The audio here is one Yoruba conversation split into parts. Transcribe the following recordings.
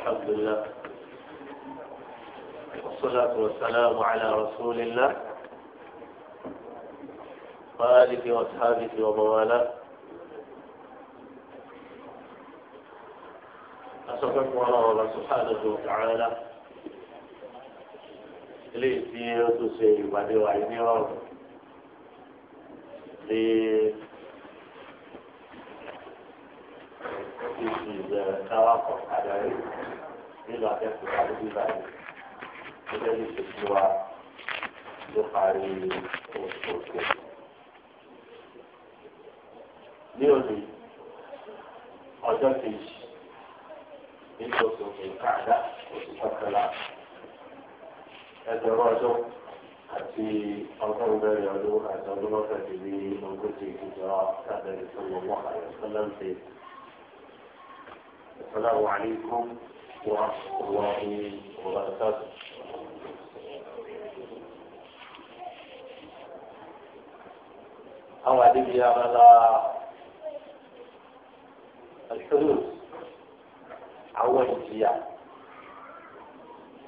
الحمد لله والصلاة والسلام على رسول الله وآله وأصحابه وموالاه أسفك الله سبحانه وتعالى ليس يوتسي بدي وعيني رب nínú akẹ́kọ̀ọ́ àdúgbò báyìí gẹ́gẹ́ bí ṣe fún wa ló parí oṣù tó. ní òní ọjọ́ kejì nínú oṣù kẹkàdá oṣù kọkànlá ẹgbẹ̀rún ọdún àti ọgọ́rùn mẹ́rin ọdún àti ọdún mọ́kàndínlẹ́ ogójì ìjọ sábẹ́rẹ́ tó wọ́n wọ́n àyọ̀ sọ́lá ń ṣe. السلام ورحمة الله àwọn àdébí abala àṣírí àwọn ìjìyà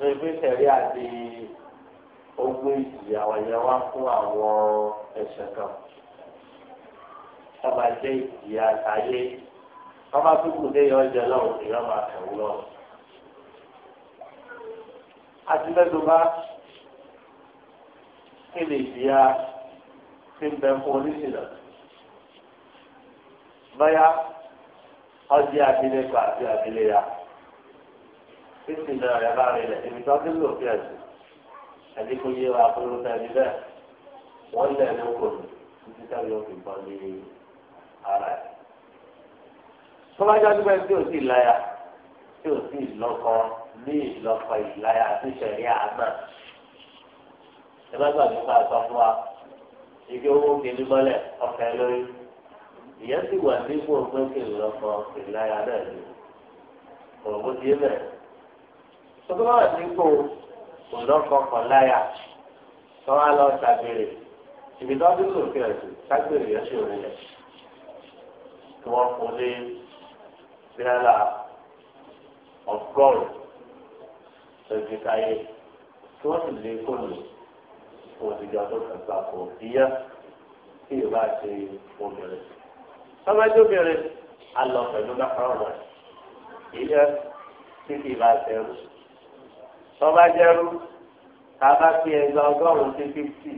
lórí pé tẹ̀lé àti ogún ìjìyà wọ̀nyẹn wá fún àwọn ẹ̀ṣẹ̀ kan wọ́n ìjìyà àtàyé wọ́n máa fi kùdé yọ ọjà lọ́wọ́ ìyá máa tẹ̀wọ́ àti mẹ́tọ́ba kí lè di a fi ń bẹ fún oníṣìlẹ̀. báyà ọdí abilékọ àti abiléya ìsìnlẹ̀ rẹ̀ bá rẹ̀ lẹ̀ ibi tó ń lò fi ẹ̀sìn ẹ̀dí kò yé wa kúrú tẹ̀lé bẹ́ẹ̀ wọ́n lẹ̀ ní kò ní títí tẹ̀lé òfin bọ́ ní ara ẹ̀. tó bá jáde bẹ́ẹ̀ tí ò sí láyà tí ò sí lọ́kọ́ ní ìlọ́pọ̀ ìláyà àti ìṣẹ̀rí àmà. ẹ má gbàgbé pa àtọ́ fún wa ibi owó kìíní mọ́lẹ̀ ọ̀fẹ́ lórí. ìyẹn sì wà ní fún ọgbẹ́ kí ìlọ́pọ̀ ìláyà náà ni. ọ̀rọ̀ bó ti yé bẹ̀rẹ̀. sọ́kọ́ bá wà ní kó òlọ́pọ̀ kan láyà tó wá lọ ṣàgbèrè ìbí tó bí lòkè ẹ̀sìn ṣàgbèrè yẹn sì rí rẹ̀. tí wọ́n fún ní bíálà sojú káyé tí wọ́n sì lè kó lò òdìjọ tó kàn gbà kó bíyá tí ìwà ṣe obìnrin. sọ́mọ́jú obìnrin a lọ pẹ̀lú bákan rẹ̀ ìyá tí kì í bá ṣẹ́rù. sọ́mọ́ jẹ́rú tá a bá fi ẹgbẹ́ ọgọ́rùn-ún sí fífì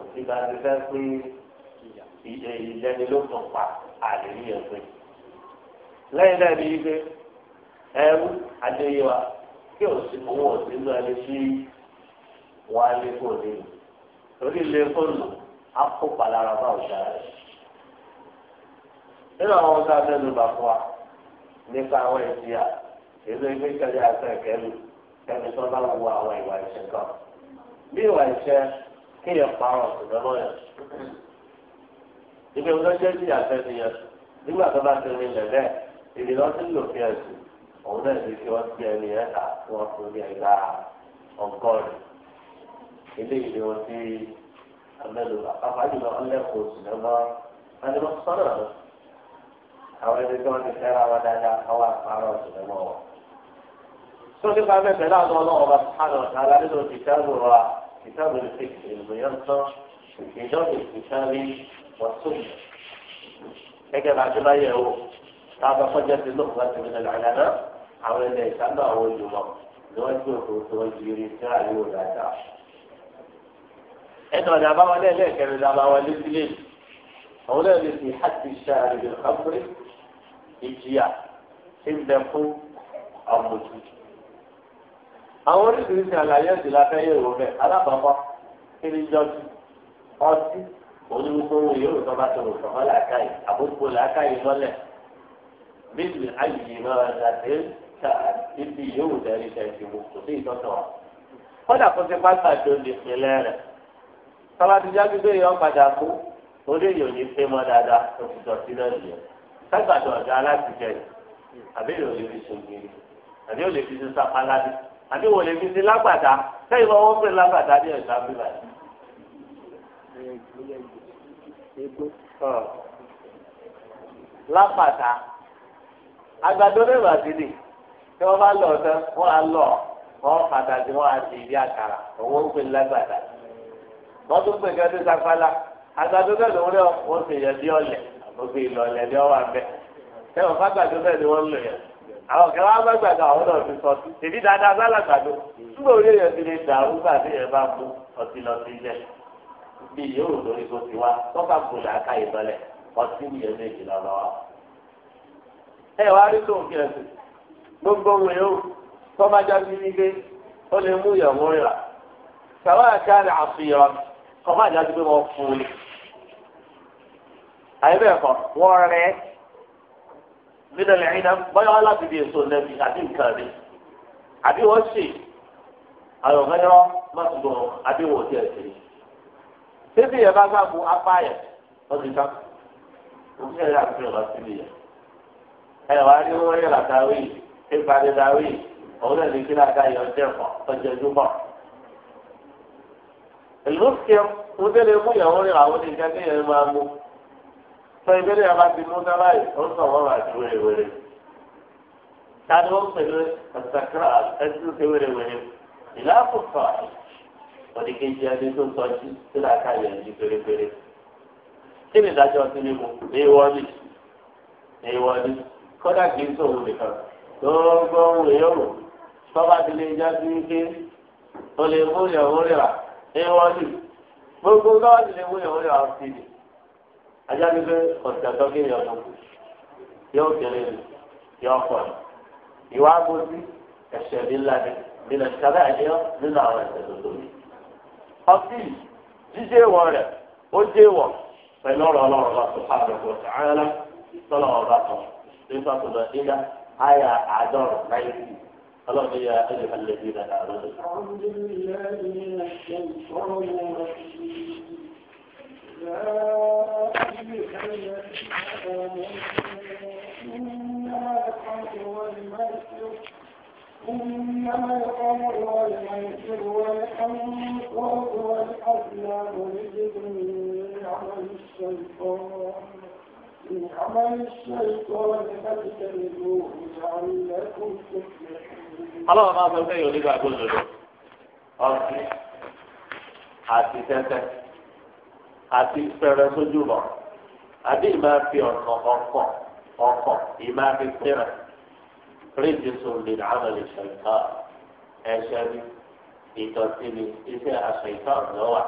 òsì bá ti fẹ́ pé ìjẹnilókun pa àlè ní lẹ́yìn náà ni ibi ẹrú adéyé wa kí òsì owó òsì lọ ẹni sí wọn á lé kó lé torí lé fóònù á kó palára bá ọ̀sà rẹ̀. nínú àwọn ọ̀sà mẹ́nu bá fún wa nípa àwọn ìjìyà èlò ìgbé kẹlẹ́ àti ẹ̀kẹ́lu kẹ́mi tó bá wu àwọn ìwà ìṣẹ̀ kan. bí ìwà ìṣẹ̀ kéèyàn parọ́ ọ̀sùn lọ́yàn. ìgbéwọ́n jẹ́ ìjìyà fẹ́ nìyẹn nígbà tó bá ti rìn lẹ̀ bẹ́ẹ̀ ìdílọ́sí lòfin ẹ̀sìn òun náà ní kí wọ́n ti ẹni ẹ̀ kà kí wọ́n fún ní ẹgbà ọgọ́rin eléyìí ni wọ́n ti amẹ́lò àfàjùlọ ọlẹ́kùn sinimá adìmọ́ sọ́nà àwọn ẹni tí wọ́n ti fẹ́ra wọn dáadáa àwọn àpárọ̀ sinimá wọn. tó nípa mẹ́fẹ́ láàánú ọlọ́wọ́ bá sánà ọ̀tàlá nínú kìtàbù wa kìtàbù ní fèkì ènìyàn tán ìjọba ìkìtàbí wọ́n tó yẹ. gẹ́gẹ́ bá a ti bá yẹ̀ wò táwọn akọ́jọ́ ti lókun láti rí àwọn ẹ̀dẹ̀ ìsábà àwọn olùmọ̀ ni wọ́n ti òkú tí wọ́n yiri síra yóò dáadáa. ẹnu ọ̀dà àbáwọlé ẹlẹ́ẹ̀kẹrin la máa wọlé sílé àwọn náà lè fi hàtì ṣáàrì lè kàmúrí ìjìyà tí ń bẹ fún àmójú. àwọn oríṣiríṣi àlàyé ẹ̀sìn la fẹ́ yẹ̀wò rẹ̀ alábàápọ̀ kí ni jọ́jú ọtí onígbogbo yóò tọ́ bá tọrọ sọ̀rọ̀ làákàyè àbúkù làákàyè lọ́lẹ̀ bíbélì ayé máa ń níbi yòówù dẹ́rì dẹ́rì wò kò sí ìtọ́tọ̀ wọn. kódà kó ti pátá tó lè pinlẹ̀ rẹ̀ tọ́lájújá gbígbé yọ padà kú orí èyàn ní pé mọ́ dáadáa tó ti dọ̀tí náà nìyẹn sábàdàn ọ̀dọ́ aláṣìjẹ àbí yóò lè fi ṣògbìn àbí yóò lè fi àbí wò lè fi lágbàdá sẹ́yìn wọ́n pè lágbàdá ní bíbá yìí. tí wọ́n bá lọ tán wọ́n á lọ wọ́n pàtàkì wọ́n á di ibi àkàrà owó ń pè lágbàdà wọ́n tún pè kẹ́tù sàpálá àgbàdo ló ń lọ sì yẹ bí ẹ fàgbàdo ni lò àwọn kẹwàá àwọn náà ti sọ sí èmi dáadáa sálàgbàdo nígbà orí èèyàn ti lè dà rúgbà tí èèyàn bá mú ọtí lọ sí ilẹ̀ bí yóò lórí kó ti wá tọ́ka gbòòlà ká ìbọlẹ̀ ọtí mi lọ́wọ́ ẹ wá rí kí ẹ gbogbo wọn yóò tọ́bajá sí nílé ó lè mú ìyàwó rẹ̀ rà sàwọn àti àfihàn ọmọ àdájọ́ pé wọ́n fún un àyẹ̀bẹ̀ wọ́n rẹ̀ bọ́yọ̀ láti di èso àti nǹkan àbí wọ́n àbí wọ́n ti ẹ̀sìn ká ẹ̀ wá rí wọ́n yẹ̀ látàrí yìí. nípa dídáwì òun náà kí náà ká yọ ọjọ́ ẹ̀kọ́ ọjọ́ ìdúmọ̀. ìlú kí ọ ń mú ìyàwó rẹ àwọn oníṣẹ́ ní ìyẹn máa mú. sọ ìbéèrè yàrá ti mú dára yìí ó ń sọ wọn àti wèrèwèrè. táni ó ń ọ̀sàkìrà ẹtí ó ti wèrèwèrè. ìlà àkùkọ oníkejì ẹni tó tọ́jú kí náà ká yọ ẹni pérépéré. kí ni ìdájọ́ ti ní mu ní ìwọ́lì ní ìwọ́lì kódà kì í sọ òun nìkan gbogbo ohun yòówù tọ́ba ti lè já sí ike o lè mú ìyàwó rẹ̀ wá ewọ́lì gbogbo tọ́ba ti lè mú ìyàwó rẹ̀ wá sí i ajá ní pé ọ̀sẹ̀ tó kí ìyàwó kù yóò kéré ni yóò pọ̀ ni ìwà agbóhùn ẹ̀ṣẹ̀ nílá ni nínú ìṣẹ̀lẹ̀ àìyọ́ nínú àwọn ẹ̀ṣẹ̀ tó tóbi. ọtí jíjẹ́ ìwọ rẹ̀ ó jẹ́ ìwọ pẹ̀lú ọ̀rọ̀ ọlọ́run lọ́sùn fún àbẹ̀wò ṣàáyálá tọ́lọ̀ ọ̀rọ̀ àtọ̀ nípa tòlọ́ ìdá آية عذاب غيري قالوا يا أيها الذين آمنوا أعوذ بالله من الشيطان الرجيم يا أيها إنما الخمر والميسر إنما الخمر والميسر والأنصاب والأزلام رجل من عمل الشيطان من عمل الشيطان ọlọ́run máa sọ pé yóò nígbà gbọ́dọ̀ lọ ọtí àti tẹ́tẹ́ àti pẹrẹ sójú bọ̀ àbí ìmá fi ọ̀nà ọkọ̀ ọkọ̀ ìmá fi pẹrẹ ríjì sùn lè dáhùn lè ṣèǹkà ẹ̀ṣẹ̀ ni ìdọ̀tí ni iṣẹ́ àṣẹ̀ǹkà ọ̀dọ́ wà.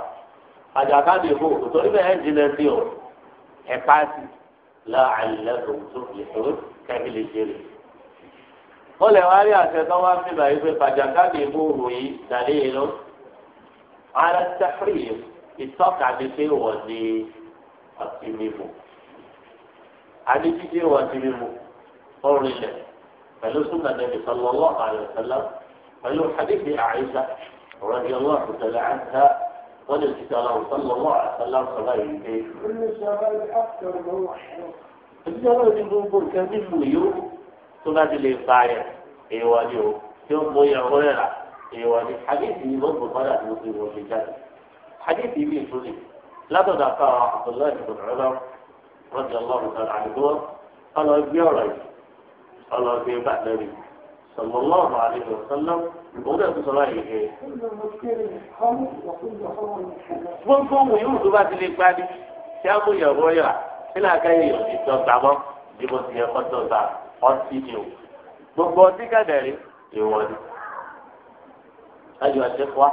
àjàkadì ìbò òtòrí bẹ́ẹ̀ ń jinlẹ̀ sí o ẹ̀ pàṣẹ láàlẹ́ òtún ìṣòro kẹ́mi lè jèrè. wọ́n lè wá rí àṣẹ tó wá fi báyìí pé pàjákàbí ìmúhù yìí dàdé yìí lọ. ara sẹ́fìrì ìtọ́ka mi pé wọ́n ní ọtí mímu. adéjídé wọ́n ti mímu ọrùn ilẹ̀ pẹ̀lú súnà nàbì sallallahu alaihi wasallam pẹ̀lú hadithi Aisha radiyallahu ta'ala anha wọ́n lè ti sọ̀rọ̀ sallallahu alaihi wasallam sọ̀rọ̀ yìí pé. ìjọba ìdílé gbogbo nǹkan mímu yìí tó bá ti lè fa yẹ èèwọ̀ o tí ó mú yẹn wọlé rà èèwọ̀ ni yìí wọ́n gbọ́dọ̀ àti fi wọ́n fi jáde hadithi yìí tún lè látọ̀dọ̀ àfa abdullahi ibn umar rọ́jà ọlọ́run kan àdúgbò ọlọ́gbé ọ̀rọ̀ yìí ọlọ́gbé bá lẹ́rì sallallahu alaihi wasallam òun náà tún sọlá yìí kiri. gbogbo ohun yìí tó bá ti lè gbani tí a mú yẹn wọ́n sílẹ̀ akáyé yòó ti tọ́ gbàmọ́ ọtí ni o gbogbo ọtí kẹdẹrí ìwọ ni ayọ ẹsẹ wa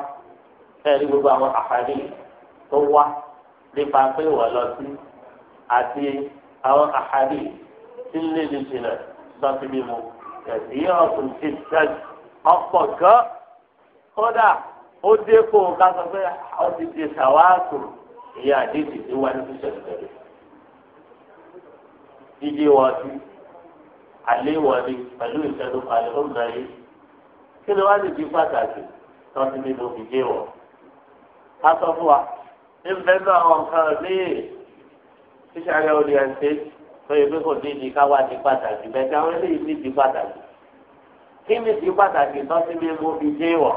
ẹrí gbogbo àwọn àfààní tó wá nípa pé ìwọ lọ sí àti àwọn àfààní tí ń lé lè jìnnà lọ sí mímu ẹsì ọkùnrin ti sẹj ọ̀pọ̀ gan kódà ó dé kó o ká sọ pé ọtí ti sàwáàtò ìyá àdéhùn ti wá ní sísẹ ìbẹ̀rẹ̀ ìdí wọ́n ti àléwọ̀ ni pẹ̀lú ìfẹnukọ àlùfáà yìí kí ni wàá nìdí pàtàkì tọ́sí nínú ìdíje wọ̀. a sọ fún wa ní bẹ́ẹ̀ àwọn nǹkan míì tíṣàrẹ́ òní à tó yẹ pé kò ní ìdí ká di pàtàkì bẹ́ẹ̀ tí àwọn eléyìí ní ìdí pàtàkì. kí ni ìdí pàtàkì tọ́sí nínú ìdíje wọ̀?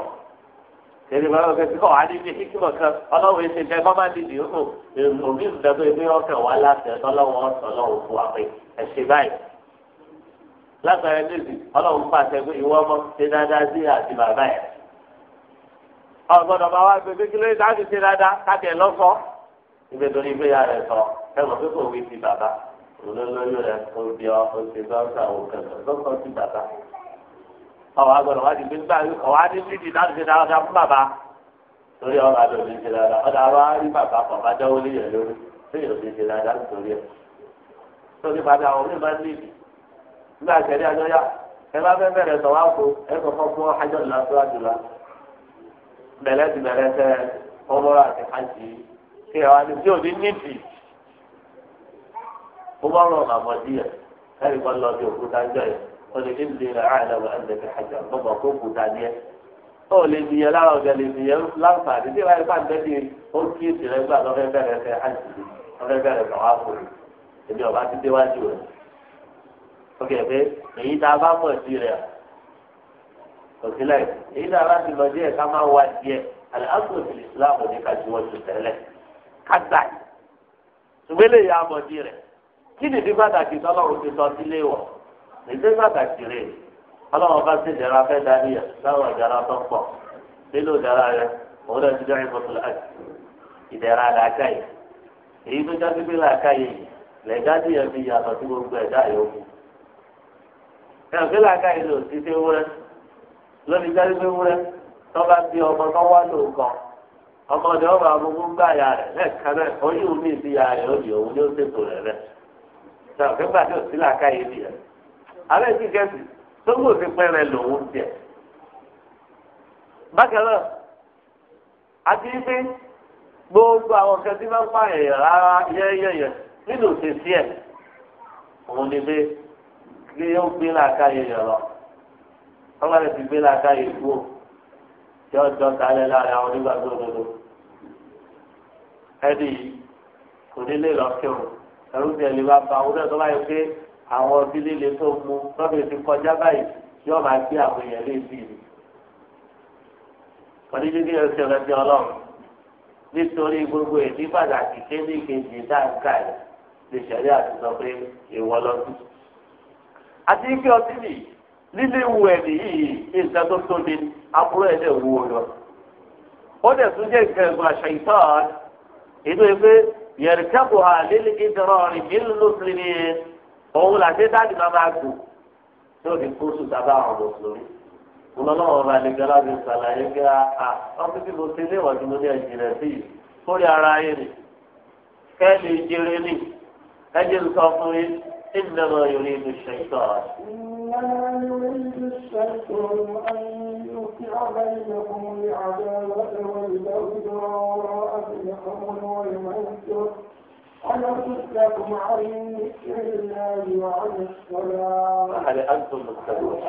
tẹ̀lé bá wọn kẹsí kọ́ wá ní ní kíkọ́ kan ọlọ́run ṣe fẹ́ kọ́ má di ìdí òmí ìdàgbé pé ọkàn wà láti ẹ̀ lágbára lèzi ọlọ́run pàṣẹ pé ìwọ ọmọ ṣe dáadáa sí àti bàbá ẹ̀. ọ̀gbọ́dọ̀ bá wá gbé kékeré láti ṣe dáadáa káàkiri ẹ̀ ibi tó ní ìgbéyà rẹ̀ sọ ẹ̀rọ pé kò wí ti bàbá olólóyè rẹ̀ kò bí ọ kò ṣe sọ́ọ̀sà òkèèrè lọ́sọ̀ sí bàbá. ọ̀wọ́ agbọ̀dọ̀ wá di pé gbà ọ̀wọ́ á ní bíbí láti ṣe dáadáa fún bàbá torí ọ̀rọ̀ àdó nígbà ìṣẹ̀lẹ̀ àjọyà ẹ bá fẹ́ bẹ̀rẹ̀ sọ wá kó síwájú la bẹ̀rẹ̀ ti bẹ̀rẹ̀ sẹ́ ọmọrà àti hajj kí ẹ wá tí ò ní nídìí ó bá rọ̀ kan lọ òkúta jọ ó ní ti ọkẹ́ pé èyí tá a bá mọ̀ sí rẹ̀ òsílẹ̀ èyí tá a bá ti lọ díẹ̀ ká máa wá díẹ̀ alhamdu fil islam ní ká ju wọn ju tẹ́lẹ̀ ká gbà yìí ṣùgbọ́n lè yá ọmọ dí rẹ̀ kí ni bí pàtàkì tọ́lọ́run ti sọ sílé wọ̀ nígbà pàtàkì rẹ̀ ọlọ́run bá sì dẹ̀ra fẹ́ dáníyà láwọn ìdára tó ń nínú ìdára òun náà ti yìí èyí tó jáde yìí sí ẹ̀fẹ́ làákà yìí lò sí sí wúrẹ́ lórí jáde pé wúrẹ́ tọ́ba bí ọmọ wá lò kàn ọmọ ọdẹ ọba gbà yà lẹ́ẹ̀kan náà oyún mi sí yà ó di òun yóò ṣètò ṣàfihàn gbà tí ò sí alẹ́ lòun tiẹ̀ bákan náà àti gbogbo àwọn máa ń pààyàn rárá yẹ́yẹ́yẹ́ nínú òṣèṣì ẹ̀ òun ni ní yóò gbé làákà yìí yọ lọ ọgbà rẹ ti gbé làákà yìí kú tí ọjọ́ talẹ lára àwọn onígbàgbọ́ òdodo ẹni yìí kò ní lè lọ kí o ẹrú ti ẹni bá ba àwọn ọdọ báyìí pé àwọn ọtí líle tó mu lọ́bẹ̀ ti kọjá báyìí yóò máa gbé àwọn èèyàn lé sí i onídìrí ẹsẹ̀ rẹ ti ọlọ́run nítorí gbogbo èdè pàtàkì kéde kejì dáńkà yìí lè ṣẹlẹ̀ àti sọ pé ìwọ lọ́dún àti ife ọtí nì lílé wu ẹni yìí nǹkan tó tóbi aburú ẹ̀ dẹ̀ wú lọ. ó dẹ̀ tún jẹ́ nǹkan ẹ̀gbọ́n àṣà ìtàn inú ẹgbẹ́ yẹ̀rìkẹ́bù hà lílé ìdọ̀rọ̀ rìn nílùú lóṣìlì ni òun làṣẹ dáàdì máa máa gùn tí ó di kóṣù tàbá àwọn mùsùlùmí. mo lọ lọ́wọ́ ọba nìkan láti ṣàlàyé pé a ah, ah, ọ́fíìsì mo ti lé tí mo ní ẹ̀jìnlẹ̀ sí i kórè ara yẹn ni kẹ́ẹ̀ lè jẹrẹ ẹ̀jẹ̀ ń fún yín إنما يريد الشيطان إنما يريد الشيطان أن يوقع بينكم العداوة والبغضاء بينكم والموت ونصد لكم عن ذكر الله وعن الصلاة فهل أنتم مستدون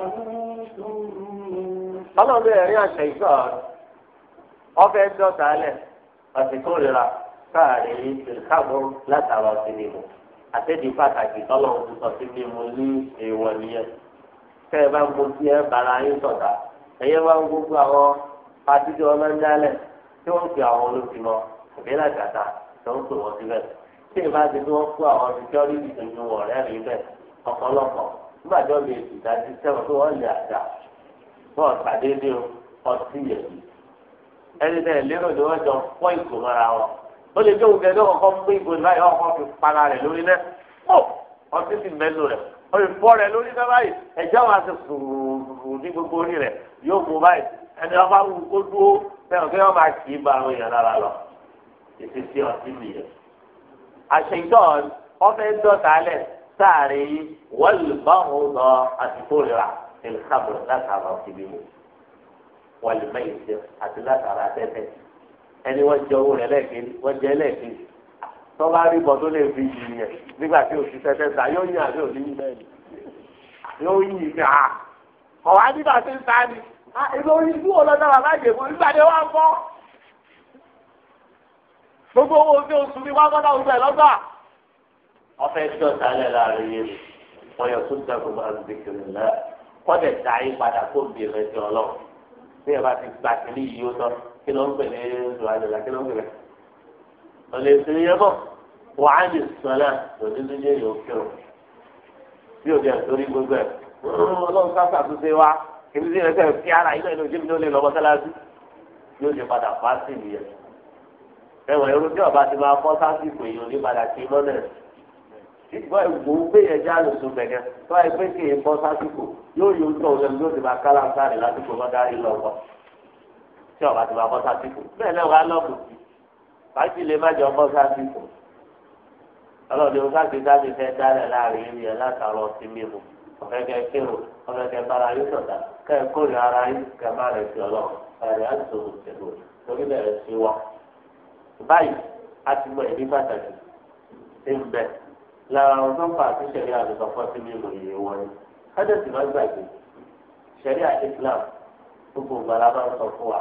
أنتم bẹ̀rẹ̀ rí àṣẹ ìgbọ́ ọbẹ̀ dọ́ta alẹ̀ àti kórìíra káàrin ìṣèkáàbọ̀ látara sí ni mo. àtẹ́jú pàtàkì tọ́lọ̀ ń sọ sí pé mo ní èèwọ̀ nìyẹn tẹ́ ẹ bá ń gbó sí ẹ yín sọ̀dá ẹ̀yẹ bá ń gbogbo àwọn pàtí tí wọ́n máa ń dálẹ̀ tí wọ́n ń pè àwọn olófinmọ́ ìbí làgàtà tó ń pè wọ́n síbẹ̀ tí ì bá ti fi wọ́n kó àwọn sikẹ́rì ìdùnnú ọ̀rẹ́ mi bẹ̀ ọ̀pọ̀lọpọ̀ nígbà tí wọ́n dájú sẹ́wọ̀n tó wọ́n lè àdá ó lè gbé òkè náà kọ́ fún ìbò ìbáyìí ọkọ̀ fi para rẹ̀ lórí náà ó ọtí sì mẹ́lò rẹ̀ ó lè fọ́ rẹ̀ lórí náà báyìí ẹ̀jẹ̀ wa ti sùúrù ní gbogbo orí rẹ̀ yóò mú báyìí ẹni ọba wù kó dúró bẹ́ẹ̀ ọ̀gá yóò máa kì í ba àwọn èèyàn lára lọ ìfisí ọtí nìyẹn. àṣeyìntàn ọfẹ́ dọ́ta lẹ̀ sáàrí wọ́ọ̀lù báwọn lọ àtìkó rà ìlú kábọ̀ látara ọtí ẹni wọ́n jẹ owó rẹ̀ lẹ́ẹ̀kejì wọ́n jẹ lẹ́ẹ̀kejì tó bá rí bọ́ tó lè fi yìí yẹn nígbà tí o ti tẹ́tẹ́ ta yóò yìn àbí òní yìí bẹ́ẹ̀ ni yóò yìn ìgbà ah, ọ̀wá nígbà tí ń ta ni ìlú oyin tí wọ́n lọ náà bàbá ìjẹ̀bù nígbà tí wọ́n fọ́ gbogbo owó tí o sùn ní wọ́n gbọ́dọ̀ òun lọ́gbà. ọ̀fẹ́ tí ọ̀tá láàrin yẹn wọ́n yọ tó dàgbọ́ máa ń dìkìrì náà kọ́dẹ̀ ta yín padà kó bìrẹ̀ jọ lọ kí ló ń pè ní ìṣòro kí ló ń pè ọ̀lẹ́ ìṣòro yẹn bọ̀ wà á lè lòdì tó jẹ́ yóò kírun bí òde àtòrí gbogbo ẹ̀ ọlọ́run sáfà tó ṣe wá kìí sí ẹsẹ̀ fi ara ilé ìlú jẹ́mi tó lè lọ mọ́sálásí yóò ṣe padà fà á sí ìyẹn ẹ̀wọ̀n irú tí ọba ti máa fọ́ sásìkò èèyàn ní padà kí lọ́nà ìgbọ́ ìgbò ń gbéyẹ̀ lóṣù bẹ̀gẹ́ tó àìpé kì í bọ́ sásìkò yóò yóò tó ọ̀sẹ̀ ló ti máa kálá sáré lásìkò lọ́dá ìlọ́wọ́ tí ọba ti máa bọ́ sásìkò bẹ́ẹ̀ náà wà á lọ́ọ̀bù sí báyìí ti lè má jọ bọ́ sásìkò ọlọ́ọ̀dẹ o sáà ti fẹ́ dálẹ̀ láàrin ìrìn ẹ̀ sí mímu ọ̀fẹ́ kẹ kérò ọ̀fẹ́ kẹ bára yín sọ̀tà kẹ kórè ara yín kẹ má rẹ̀ sí ọlọ́run ẹ̀rẹ̀ á sòrò tẹ̀lé torí bẹ̀rẹ̀ sí wa. báyìí mímu ìyè wọn ni kájọ̀sì gbàgbé sẹ̀ríà Islam gbogbo ìgbàlá bá ń sọ fún wa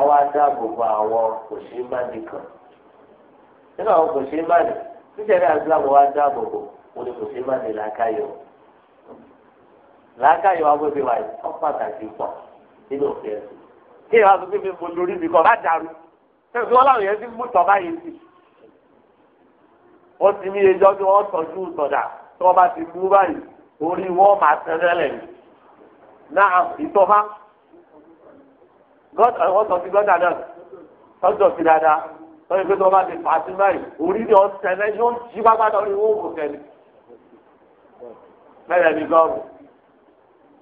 ọwọ́ adáàbò bá àwọn kòṣìmánì kan nínú àwọn kòṣìmánì nítorí àgbàbọ̀ wa dáàbò bò wọn ni kòṣìmánì làákàyọ̀ làákàyọ̀ agbègbè wa ọ̀ pàtàkì pọ̀ nínú òfin ẹ̀sìn kí ẹ wá sọ pé mi mo lórí mi kọ́ bá dàrú sẹ́yìn tí wọ́n láwọn yẹn ti mú tọ́ báyìí sí wọ́n ti mí ẹjọ́ bí wọ́n tọ́jú tọ̀dà tí wọ́n bá ti mú báyìí orí wọn máa tẹ́lẹ̀ náà ìtọ́ god gọ́dà náà sí dáadáa wọ́n pé tí bá ti fà á sí báyìí orí ni ọ̀n tẹ̀lé yóò jí pápá lọ ní wọ́n kò tẹ̀lé mẹ́rẹ̀ ní gọ́ọ̀rù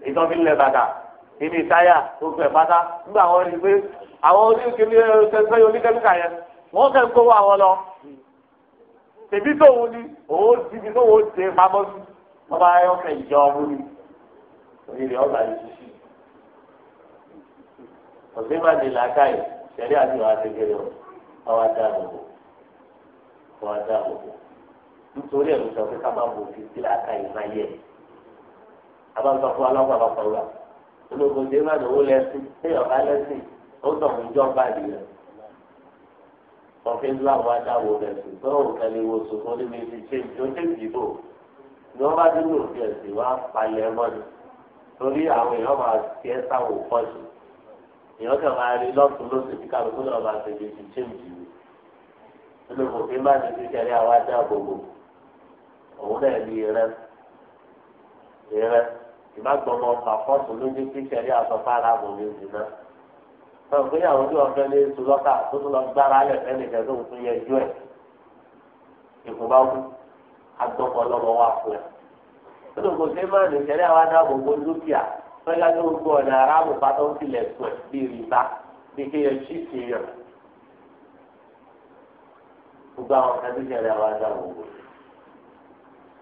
ìtọ́ fi lẹ̀ bàtà ìní táyà gbogbo ẹ̀ pátá nígbà wọn rí pé àwọn oníkèmí ẹ̀rọ oníkẹ́míkà yẹn wọ́n kẹ́ kówó àwọn lọ tèmi tóun ni òun ti fi tóun ṣe pamọ́ sí ọba ayọ́kẹ́ ìjọ ọmú ni orí rẹ̀ ọ̀gá yìí òsè má di làákàyè sẹ̀rí àti wàá ti kéré o ọwọ́ adá àbòbò ọwọ́ adá àbòbò nítorí ẹ̀rù sọ pé ká má bò fi sí làákàyè má yẹ abáńsọ fún alágbàbàpọ̀ wa ológun dé má lówó lẹ́sìn téèyàn bá lẹ́sìn ó sọ fún ìjọba nìyẹn wọ́n fi ń láwọn adáwò rẹ̀ ṣùgbọ́n òkèlè wo sùnmọ́ níbi ti ṣe ìjọ́jẹ́ ìdìbò ni wọ́n bá dúró òfin ẹ̀sìn wá palẹ̀ mọ́ ni torí àwọn èèyàn máa fi ẹ́ sáwò pọ́ọ̀ṣì èèyàn kàn máa rí lọ́sùn lóṣù tí kálukú náà máa ṣe lè fi ṣé ìjì rẹ̀ olóko fi máa ní kíkẹ́rẹ́ àwa dá gbogbo òun náà ní ìrẹ́ ìrẹ́ ìbágbọ́mọ pàfọ́sùn lójú kíkẹ́rẹ́ àtọ́fára àbòmí ìdìnnà sọ̀rọ̀ pé àwọn ojú ọ̀fẹ́ lé su lọ́kà tó tún lọ gbára alẹ̀ fẹ́nìkẹ́ tó tún yẹ ju ẹ̀ ìkùnbá kú agbọ́mọ lọ́mọ wà fún ẹ̀ olóko fi máa ní kíkẹ́rẹ́ àwa dá gbogbo dúkìá lọ́jà tó ń gbọ́ ọ̀nà aráàlú pátá ó tilẹ̀ sùn bí rìbá bí kéèyàn ṣì ṣe yàn. gbogbo àwọn kan tó ṣẹlẹ̀ àwọn ajá wò wò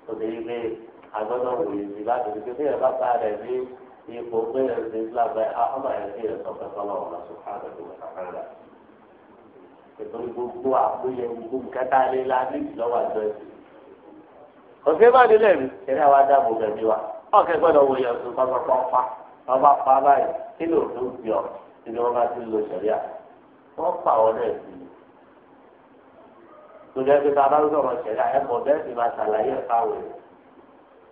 ó lè rí wò lè rí láti rí kéèyàn bá bá rẹ̀ ní ipò pé ẹ̀ ṣe lábẹ́ ọmọ ẹ̀ kéèyàn sọ pé kọ́lọ́ wọn lọ́sùn káàdọ̀ tó wọ̀ sàkárà. ètò gbogbo àkóyẹ gbogbo nǹkan ọ̀kẹ́ gbọ́dọ̀ wòye ọ̀sùn kọ́ sọ́kọ́ pa ọba pa báyìí kí ló ló ń bíọ̀ nínú wọn bá ti lo sẹ̀ríà wọ́n pa ọ́ náà sí i. tòjá pé bàbá ń sọ̀rọ̀ sẹ̀ríà ẹ̀ mọ̀ bẹ́ẹ̀ sì máa ṣàlàyé ẹ̀ fáwọn èèyàn.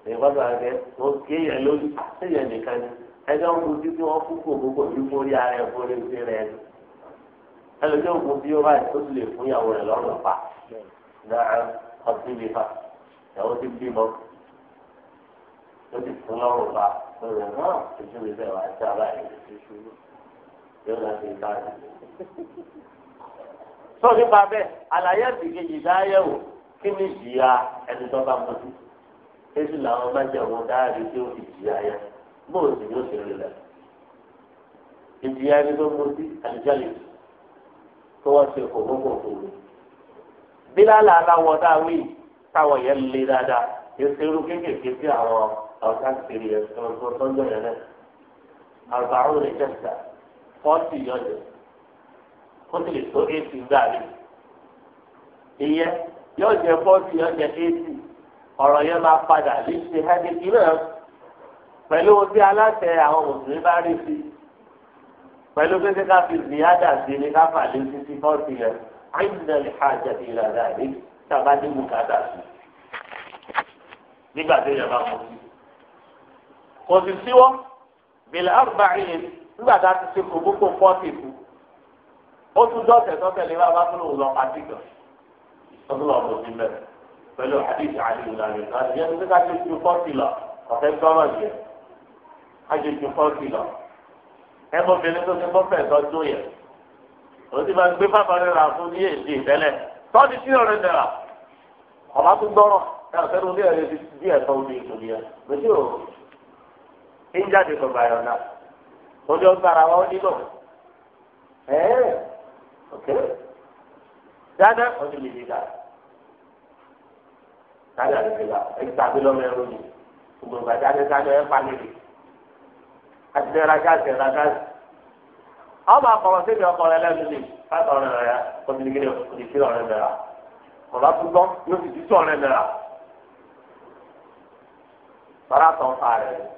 èèyàn bá gbàgbé ó kéèyàn lórí àtẹ̀yẹ̀ nìkan ni ẹjọ́ ń fojú tí wọ́n fúnkò gbogbo ní mórí ara ẹ̀ fún oríṣi rẹ̀ ni. ẹlòmíràn kò bí ó báyìí tó lè fún ìyàwó rẹ̀ lọ́rùn pa. náà ọtí mi fa ìyàwó ti bímọ ó sì fún lọ́rùn pa lórí ẹ̀ náà ojú mi bẹ́ẹ̀ wá sí abáyé yóò lọ sí ìbáyé. sọ nípa bẹ́ẹ̀ àlàyé ẹ̀sìnkejì dáyẹ̀wò kí ni ìjìyà ẹni tó bá mọ́tò èsì làwọn bá jẹ́ wọn dáàbí tí ó fi jìyà yẹn bóòlù sì yóò ṣe rí rẹ̀ ìjìyà ẹni tó mọ́tò àlùjálè tó wọ́n ṣe kò gbogbo òkòwò. bílálà aláwọ̀ dáwé táwọn yẹn lé dáadáa èsì irú kéékèèké sí àwọn. أو تكسر يستوى أربعون جسدا فورتي يوجد قتل السوء في ذلك هي يوجد فورتي يوجد إيتي ọ̀rọ̀ yẹn máa padà lè ṣe hẹ́gẹ́gì náà pẹ̀lú ohun tí aláṣẹ àwọn mùsùlùmí bá rí sí pẹ̀lú pé ká fi ziyada sí ni ká fà lé sí sí fọ́ọ̀tì yẹn àìsàn lè ha jẹ̀bi ìlànà àìrí tàbá ní bùkátà sí nígbà tó yẹ bá mú sí kò sì síwọ́ bìlẹ̀ àrùbáyìn nígbà tá a ti ṣe kò gbogbo fọ́ọ̀tì kù ó tún dọ́ọ̀tẹ̀ sọ́tẹ̀lé wa bá tún lò pàtí kan ọdún ọ̀bọ̀ sí mẹ́rin pẹ̀lú àdìsí àdìsí àdìsí àdìsí ẹni tí ká ṣe ju fọ́ọ̀tì lọ ọ̀fẹ́ gbọ́rọ̀ yẹ ká ṣe ju fọ́ọ̀tì lọ ẹmọbìnrin tó ti bọ́ fẹ̀ tọ́jú yẹ ó ti máa gbé bàbá rẹ̀ rà fún ní èdè ìtẹ́lẹ̀ tọ́jú tí ọ̀rẹ́ dẹ̀ra ọ̀bá tún gbọ́rọ̀ ẹ̀ ń jáde tó báyọ̀ náà ó ní ọgbàrá wa ó nílò ẹ̀ẹ́ ok dáadáa ó ní lèlè dáa dáadáa lèlè dáa ẹgbẹ́ abilọ́mọ ẹ̀rọ ni gbogbo ìgbà dáadáa dáadáa ẹ̀ pa lèlè àti ẹ̀rọ agáàsì ẹ̀rọ agáàsì àwọn máa kọ̀rọ̀ sí ibi ọkọ̀ rẹ lẹ́nu lè fásitì ọ̀rẹ́ rẹ kò ní kí ni kí ọ̀rẹ́ rẹ rà ọ̀rọ̀ àtúntọ́ yóò sì títí ọ̀rẹ́ rẹ rà bàrà tó ń fa rẹ̀.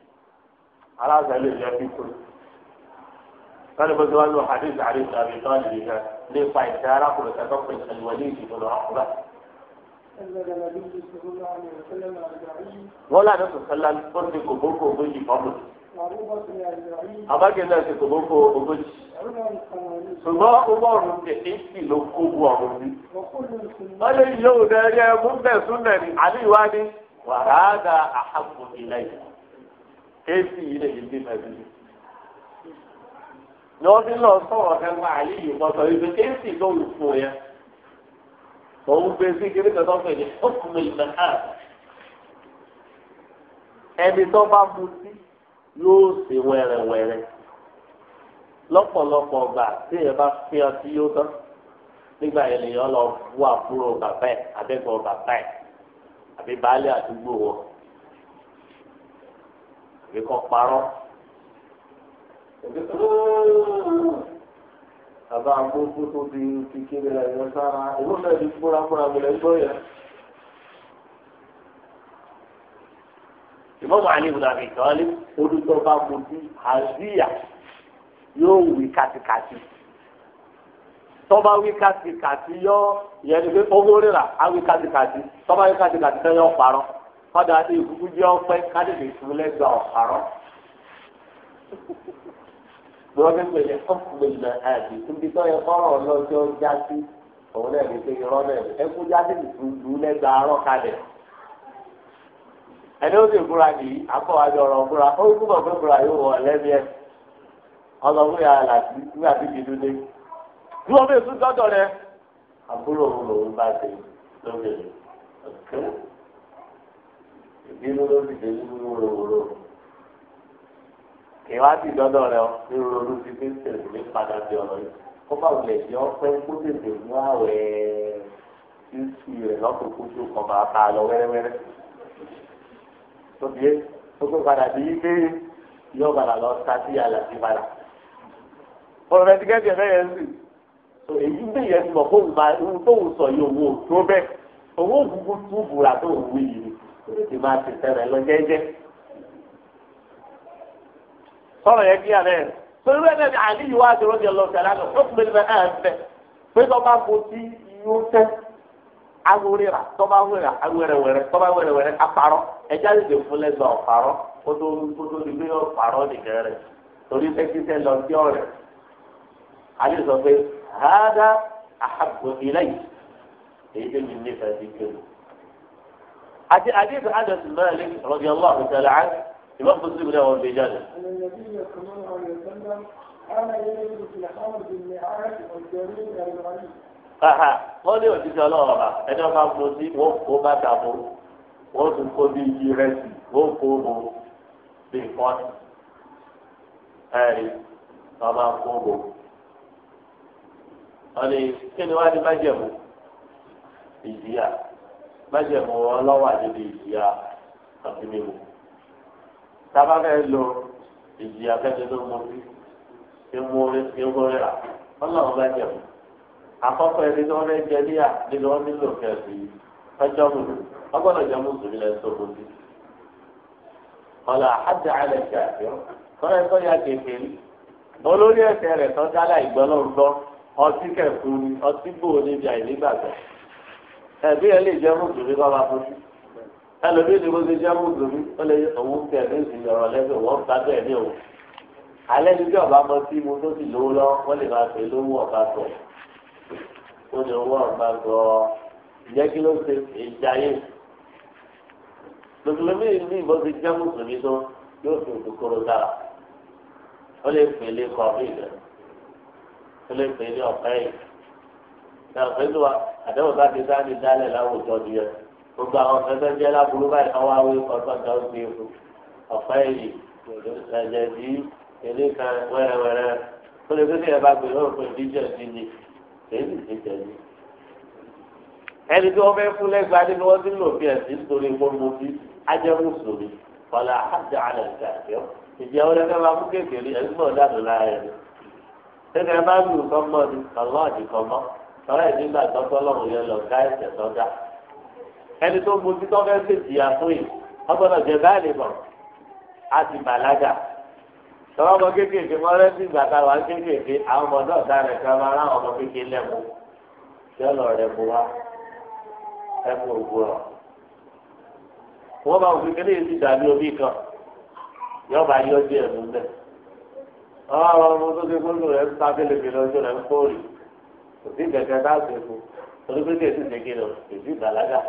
على ذلك لا في كل قال بزوال حديث علي أبي طالب إذا ليس إشارة ولا تقبل الوليد ولا عقبة ولا نفس صلى الله عليه وسلم ولا نفس صلى الله عليه وسلم أبا كنا في كبوك وبوج سبا أبا رمت إيش لو كبوا رمت قال اليوم يا مبنى سنة علي وادي وهذا أحب إليه kéésì yìí lè fi bí mẹ́bí. ni wọ́n ti lọ sọ̀rọ̀ ẹ̀ka àyè yìí wọ́n sọ kéésì ló wù fún yẹn. òun gbé sí kiri kan tó fẹ̀ ní ọkùnrin ìgbà náà. ẹni tó bá mu sí yóò ṣe wẹ́rẹ́wẹ́rẹ́. lọ́pọ̀lọpọ̀ ọgbà tí èèyàn bá fi ọtí yóò tán nígbà yẹn lèèyàn lọ wọ àbúrò bàbá ẹ̀ abẹ́gbọ̀ bàbá ẹ̀ àbí baálé àdúgbò wọn bí kò parọ́ bàbá agbófó tó di kékeré la yọ sára ìlú náà di fúrafúra mi lẹ́yìn gbọ́ yẹn. ìmọ̀mù alibu nàbì tọ́lé olùtọ́ba mutí àzíyà yóò wí kàtìkàtì tọ́ba wí kàtìkàtì yọ yẹn ni pé owó rírà á wí kàtìkàtì tọ́ba wí kàtìkàtì tẹ́ yọ parọ́. kọ́dà ní ìkúkú jẹ́ ọpẹ́ kádìdì ìfúnlẹ́gbà ọ̀hárọ́. Gbọ́dọ̀ fi pèlè ọ̀pọ̀ ìlà àdì níbi tó yẹ já sí òun náà ní pé irọ́ náà já sí ìfúnlẹ́gbà arọ́ kalẹ̀. Ẹni ó sì nìyí, akọ́wájú ọ̀rọ̀ ó ń túbọ̀ yóò lẹ́mí ẹ̀. ìbínú ló ti dèlú ní wòlòwòlò ti fi ń tẹ̀lé ní padà bí ọ̀rọ̀ yìí kó bá wulẹ̀ jẹ́ ọpẹ́ kó tètè mú àwẹ̀ ìsú rẹ̀ lọ́kùnkún tó kọ̀ máa ta lọ wẹ́rẹ́wẹ́rẹ́ tóbi tó tó padà bí ilé yóò padà lọ sa sí àlàsí padà. ọ̀rọ̀ rẹ̀ ti kẹ́ tiẹ̀ fẹ́yẹ̀ sí i èyí gbé yẹn ti mọ̀ kó òun sọ yìí owó tó bẹ́ẹ̀ owó òkùnkùn túbùrà tó òun yìí tí máa ti tẹ̀lé lọ jẹ́jẹ́. sọ̀rọ̀ yẹn kíá lẹ́yìn torí bẹ́ẹ̀ bẹ́ẹ̀ ni àlíyù wá ti rọ́jò lọ sẹ́lá lọ ó kúlẹ̀ bẹ́ẹ̀ ẹ̀ bẹ́ẹ̀ pé tí yóò tẹ́ wẹ̀rẹ̀ àti àdéhùn adàtú mẹ́rin rọ̀bì allah ṣẹlẹ̀ á ìmọ̀ fún síbi náà wọ́n fi jáde. wọ́n ní òṣìṣẹ́ ọlọ́run ọba ẹni ọba mú sí wọ́n kó bàtà mú wọ́n tún kó bí iye rẹ̀ sí wọ́n kó mú bí kọ́ni ẹ̀rí ọba kó mú. wọ́n ní kí ni wọ́n á ní májẹ̀mú ìjìyà májèmú wọn lọ́wọ́ àdébí ìjìyà àti mímu. sábà fẹ́ lo ìjìyà fẹ́ẹ́ tó mú sí ewu orí ewu orí rà ọlọ́run májèmú. àkọ́kọ́ ẹni tí wọ́n fẹ́ jẹ níyà nínú wọn nílò kẹsì fẹjọ́ mu ọgbọ́dọ̀ jẹ mùsùlùmí lẹ́yìn tó mú sí. ọ̀là àti àlẹ́ kí àti ọ́ tọ́lá ẹ̀kọ́ ya kékeré olórí ẹ̀sẹ̀ rẹ̀ tọ́jà láì gbọ́ lọ́rùn lọ ọtí kẹ̀kú ni ọtí gbòó níbi àìnígbàgbọ́ ẹbí ẹ lè jẹ mùsùlùmí kọ́ máa fojú ẹlòmíì ni mo ti jẹ mùsùlùmí ó lè òun tẹ ní ìsìn ọ̀rọ̀ lẹ́sẹ̀ wọ́n bá bẹ́ẹ̀ ní òun alẹ́ ní bí ọba mọ sí mo tó sì lówó lọ wọ́n lè máa fẹ́ lówó ọba sọ ó ní owó ọba sọ jẹ́ kí ló ṣe ìjayé mùsùlùmí ní ìbọn ti jẹ mùsùlùmí tó yóò fi òkúkúrú dára ó lè pèlè kọfí rẹ ó lè pèlè ọ̀pẹ́ yìí ìtàkùnfẹ́lú wa àdéhùn bá ti sáà ní dálẹ̀ láwùjọ ni yẹn gbogbo àwọn fẹ́fẹ́ jẹ́ láburú báyìí káwá wí ọgbà kan ó gbé fún ọ̀fẹ́ yìí ẹ̀jẹ̀dì èlé kan wẹ́rẹ́wẹ́rẹ́ tó lè fẹ́fẹ́ yẹn bá gbé yóò fún ìdíjọ́ sí ni èyí ti jẹ ní. ẹni tí wọ́n fẹ́ fún lẹ́gbẹ̀ẹ́ adé ni wọ́n ti ń lò fi ẹ̀sìn nítorí gbogbo bí ajẹ́ mùsùlùmí kọ́lá àjẹ́ àlẹ́ ìgbàgbọ́ ìdí àwọn ẹgbẹ́ tọ́lá ìdígbà tọ́tọ́ lọ́rùn yẹn lọ ká ẹsẹ̀ tọ́jà ẹni tó mojú tó fẹ́ ṣèjì àfún yìí wọ́n gbọ́dọ̀ jẹ báyìí bọ̀ á ti bàlágà tọ́lá ọmọ kéékèèké mọ́rẹ́ sí ìgbà tá a wà kéékèèké àwọn ọmọ náà dá rẹ̀ kan máa ráwọn ọmọ kéékèèké lẹ́mu yọ̀lọ̀ rẹ̀ bu wa ẹ̀mú òwúrọ̀ wọ́n bá òfin kékeré yìí ti dàbí omi kan yọba yọjú ẹ̀mú bẹ́ẹ̀ ọ̀rọ̀ ọmọ tó ti gbóló rẹ̀ ń sábẹ́lẹ̀ mi lọ́jọ́ rẹ̀ ń kórìí. kò sí gẹ̀gẹ́ náà ṣe fún torí pé kèsì kí lọ kèsì ìgbàlagbà.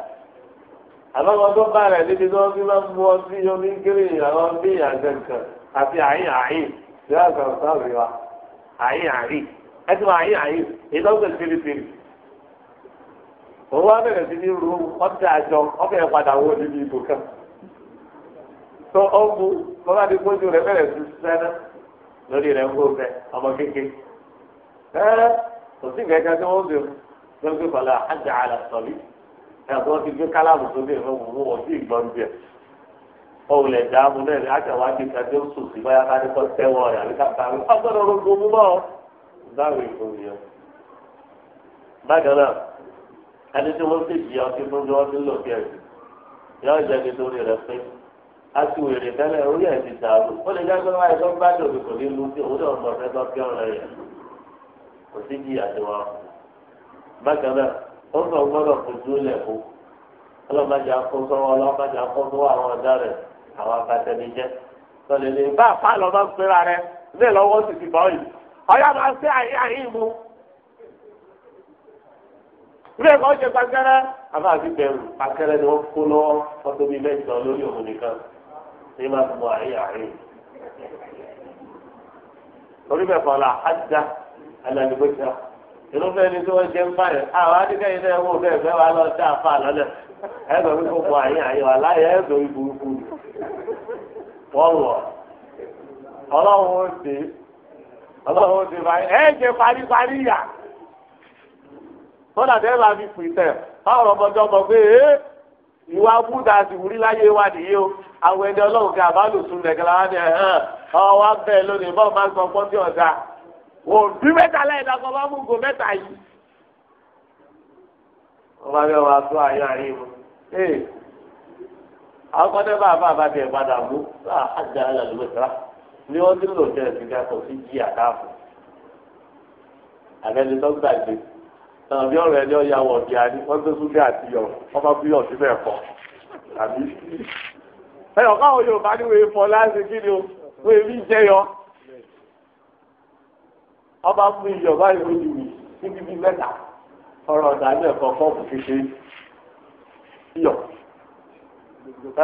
àbámọ tó bá rẹ níbi tí wọn fi máa ń mú ọtí omi kiri àwọn bí ìyàgbẹ́ àti àyín àyín tí wọn sọ sọọbì wa àyín àyín ẹ àyín àyín èyí tó ń pè pérépéré. òun wá bẹ̀rẹ̀ sí ní ru ọtí àjọ ọbẹ̀ padà wọ níbi ìbò kan. tó ó bu kójú rẹ bẹ̀rẹ̀ sí sẹ́nà lórí rẹ̀ ń kò sí nǹkan kan tí wọ́n bẹ̀ fún lọ́gbẹ́ fọlá àjà àlà sọ̀rí ẹ̀ tó ti gbé kálàmù tó bẹ̀ fún wọn wọ́n sì gbọ́n bẹ̀. ọ̀hún lẹ̀ dá mu náà ní àjàwá ti ka tó sùn sí báyà ká ní kọ́ tẹ́wọ́ rẹ̀ àbí ká ta ní ọgbọ́dọ̀ rogo mú bọ́ báwo ìfò yẹn. bákan náà ẹni tí wọ́n ti jì ọtí fún bí wọ́n ti lò bíẹ̀ sí yọ ìjẹ́ ní torí rẹ̀ pé aṣiwèrè tẹ́lẹ̀ orí ẹ̀ ti dàrú ó lè jẹ́ pé wáyé tó ń bá dòdò kò ní lu sí òun náà mọ̀ fẹ́ lọ́kẹ́ ọ̀rẹ́ yẹn kò sí di àdéhùn àwọn bákan náà ó sọ gbọ́dọ̀ fojú lẹkọọ ọlọmọdé akóso ọlọmọdé akóso àwọn ọ̀dọ́ rẹ̀ àwọn abatẹnijẹ lọlẹlẹ bá a fa lọ bá pera rẹ̀ bẹ́ẹ̀ lọ́wọ́ sì ti bọ yìí ọyọ máa ṣe àyè àyè mu ilé kan ṣe pàkẹrẹ àbá àti bẹ̀rù pàkẹrẹ ni wọn kó lọ́wọ́ ọtọ bíi mẹ́jọ lórí òun nìkan ní máa mú àyè àyè torí bẹ́ẹ̀ kọ́ la alàlùbọ́sà irúfẹ́ ni tí wọ́n ṣe ń bá yẹn àwọn adìgẹ́ yìí náà wò bẹ́ẹ̀ bẹ́ẹ̀ wà lọ sí àfa lọ́lẹ̀ wà láyé ọlọ́run ó ọlọ́run ó báyìí ẹ̀ ń ṣe paríparí yà tọ́lá tẹ́ bá fi pèsè báwọn ọmọdé ọmọ pé ẹ́ ìwà búdà sì wúrí láyé nìyí o àwọn ẹni ọlọ́run kí àbálòsùn ẹ̀ hàn ọ òbí mẹ́ta lẹ́yìn náà kọ́ bá mú go mẹ́ta yìí. wọ́n bá bẹ́ẹ̀ wá tó ayé ayé mu. ee àwọn kọ́tẹ́ bá bá bá tiẹ̀ padà mú náà àjà ayé ló sara ní wọ́n ti lò jẹ́ ìsìnká kò sí jí àkáàfù. àbẹ́ni tó gbàgbé náà ọ̀rọ̀ ẹni ọ̀ya wọ̀ bí a ní wọ́n tó súnlé àti yọ̀ ọba fúyọ̀ síbẹ̀ kọ́ tàbí. ẹ̀yọ̀ káwọn Yorùbá ní wèé fọ láti kí ni o wèé fi jẹyọ ọba fún iyì ọba ìwé ìwé níbi bíi mẹ́ta ọ̀rọ̀ ọ̀dà ní ẹ̀kọ́ fọ́ọ̀mù kékeré iyọ̀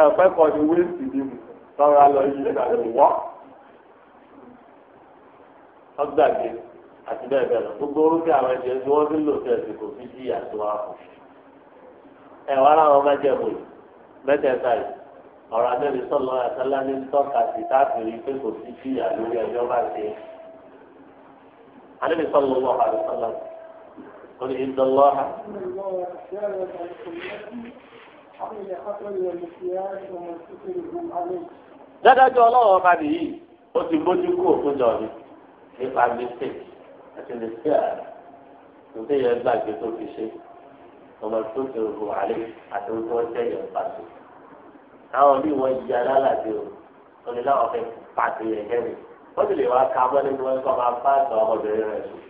ẹ̀fẹ́ ni wéèsì ni mu tọ́ra lọ yí ìgbàlùwọ́ ọgbàgbé àti bẹ́ẹ̀ bẹ́ẹ̀ lọ gbogbo orúkẹ́ àwọn ẹ̀jẹ̀ tí wọ́n ti lò tẹ̀sí kò fi jí àtiwá fún ẹ̀ wá láwọn májẹ̀mú yìí mẹ́tẹ̀ẹ̀ta yìí ọ̀rọ̀ àdébísọ̀ lọ́wọ́ àtàlá ní tọ́ka sí táàfin pé kò sí jíyà lórí ẹjọ́ bá ṣe é. النبي صلى الله عليه وسلم قل إن الله dádájọ́ ọlọ́run ọba nìyí ó ti mójú kú òfin lọ ni nípa mistake àti mistake ààrẹ nígbà yẹn gbàgbé tó fi ṣe ọmọ tó ti rò wálé àti ohun tí wọ́n tẹ̀ yẹn pàṣẹ. àwọn bí wọ́n yí alálàdé o wọ́n ní láwọn fẹ́ pàṣẹ yẹn kẹ́rin wọ́n ti lè wá ka mọ́ nínú wọn kọ́ máa bá àgbà ọmọbìnrin rẹ̀ sùn.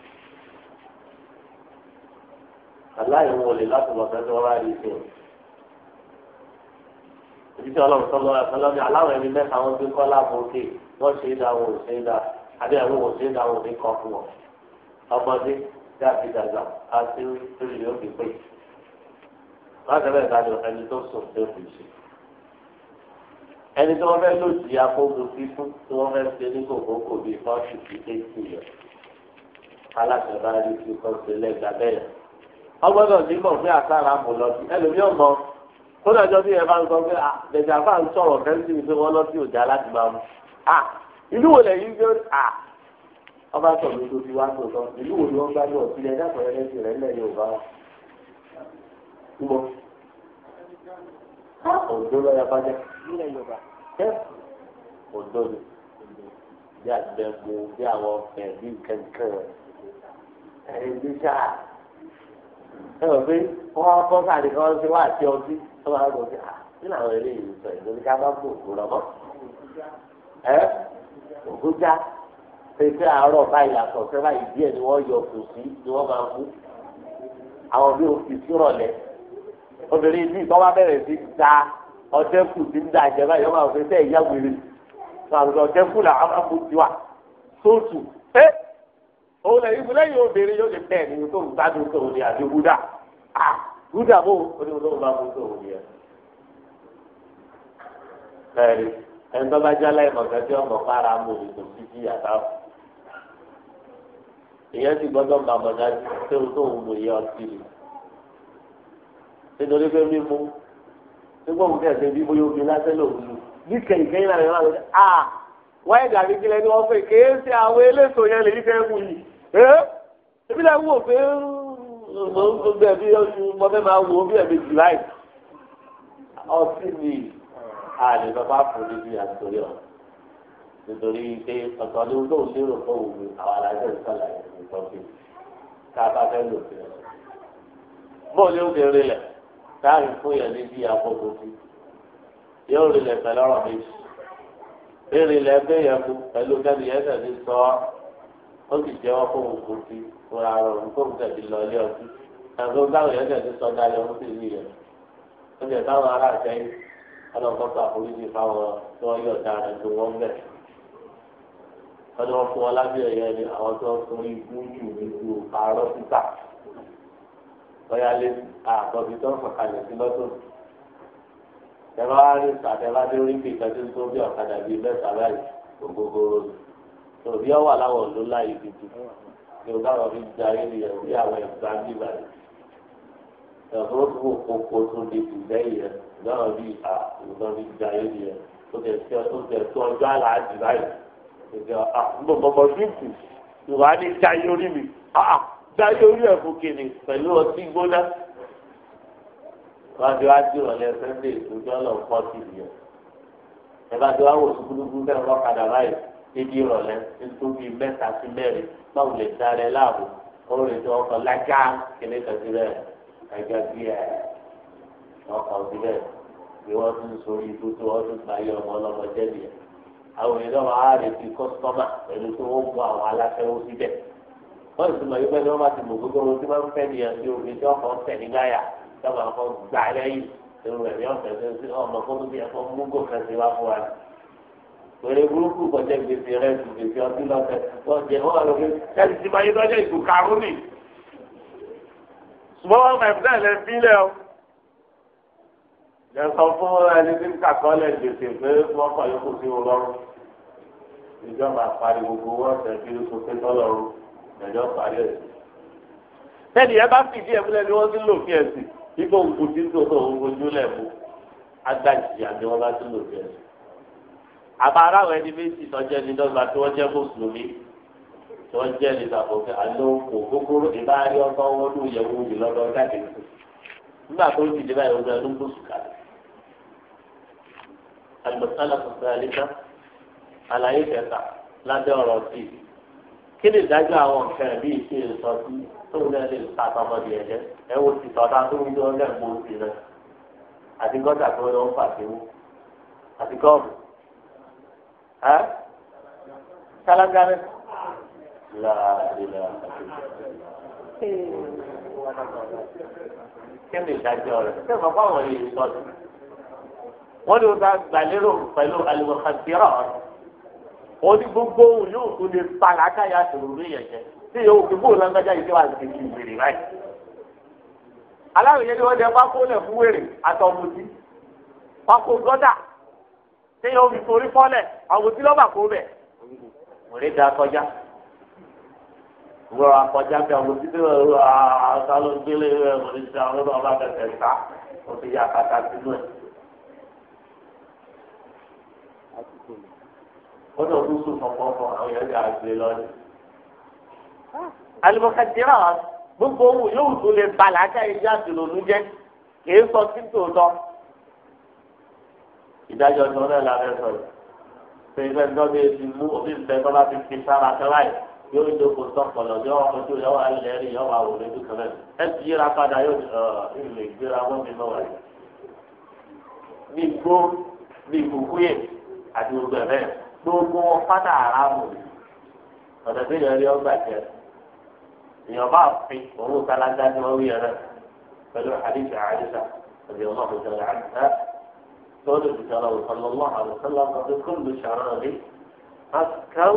aláì wọn ò lè láti mọ̀ sẹ́ni wọ́n bá rí sí o. ìdíje ọlọ́run sọ́lọ́ ẹ̀fọ́lọ́ ní aláwọ̀ ẹni mẹ́ta wọn gbé kọ́ láàbò òkè wọ́n ṣe é dá wọn ò ṣe é dá àbí àwọn ò ṣe é dá wọn ò ní kọ́ fún wọn. ọmọdé dàbí dàgbà á ti rí lórí yóò fi pé. wọ́n á tẹ́lẹ̀ dájọ́ ẹni tó sùn tó fi ṣe ẹni tí wọ́n fẹ́ lòdì akógun fífún tí wọ́n fẹ́ ṣe ní kòkókò bíi kọ́ọ̀ṣù kíké sí yọ aláṣẹ bá rí fi kọ́ sí lẹ́gbàá bẹ́ẹ̀ ọgbọ́dọ̀ ní mọ̀ pé àtàrà mọ̀ lọ sí ẹlòmíì ọmọ tó dájọ́ bí ẹ bá ń sọ pé àbẹ̀jà bá ń sọ̀rọ̀ kẹ́ńtì ní pé wọ́n lọ sí òjá láti máa mú à ìlú wo lẹ́yìn gbé à ọba sọ mi lóbi wá tó sọ ìlú wo ni wọ́n gbájọ́ ìpìlẹ̀ dákọ̀ rẹ̀ lẹ́sìn rẹ̀ ńlẹ̀ Yorùbá wọn. ọ̀dọ́ lọ́ya bá jẹ́ nílẹ̀ Yorùbá tẹ́ òdo ni bí àgbẹ̀mú bí àwọn ọ̀fẹ́ bí kankan ẹ̀yìn bí sáà ẹ wọ pé wọ́n á bọ́ kan ṣe wá àti ọtí wọ́n máa ah, ń gbọ́ sí à nínú àwọn eléyìí sọ èdè ní ká bá kó òkú ẹ òkú pépé àárọ̀ báyìí àtọ̀tẹ́ báyìí díẹ̀ ni wọ́n yọ kù sí ni wọ́n máa kú àwọn bí òfin sírọ̀lẹ́ obìnrin bíi tọ́wọ́ bẹ̀rẹ̀ sí ta ọtẹ kù ti ń da àjẹbá yọ máa fẹsẹ ìyá wèrè sàrùsọ ọtẹ kù là á kú tiwa sóòtù ẹ òun lẹ́yìn ìbúlẹ yìí obìnrin yóò lè bẹ́ẹ̀ nínú tó ń gbádùn tó ń ní àti búdà à búdà bò ó ní olóhùn bá mú tó ń ní ẹ. bẹ́ẹ̀ni ẹni tó bá jálá ìmọ̀ kẹ́kẹ́ ọmọ fara mú mi kò sí jí àtà ìyẹn ti gbọ́dọ̀ bàbọ̀ náà tó ń mú iye ọtí nítorí pé mímú nígbà òun kẹsẹ bí bóyá omi lásán lòun lò bí kẹ̀kẹ́ yìí làwọn yàrá lọ wáyé dàbí kílẹ̀ ni wọ́n fẹ́ kéésì àwọn eléso yẹn lè fẹ́ wù yìí ẹ́ ebi la wò pé mo mo fẹ́ máa wò ó bí ẹbí july ọtí mi àlè bàbá fún mi bí àtòrí ọ nítorí pé ọ̀tọ̀ ni olóò lérò fún òun àwọn aláṣẹ ìsọ̀lá ìsọ̀lá ká bá fẹ́ lò sí ọ. táàrí fún yẹn níbi àkókò sí yóò rilẹ̀ pẹ̀lú ọ̀rọ̀ méjì ìrìnlẹ̀ ẹgbẹ́ yẹn kú pẹ̀lú kẹ́mi yẹn tẹ̀lé sọ ọ́ ó sì jẹ́wọ́ fún òkú sí tẹ̀lé lọ ilé ọtí yẹn sọ ó sì rí yẹn ó jẹ́ táwọn ará àtẹ́yìn ọlọ́kọ́tà oríṣi fáwọn tí wọ́n yọ̀ tó wọ́n bẹ̀ ọdún wọn fún bóyá lé àbọ̀bí tó ń fọkàlẹ̀ sí lọ́tọ̀. Tẹ̀lá wá rí sàtẹ́lá dé orí kìí kẹ́tí tó bí ọ̀kadà bíi mẹ́ta láì gbogbogbò rẹ̀. Tòbí ọ̀wà láwọ̀ ló láyé títí. Yorùbá wọn fi darí ni ẹ̀rú bí àwọn ẹ̀gbá ń bíbà rẹ̀. Ẹ̀fọ́ tó wò kókó tó di kù lẹ́yìn rẹ̀. Yorùbá wọn fi à Yorùbá fi ni ẹ̀ tó tẹ̀ sí ọ tó tẹ̀ tó ọjọ́ àlàájì báyìí dájú orí ẹ̀fọ́ kìnnì pẹ̀lú ọtí gbóná. wọ́n ti wá sí ìrọ̀lẹ́ sẹ́ńdẹ̀ ìtòjọ́ lọ pọ́ sí ìyẹn. ẹ bá ti wá wò sí gbúdúgbú bẹ́ẹ̀ lọ́kadà báyìí níbi ìrọ̀lẹ́ nítorí mẹ́ta sí mẹ́rin báwo lè darẹ láàbò ó lè tó ọkọ̀ lájà kìnnì kan sí bẹ́ẹ̀ ẹgbẹ́ bí ẹ ọkọ̀ sí bẹ́ẹ̀ bí wọ́n tún sórí ikú tó wọ́n tún gba ayé ọmọ ọlọ́mọ jẹ́ àwọn èèyàn wà á retí kọ́sítọ́mà pẹ̀lú tó wọ́n mú àwọn aláṣẹ́wó síbẹ̀ wọ́n sì mọ̀ yípa ẹni wọ́n bá ti mọ̀ gbogbo ohun tí wọ́n fẹ́ ni àti omi tí ọkọ̀ tẹ̀ ní gáyà sábà kọ́ gbà lẹ́yìn tó rẹ̀ ní ọ̀sẹ̀ tó ọmọ kó tó ti ẹ̀kọ́ mú sí wa fún wa. pèrè burúkú kọjá gbèsè rẹ ju gbèsè ọtí lọ́sẹ̀ wọ́n jẹ wọ́n lọ pé ẹni tí fún ẹni tí ń kàkọ́lẹ̀ gbèsè pé wọ́n kọ̀ yókù sí wọn lọ́rùn. ìjọba pariwo gbowó ọ̀sẹ̀ kí ló so pé tọ́lọ́rùn ìdájọ́ parí ẹ̀sìn. tẹ́lẹ̀ yẹn bá fìdí ẹ̀ múlẹ̀ ni wọ́n ti lò fi ẹ̀sìn ibo nkù tí ń tó tó ojú lẹ̀ mú agbájì àmì wọn bá ti lò fi ẹ̀sìn. àbá aráwọ̀ ẹni méjì tọ́jẹ́ ni dọ́gba tí wọ́n jẹ́ mùsùlùmí tí wọ́n jẹ́ ni tàbọ̀kẹ́ àlọ́ kò kókóró ìbáyé ọkọ̀ wọn ló yẹ wọ́n yìí lọ́dọ̀ káàkiri nígbà tó ti dé báyìí ọgbẹ́ ló ń gbósù kalẹ̀. àlùmọ̀sálà kò sọ àlàyé kẹta lábẹ́ ọ̀rọ̀ sí kí lè àwọn nǹkan bíi ṣe é sí tóun náà lè ta tọmọdé ẹ̀jẹ̀ ẹ wo ti sọ̀tà tó ń dán lẹ́ẹ̀mọ́ sí rẹ àti gọ́tà tó ń lọ ń pàṣẹwó àti gọ́ọ̀mù ẹ sálágá rẹ láàbílà ìdájọ́ rẹ ṣé mo wọn lè sọ sí wọn ni wọn bá gbàlérò pẹ̀lú alimuhasirọ ọ̀rọ̀ wọn ní gbogbo ohun yóò tún lè para káyà sòròrò yẹn jẹ tí yóò fi bóòlù lágbájá yìí tí wàá ti fi wèrè báyìí. aláwòye ni wọn jẹ pákó lẹ fún wèrè àtọmùtí pákó gọdà tí yóò fi forí fọlẹ àwòtí lọ́ba kó bẹ̀. wèrè da kọjá wọ́n akọjá bí àwòtí tí wọ́n rọ àtàlógbélé rẹ̀ wọ́n ti sàrọ̀ ọba kẹsẹ̀ sá wọ́n ti yà kàkà sínú ẹ̀. kódà ó tún sùn fọfọfọ àwọn yẹn gà gbé lọ́dẹ. Ah. alimọ̀kadìrà gbogbo ohun yóò tún lè balà ká ẹja tìlónú jẹ kìí sọ sí tòótọ́. ìdájọ́ tí wọ́n náà la fẹ́ sọ̀rọ̀ pé ìfẹ́ ń dọ́bí ti mú òbí ń bẹ tó bá ti fi sára tẹ́lá yìí yóò ń dókòó sọ̀kọ̀lọ̀ yóò wá ojú yóò wá ilẹ̀ rí yóò wá wò lójú kan náà ẹ ti yíra padà yóò ọ̀ ilé wọ́n mi náà wà yìí. mi gbó mi kúkú yẹn àti gbogbo gbogbo wọn pátá aráàmù ọ̀dọ̀ tó yẹ ọ́ rí ọgbà jẹ èèyàn bá fi owó kálágá ní wọ́n wí ẹ̀rẹ́ pẹ̀lú àdìsí àdìsá ọ̀dọ̀ ọmọ àbùsọ̀ rẹ̀ àdìsá tọ́lú ìjọba ìfọlọ́lọ́ àbùsọ̀lọ́ ọ̀dọ̀ kúndùn ṣàrọ̀ rí akáw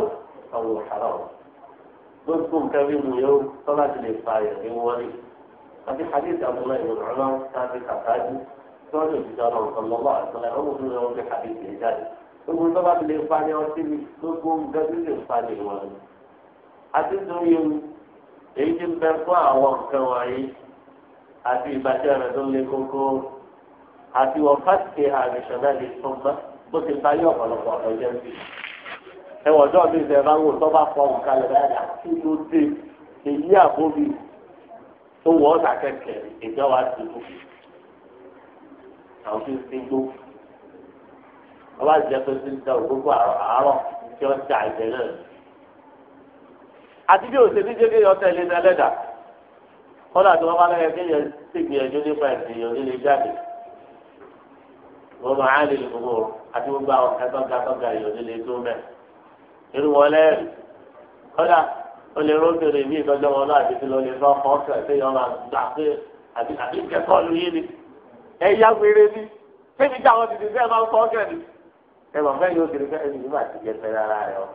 ọ̀wọ̀ ṣàrọ̀ gbogbo nǹkan bí mu yóò tọ́lá ti lè fa ẹ̀yàn ní wọ́lé àti àdìsí àbúlá ìwọ̀n ọlọ́run tá gbogbo tó bá ti lè fa ni ọtí mi gbogbo nǹkan tó lè fa ni wọn. àti nítorí ewu èyí ti bẹ fún àwọn nǹkan wọ̀nyí àti ìbàjẹ́ rẹ̀ tó lé kókó àti wọ́n fásitì àrùsọ̀nà lè fún mọ́ bó ti fa yí ọ̀pọ̀lọpọ̀ ọ̀rọ̀ jẹ́ sí. ẹ wọ̀ dọ́ mi ìfẹ́ máa ń wò tó bá fọ nǹkan lọ dáadáa kí ló dé èyí àbómi tó wọ́ ọ̀tà kẹ̀kẹ́ ìjọba ti mú àwọn tó ti gbó ọba jẹ pé ti ń tẹ òkúkú àárọ̀ tí ó ń tẹ àìsàn náà àti bí òṣèlú jẹ́ kéèyàn tẹ̀lé ní ẹlẹ́dà kọ́dà tí wọ́n bá lẹ́yìn kéèyàn sì gbìyànjú nípa ìgbìyànjú nílé jáde wọ́n máa ń lè gbogbo àti gbogbo àwọn kẹtọ́gà tọ́gà ìyọ̀dé lè tó mẹ́ irú wọn lẹ́rìí kọ́dà ó lè róbìnrin bí ìtọ́jọ́ wọn náà àti tìlọ́ lè fọ́ọ̀kọ́ ọ̀sẹ̀ tí yọ̀ àti àti kẹ́kọ̀ọ́ lu ni ẹ̀yà wéré ni fẹ́mi tí àwọn ti ti máa ń fọ́ọ̀kẹ́ ni ẹ̀gbọ́n fẹ́ yóò kiri fẹ́ẹ́ yìí máa ti jẹ fẹ́ rárá rẹ o.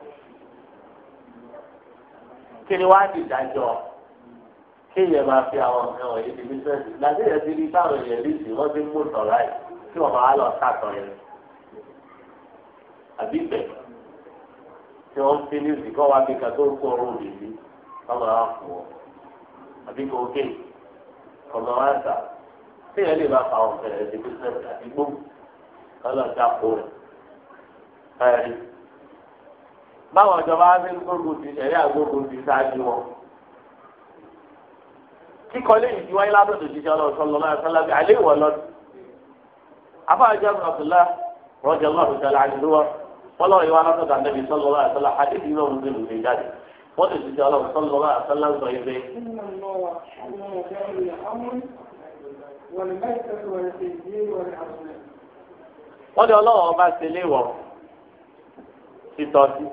kí ni wàá di ìdájọ́ kí èèyàn máa fi àwọn ọ̀rẹ́ wọ̀nyí di bísẹ́ẹ̀sì láti èèyàn ti di báwọn èèyàn rí sí wọ́n ti mú sọ̀rọ̀ ẹ̀ kí wọ́n máa lọ sàtọ̀ yẹn. àbí bẹ̀ tí wọ́n fi ní ìsìnkọ́ wa bí ká kó ọrùn nìyí wọ́n máa fò ó àbí kò gé ọmọ wa sà tí èèyàn lè máa fa àwọn ọ̀rẹ́ di bísẹ́ẹ̀sì àti gbó kọ́lọ́ ẹ̀rí báwọn ìjọba ṣe ń gbógun ti ẹ̀rí àgbógun ti ṣáájú wọn. kíkọ léyìn tí wáyé látọ̀dọ̀ òṣìṣẹ́ ọlọ́run sọ́lọ́ náà sọ́lá bí alẹ́ ìwọ̀ lọ́dún. afáàjọ abdullá rọ́jà lọ́dún sọ́lá àdúgbò wọn lọ́wọ́ ìwà látọ̀dọ̀ àdẹ́bí sọ́lọ́ náà sọ́lá àdébí náà ń gbèlú ìjáde wọ́n ti ṣiṣẹ́ ọlọ́run sọ́lọ́ náà sọ́lá títọ́sí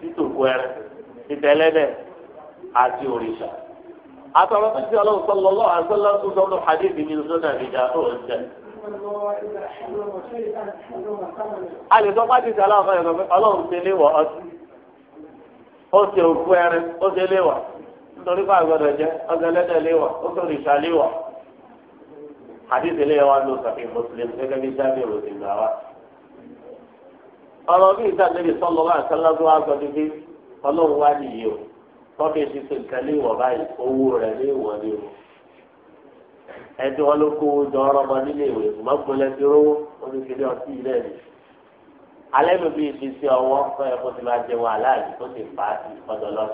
títòkú ẹrẹ títẹlẹ́dẹ̀ àti òrìṣà. àtọ̀rọ̀ tó ti ọlọ́run tó tó a lè sọ pàdé ìjà aláwọ̀ fẹ́ ọlọ́run ṣe léwọ̀ ọtí ó ṣe òkú ẹrẹ ó ṣe léwọ̀ nítorí bá àgbọ̀dọ̀ jẹ wa ọ̀rọ̀ bí ìsàlẹ̀bí sọ́lọ́ bá sọ́lọ́dún wá sọ dídí ọlọ́run wá nìyí o tọ́kì ti ṣe nǹkan lé ìwọ̀ báyìí owó rẹ̀ lé ìwọ̀ ni o. ẹni wọn ló kó jọ ọ̀rọ̀ ọmọ nílé ìwé mọ́gbọ́lẹ́ ti rówó oníṣẹ́lẹ̀ ọtí ilé rẹ̀. alẹ́ mi bí ibi sí ọwọ́ fún ẹ̀kọ́ ti máa jẹun aláàbí tó ti fà á sí ọ̀dọ̀ lọ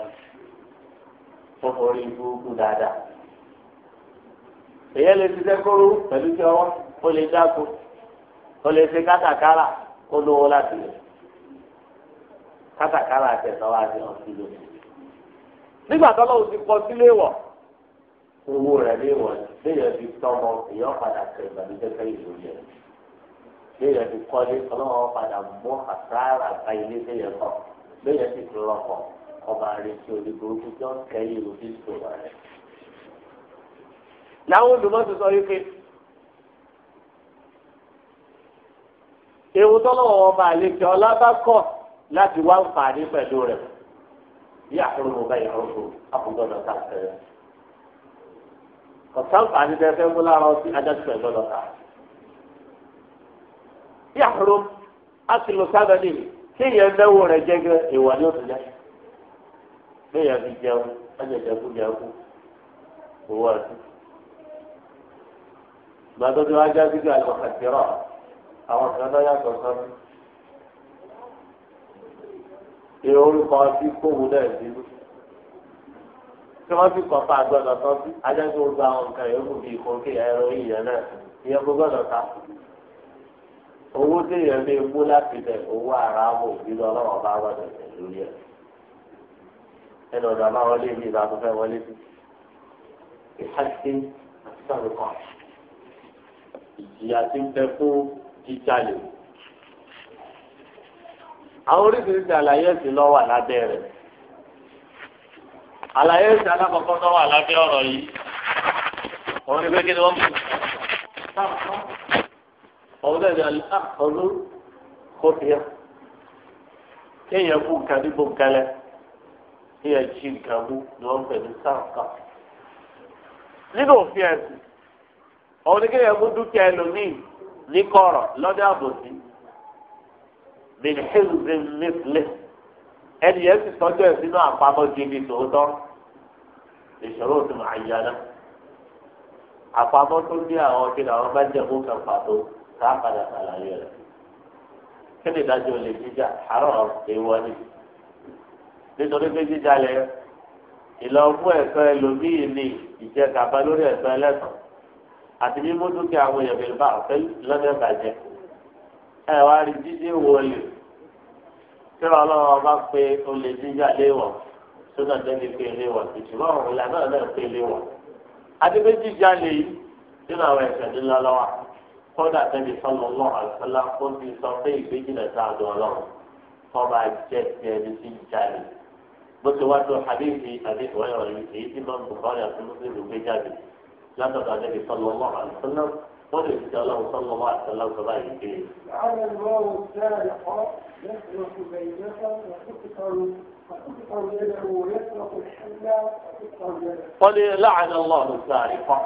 fọ́fọ́rí gbúgbú dáadáa. èyẹ lè ti sẹ́kọ́rú pẹ̀lú ti ọwọ́ ó lówó láti lò kátàkárà àtẹ̀sán wa ti hàn sí lónìí. nígbà tó lọ́wọ́ ti kọ sílé wọ̀ owó rẹ̀ léyìn fi tọ́mọ èèyàn padà kẹ ìbànújẹ́ sẹ́yìn lórí léyìn fi kọ́lé ọlọ́wọ́ padà mú àtàrà àgbà ilé léyìn kọ́ léyìn fi lọ́kọ̀ ọba rẹ̀ tí olùgbòrúkú kẹ́ rẹ̀. làwọn ewu tọ́lọ́wọ́ ọba àlejò ọlábàkọ́ láti wá nfààní pẹ̀lú rẹ̀ bí àkúrò bá yàrá oṣù àkùgbọ́dọ̀ ká fẹ́rẹ́. ọ̀sán nfààní tẹ fẹ́ mú lára ọtí ajáde pẹ̀lú ọlọ́ta. bí àkúrò á ti lọ sábẹ́ ní kéèyàn náwó rẹ̀ jẹ́gẹ́ ìwà ni ó ti jẹ́. kéèyàn fi jẹun ẹ̀jẹ̀ owó gbàdúrà àwọn kan náà yàtọ̀ sọ́nù. èrò orúkọ ọtí kóhùn náà dínú. tí wọ́n ti kọ́kọ́ àgbọ̀dọ̀ tán sí ajẹ́sọ̀ gba àwọn nǹkan yòókù bíi kòkè ẹ̀rọ ìyẹn náà ìyẹn kò gbọ́dọ̀ ta. owó téèyàn lè mú láti bẹ̀ owó ara mò nínú ọlọ́wọ́ bá wọ́dọ̀ tẹ̀ lórí ẹ̀. ẹnu ọ̀dọ̀ àbáwọlé mi ìbá tó fẹ́ wọlé sí. ìhàkí àti sọ̀rọ̀ kan ìjìyà ti ń bẹ fún ìjàlè àwọn oríṣiríṣi àlàyé ẹ̀sìn ló wà lábẹ́ rẹ̀ àlàyé ẹ̀sìn alákọ̀ọ́kọ́ tó wà lábẹ́ ọ̀rọ̀ yìí wọ́n ní pé kí ni wọ́n mú ọ̀rọ̀ ẹ̀dá ọ̀rọ̀ kọ́fíà kéèyàn bú nǹkan níbo nǹkan lẹ kéèyàn jí nǹkan mú ni wọ́n pè ní sáǹkà nínú òfin ẹ̀sìn ọ̀rọ̀ ní kéèyàn mú dúkìá ẹlòmíì níkọ̀rọ̀ lọ́dẹ àbòsí bìnhìnzì mìsìlẹ̀ ẹni yẹn ti sọ́jọ́ ẹ̀ sínú àpamọ́ gidi tòótọ́ ìṣòro tó máa yá náà àpamọ́ tó ní àwọn kí ni àwọn bá jẹ́ kó kan pàtó ká padà sàlàyé rẹ̀ kí ni ìdájọ́ lè jíjà àárọ̀ èèwọ̀ nítorí pé jíjà lẹ ìlọ fún ẹ̀sọ́ ẹlòmíì ni ìjẹkàbá lórí ẹ̀sọ́ ẹlẹ́sàn àti mímú dúkìá àwọn èèyàn bẹ̀rẹ̀ bá ọ̀fẹ́ lọ́dẹ̀ bàjẹ́ ẹ wá rí jíjí wo olè tí ọlọ́run ọba pé olè jíjà léwọ̀ sódà dẹ́ni pé léwọ̀ ìṣùgbọ́n àwọn ìlànà náà pé léwọ̀ àti pé jíjà lè yí nínú àwọn ẹ̀sẹ̀ nílá lọ́wọ́ kódà tẹ́lẹ̀ sọ́nà ọlọ́run àlùfẹ́lá kó ti sọ pé ìgbéjìlẹ̀ sáàdù ọlọ́run kọ́ máa jẹ́ ti ẹni jíjà lè bó ti wá tó àdéhìí àdéhìí wáyọ̀ yìí èyí látọ̀dọ̀ àjẹbí sọ́lọ́ mọ́ àlùfọ́nà wọ́n lè fi ọlọ́run sọ́lọ́ mọ́ àtẹlẹ́ ọ̀sọ́ báyìí pé. wọ́n lè láàánú ọlọ́run sáré fún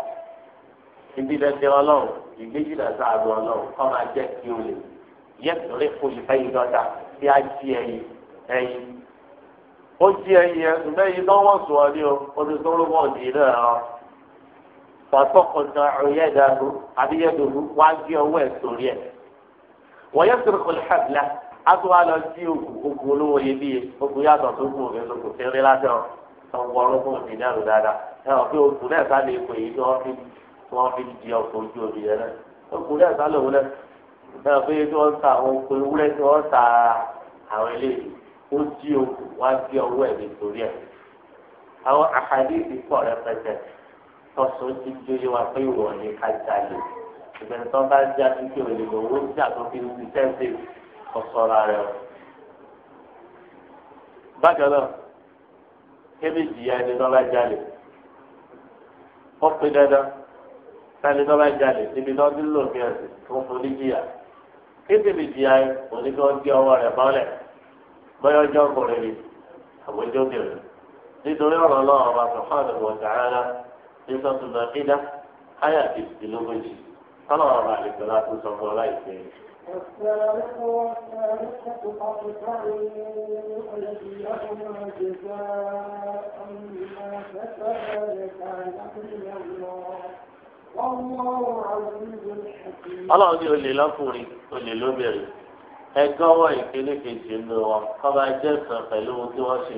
ibi dẹdẹ ọlọ́run ìgbéjìlá sáàdù ọlọ́run kọ́ máa jẹ́ kí o lè yẹ́tùrí fún ìfẹ́yìn dọ́ta kí á jí ẹyin ẹyin ó jí ẹyin ẹsùn bẹ́yìn lọ́wọ́ sùn ọ ní o ó ti tó ló mọ̀ náà ọ fàtọkọta ọyẹdàrú àbíyẹdòrú wá gé ọwọ́ ẹ sórí ẹ wọ́n yẹ sọ̀rọ̀ kọlẹ hàbílà àti wàá lọ sí ògùn ògùn olówó yẹ bíye ògùn yàtọ̀ tó gùn òfin lóko fẹrẹ lásán ọ̀n wọ́ọ́rọ́ fún òfin náà dáadáa ẹ ọ̀ pé ògùn náà sá lè pè é tí wọ́n fi tí wọ́n fi di ọkọ̀ ojú omi yẹn náà ògùn náà sá lòun náà ẹ ọ̀ pé tí wọ́n ta àwọn òkú ewúrẹ́ tí wọ́n ta àwọn eléyìí ó di ògùn wá gé ọwọ́ ẹ̀ nítorí ẹ̀ àwọn àkàdé ìdíkọ̀ rẹ̀ pẹ̀tẹ̀ tọ́sọ ti jóye wa pé ìwọ ni ká jalè ìbẹ̀rẹ̀ tó bá já sí pé owó jà tó fi ti tẹ́sí ọ̀sọ́ra rẹ̀ o. bákan náà kébì jìyà ẹni tó bá jalè ó pe dandan sani tó bá jalè níbi tó ti lò fi ẹsẹ̀ tó fún ní jìyà kébì jìyà òní tó gé ọwọ́ rẹ̀ bọ́lẹ̀ bóyá ọjọ́ ọkùnrin ni àbójọ́ bìrì nítorí ọ̀rọ̀ náà ọba sọ̀kọ́ àdàbọ̀ sàrẹ́ náà nígbà tó bá dé dá káyà ti ti lógójì kọ́nà ọ̀rọ̀ àlejò láti sọ fún ọ láìpẹ́. الله ọlọ́run ní olè lọ́kùnrin olè lóbìnrin ẹgbẹ́ ọwọ́ ìpele kejì ń lò wọn kọ́ bá jẹ́ sàn pẹ̀lú ohun tí wọ́n ṣe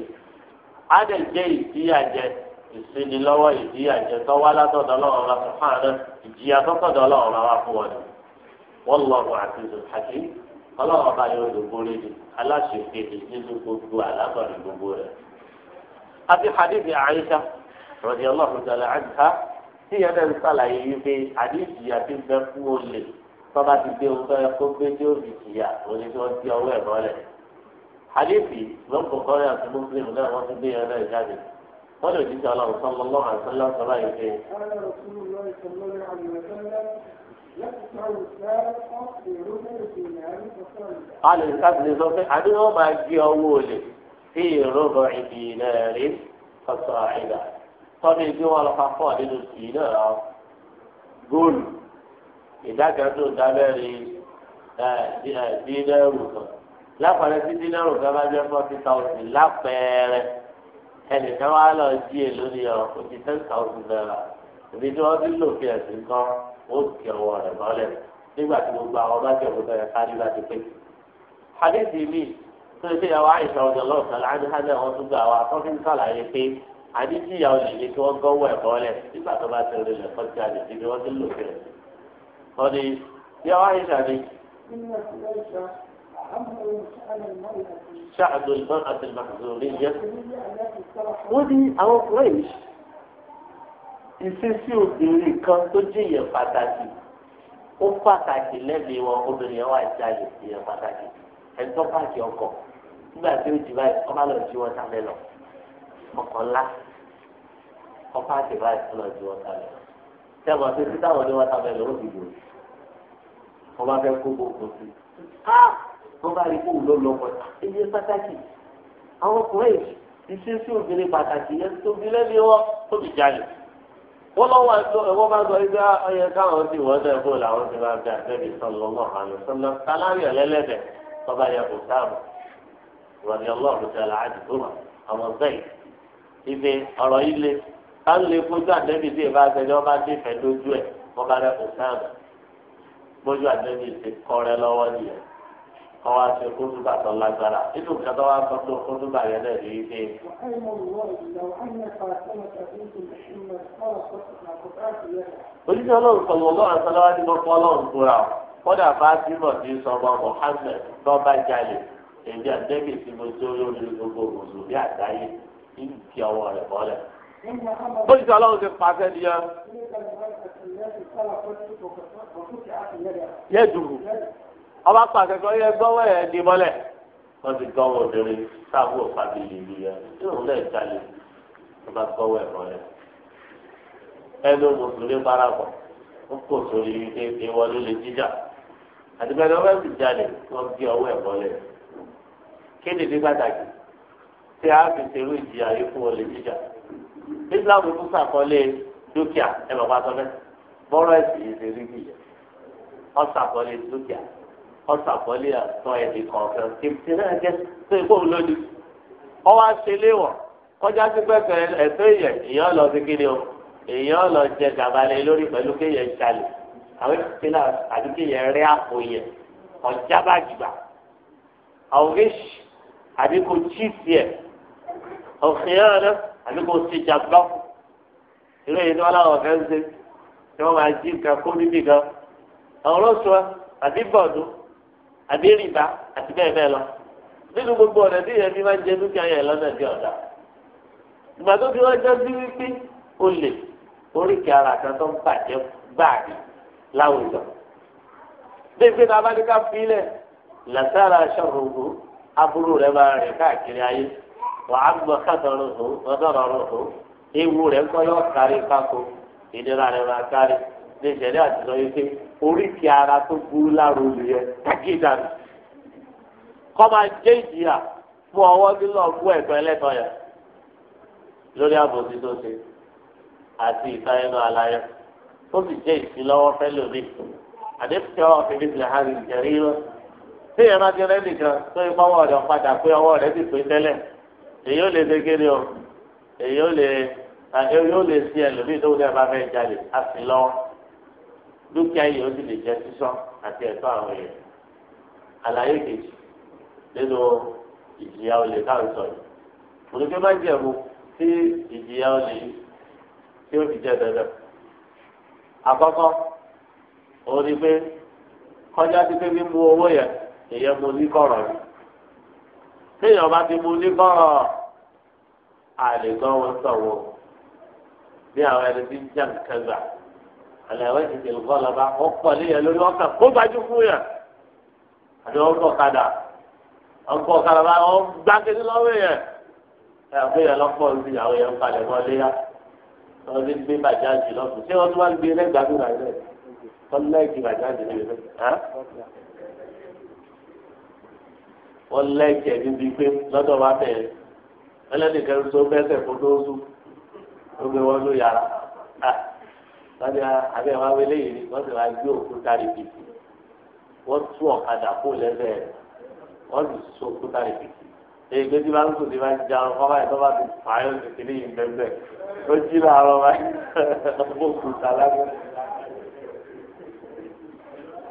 á dẹ̀ jẹ́ ìdíyàjẹ́ ìsinilọ́wọ́ ìdíyà ìjẹtọ wá látọ̀dọ̀ Ọlọ́run ọba sọfáàdọ ìjìyà tọkọdọ Ọlọ́run ọba fún wọn ni wọn lọ ọmọ àti ìzòkàkì Ọlọ́run ọba yóò dògbórí ni aláṣẹ kejì nínú gbogbo àlábọ̀nì gbogbo rẹ̀. àti hadithi Aisha rọ̀dí ọlọ́run tẹ̀lé àìsá tí yẹn náà ń sàlàyé wípé àdìsí àti bẹ́ẹ̀ fún olè tọ́ba ti dé ohun tó yẹ kó gbé dé òbí ìyá òní tí wọ́n ti ọwọ́ ẹ̀ mọ́lẹ̀. hadithi lọ́kọ̀ọ́kọ́ yà wọ́n lè jíjẹ ọlọ́run sọ́mọ lọ́wọ́ àtúnlá sọ́lá yìí pé. a lè sábìlì sọ pé àdéhùn ọba gé ọwọ́ olè sí ìrọ̀bọ̀ ìdì náà rí kọ̀tọ̀ àìdá tọ́lá ìdí wọn lọ́ka pọ̀ nínú tìí náà rà góòlù ìdákẹ́tò dábẹ́rin dínárù kan lápẹ̀rẹ̀ sí dínárù kan bá jẹ́ forty thousand lápẹ̀rẹ̀ ẹnì kan wá lọ jí èlò ni ọ ó ti ten thousand naira ibi tí wọ́n ti lò fi ẹ̀sìn kan ó kì ọwọ́ rẹ̀ mọ́lẹ̀ nígbà tí gbogbo àwọn bá jẹ̀ gbogbo ẹ̀ kárí láti pé. hadithi mi tó ṣe ìyàwó àìsàn ọ̀dọ̀ lọ́sàn-án láńdíhánà wọn tún gbà wá tó fi ń sàlàyé pé àdíjí ìyàwó lè ní kí wọ́n gọ́wọ́ ẹ̀ mọ́lẹ̀ nígbà tó bá ti rìn lẹ̀ fọ́jà lè ni wọ́n ti lò fi ẹ̀sìn. wọ́n ní ìyàwó àìsàn ni ṣáàdù ìbọn àti màkàzọ̀rì yẹn. wọ́n ní àwọn french ìṣesí obìnrin kan tó jẹ́ yẹn pàtàkì ó pàtàkì lẹ́mìí wọn obìnrin yẹn wà jáde yẹn pàtàkì ẹ̀ńtọ́ pààkì ọkọ̀ nígbà tí ó jì báyìí ọba lọ jí wọn sálẹ̀ lọ ọkọ̀ ńlá ọba àti báyìí lọ jí wọn sálẹ̀ lọ tẹ́wọ̀n tó ti táwọn ní wọn sálẹ̀ lọ ó wọ́n bá rí kóun ló lọ pọ̀ iye pàtàkì àwọn ọkùnrin iṣẹ́ sí obìnrin pàtàkì yẹn tó fi lẹ́nu wọn tó fi jalè wọ́n lọ wá sọ ẹ̀wọ́n bá sọ ẹgbẹ́ ọyẹ ah, káwọn ti wọ́n dẹ̀ fún làwọn ti máa bẹ àtẹ́bí sọ̀lọ́ mọ́ àlọ́ sọ́lọ́ sálámì ọ̀lẹ́lẹ́dẹ̀ tọ́ba yẹ kò sáàmù rọ̀bì ọlọ́run tẹ̀lé àdìgbò mà àwọn bẹ́ẹ̀ ife ọ̀rọ̀ yìí le ká ń lè fojú àtẹ́bí tí ìbá sẹ́ni ọba dé fẹ́ lójú ẹ̀ wọ́n bá rẹ̀ kò sáàmù bójú àtẹ́bí ti kọ́rẹ́ lọ́wọ́ nìyẹn ọwọ́ àti kótóbà tó lágbára nínú kẹtọ́ wa sọ pé yẹn lè rí ilé. oníṣẹ́ ọlọ́run sọ̀rọ̀ ọlọ́run àtàlọ́wá ní gbọ́kọ́ ọlọ́run kúra ọ̀ kódà bá bímọ ní sọmọ Mohammed lọ́ba jalè èmi àtẹ́kì tí mo tó lórí gbogbo mùsùlùmí àgbáyé ń kí ọwọ́ rẹ̀ bọ́lẹ̀. oníṣẹ́ ọlọ́run ti pàṣẹ nìyẹn. yẹ́dùrú ọba pàṣẹ kọ yẹ gbọwọ ẹ di mọ́lẹ̀ wọn ti gbọwọ obìnrin sáàbù òfàbí ìlú yẹ yóò lẹ jalè ọba gbọwọ ẹ mọ́lẹ̀ ẹnu mùsùlùmí parapọ ó kò sórí wípé ìwọlé lè jíjà àtìgbẹ́ni ọba ti jalè wọn gbé ọwọ́ ẹ mọ́lẹ̀ kéde ní pàtàkì tí a fi ṣerú ìjìyà yìí fún olè jíjà Islam tún sàkọlé dúkìá ẹ bàbá sọ bẹ́ẹ̀ bọrọ ẹsìn yìí ṣe rí bìyà ọ sàkọlé dúkìá ọ̀sà pọ́lì àtọ́ ẹ̀dì kọ̀ọ̀kan tìbìtì náà jẹ́ tó ikú lódì ọwọ́ àṣẹlẹ̀ wọ̀ kọjá sí pẹ́pẹ́ ẹ̀fẹ́ yẹn èèyàn lọ sí kíni o èèyàn lọ jẹ gàbalẹ̀ lórí pẹ̀lú kéèyàn jalè àwọn ìpínlẹ̀ náà àti kéèyàn rẹ́ àpò yẹn ọ̀já bá jìgbà àwọn oríṣi àbí kò tí ì tiẹ̀ ọ̀fìyàn náà àbí kò ti jàgbá ìlú yìí ni wọ́n láwọn fẹ́ ń ṣe tí wọ́n máa jí nǹkan kó níbì kan àwọn olóṣùwọ̀n àbí bọ̀dún àbí rìbá àti bẹ́ẹ̀ bẹ́ẹ̀ lọ nínú gbogbo ọ̀nà tí ìyẹn fi máa ń jẹ dúkìá yẹn lọ́nà tí ọ̀dà ìgbà tó fi wọ́n jọ sí wípé o lè oríkèé ara kan tó ń bàjẹ́ gbáàdì láwùjọ bí pé tá a bá ní ká filẹ̀ làtàrà aṣọ́rògbò aburú rẹ̀ máa rìn káàkiri ayé wà á gbọ́ kátọ̀rọ̀ ọ̀dọ́rọ̀ ọ̀rọ̀ ewu rẹ̀ ń kọ́ yọ kárí kákó ìnira rẹ̀ máa kárí ní ìṣẹ̀lẹ̀ àti sọ yìí pé oríkì ara tó burú láàrú olùyẹ kàkí ìdàrú kọ́ máa jẹ́ ìjìyà fún ọwọ́ nílò ọgbọ́n ẹ̀gbọ́n ẹlẹ́tọ̀ yẹn lórí àbòsí tó ṣe àti ìtayẹnu àlàyé ó sì jẹ́ ìfilọ́wọ́ fẹ́lómi àdébùtẹ́ ọ̀rọ̀ fi bí ìlànà ìjẹ̀rí lọ tí ìyẹn bá ti rẹ́ nìkan tó ipá wọ̀ rẹ̀ padà pé ọwọ́ rẹ̀ ti pè tẹ́lẹ̀ èyí ó lè ṣe kéde o èyí ó lè ṣe ẹlòmíì tó wúlẹ̀ bá fẹ́ jalè àfilọ́wọ́ dúkìá yìí ó sì lè jẹ sísọ àti ẹ̀tọ́ àwọn èèyàn àlàyé kejì nínú ìjìyà olè káwọn sọ yìí olùkẹ́ bá jẹ mu tí ìjìyà olè yìí tí ó fi jẹ dandan àkọ́kọ́ òun ni pé kọjá sí pé mímú owó yẹn èèyàn mu ní kọ̀rọ̀ ni téèyàn bá ti mu ní kọ̀rọ̀ àlè gan wọn sọ̀wọ́ bí àwọn ẹni tí ń jà nǹkan gbà àlàyé ìdè lọ́lọ́ba wọ́n pọ̀ léyìn lórí wọn kàn kó gbajú fún yàn àti wọn kọ̀ kadà wọn kọ̀ kadà bá wọn gbá kéde lọ́wọ́ yẹn ẹ àgbé yẹn lọ́pọ̀ ní ìyàwó yẹn ń palẹ̀ wọn léyà wọn ti gbé bàjáàjì lọ́sùn ṣé wọn tún wá gbé lẹ́gbàdúrà rẹ̀ wọn lẹ́ẹ̀kì bàjáàjì rẹ̀ wọ́n lẹ́jẹ̀ níbi pé lọ́dọ̀ wa tẹ̀ ẹ́ ẹlẹ́nìkan tó bẹ́sẹ̀ wọ́n ti abẹ́ wa wọlé yìí wọ́n ti wá gbé òkúta rìbìtì wọ́n tú ọ̀kadà kó lẹ́sẹ̀ wọ́n ti so òkúta rìbìtì èyí pé tí bá ń sòdì bá ń ja ọ̀rọ̀ báyìí tó bá ti fà á yóò ti kiri yìí bẹ́ẹ̀ ó jí làárọ̀ báyìí ọmọ òkúta lábẹ́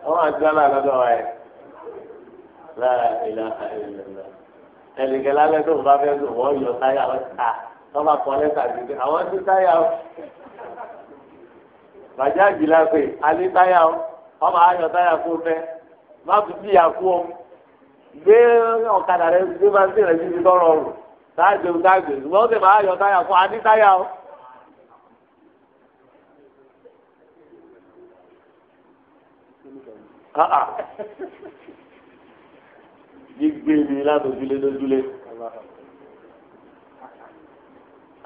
wọ́n àti wọn náà lọ́dọ̀ wa yẹn lára ìlà ìlànà ẹnìkan lálẹ́ tó bá fẹ́ sùn wọ́n yọ táyà wọn ta bá kọ́ lẹ́sà bàjáàjì la pè alẹ́ táyà o ọmọ ayọ̀ táyà kó fẹ́ má fi bíyà kú o gbé ọ̀kadà rẹ gbé máa ń tẹ̀lé síbi tọrọ o táàgbé o táàgbé ṣùgbọ́n ó sì máa ayọ̀ táyà fún alẹ́ táyà o. gbígbé mi látòjúlé lójúlé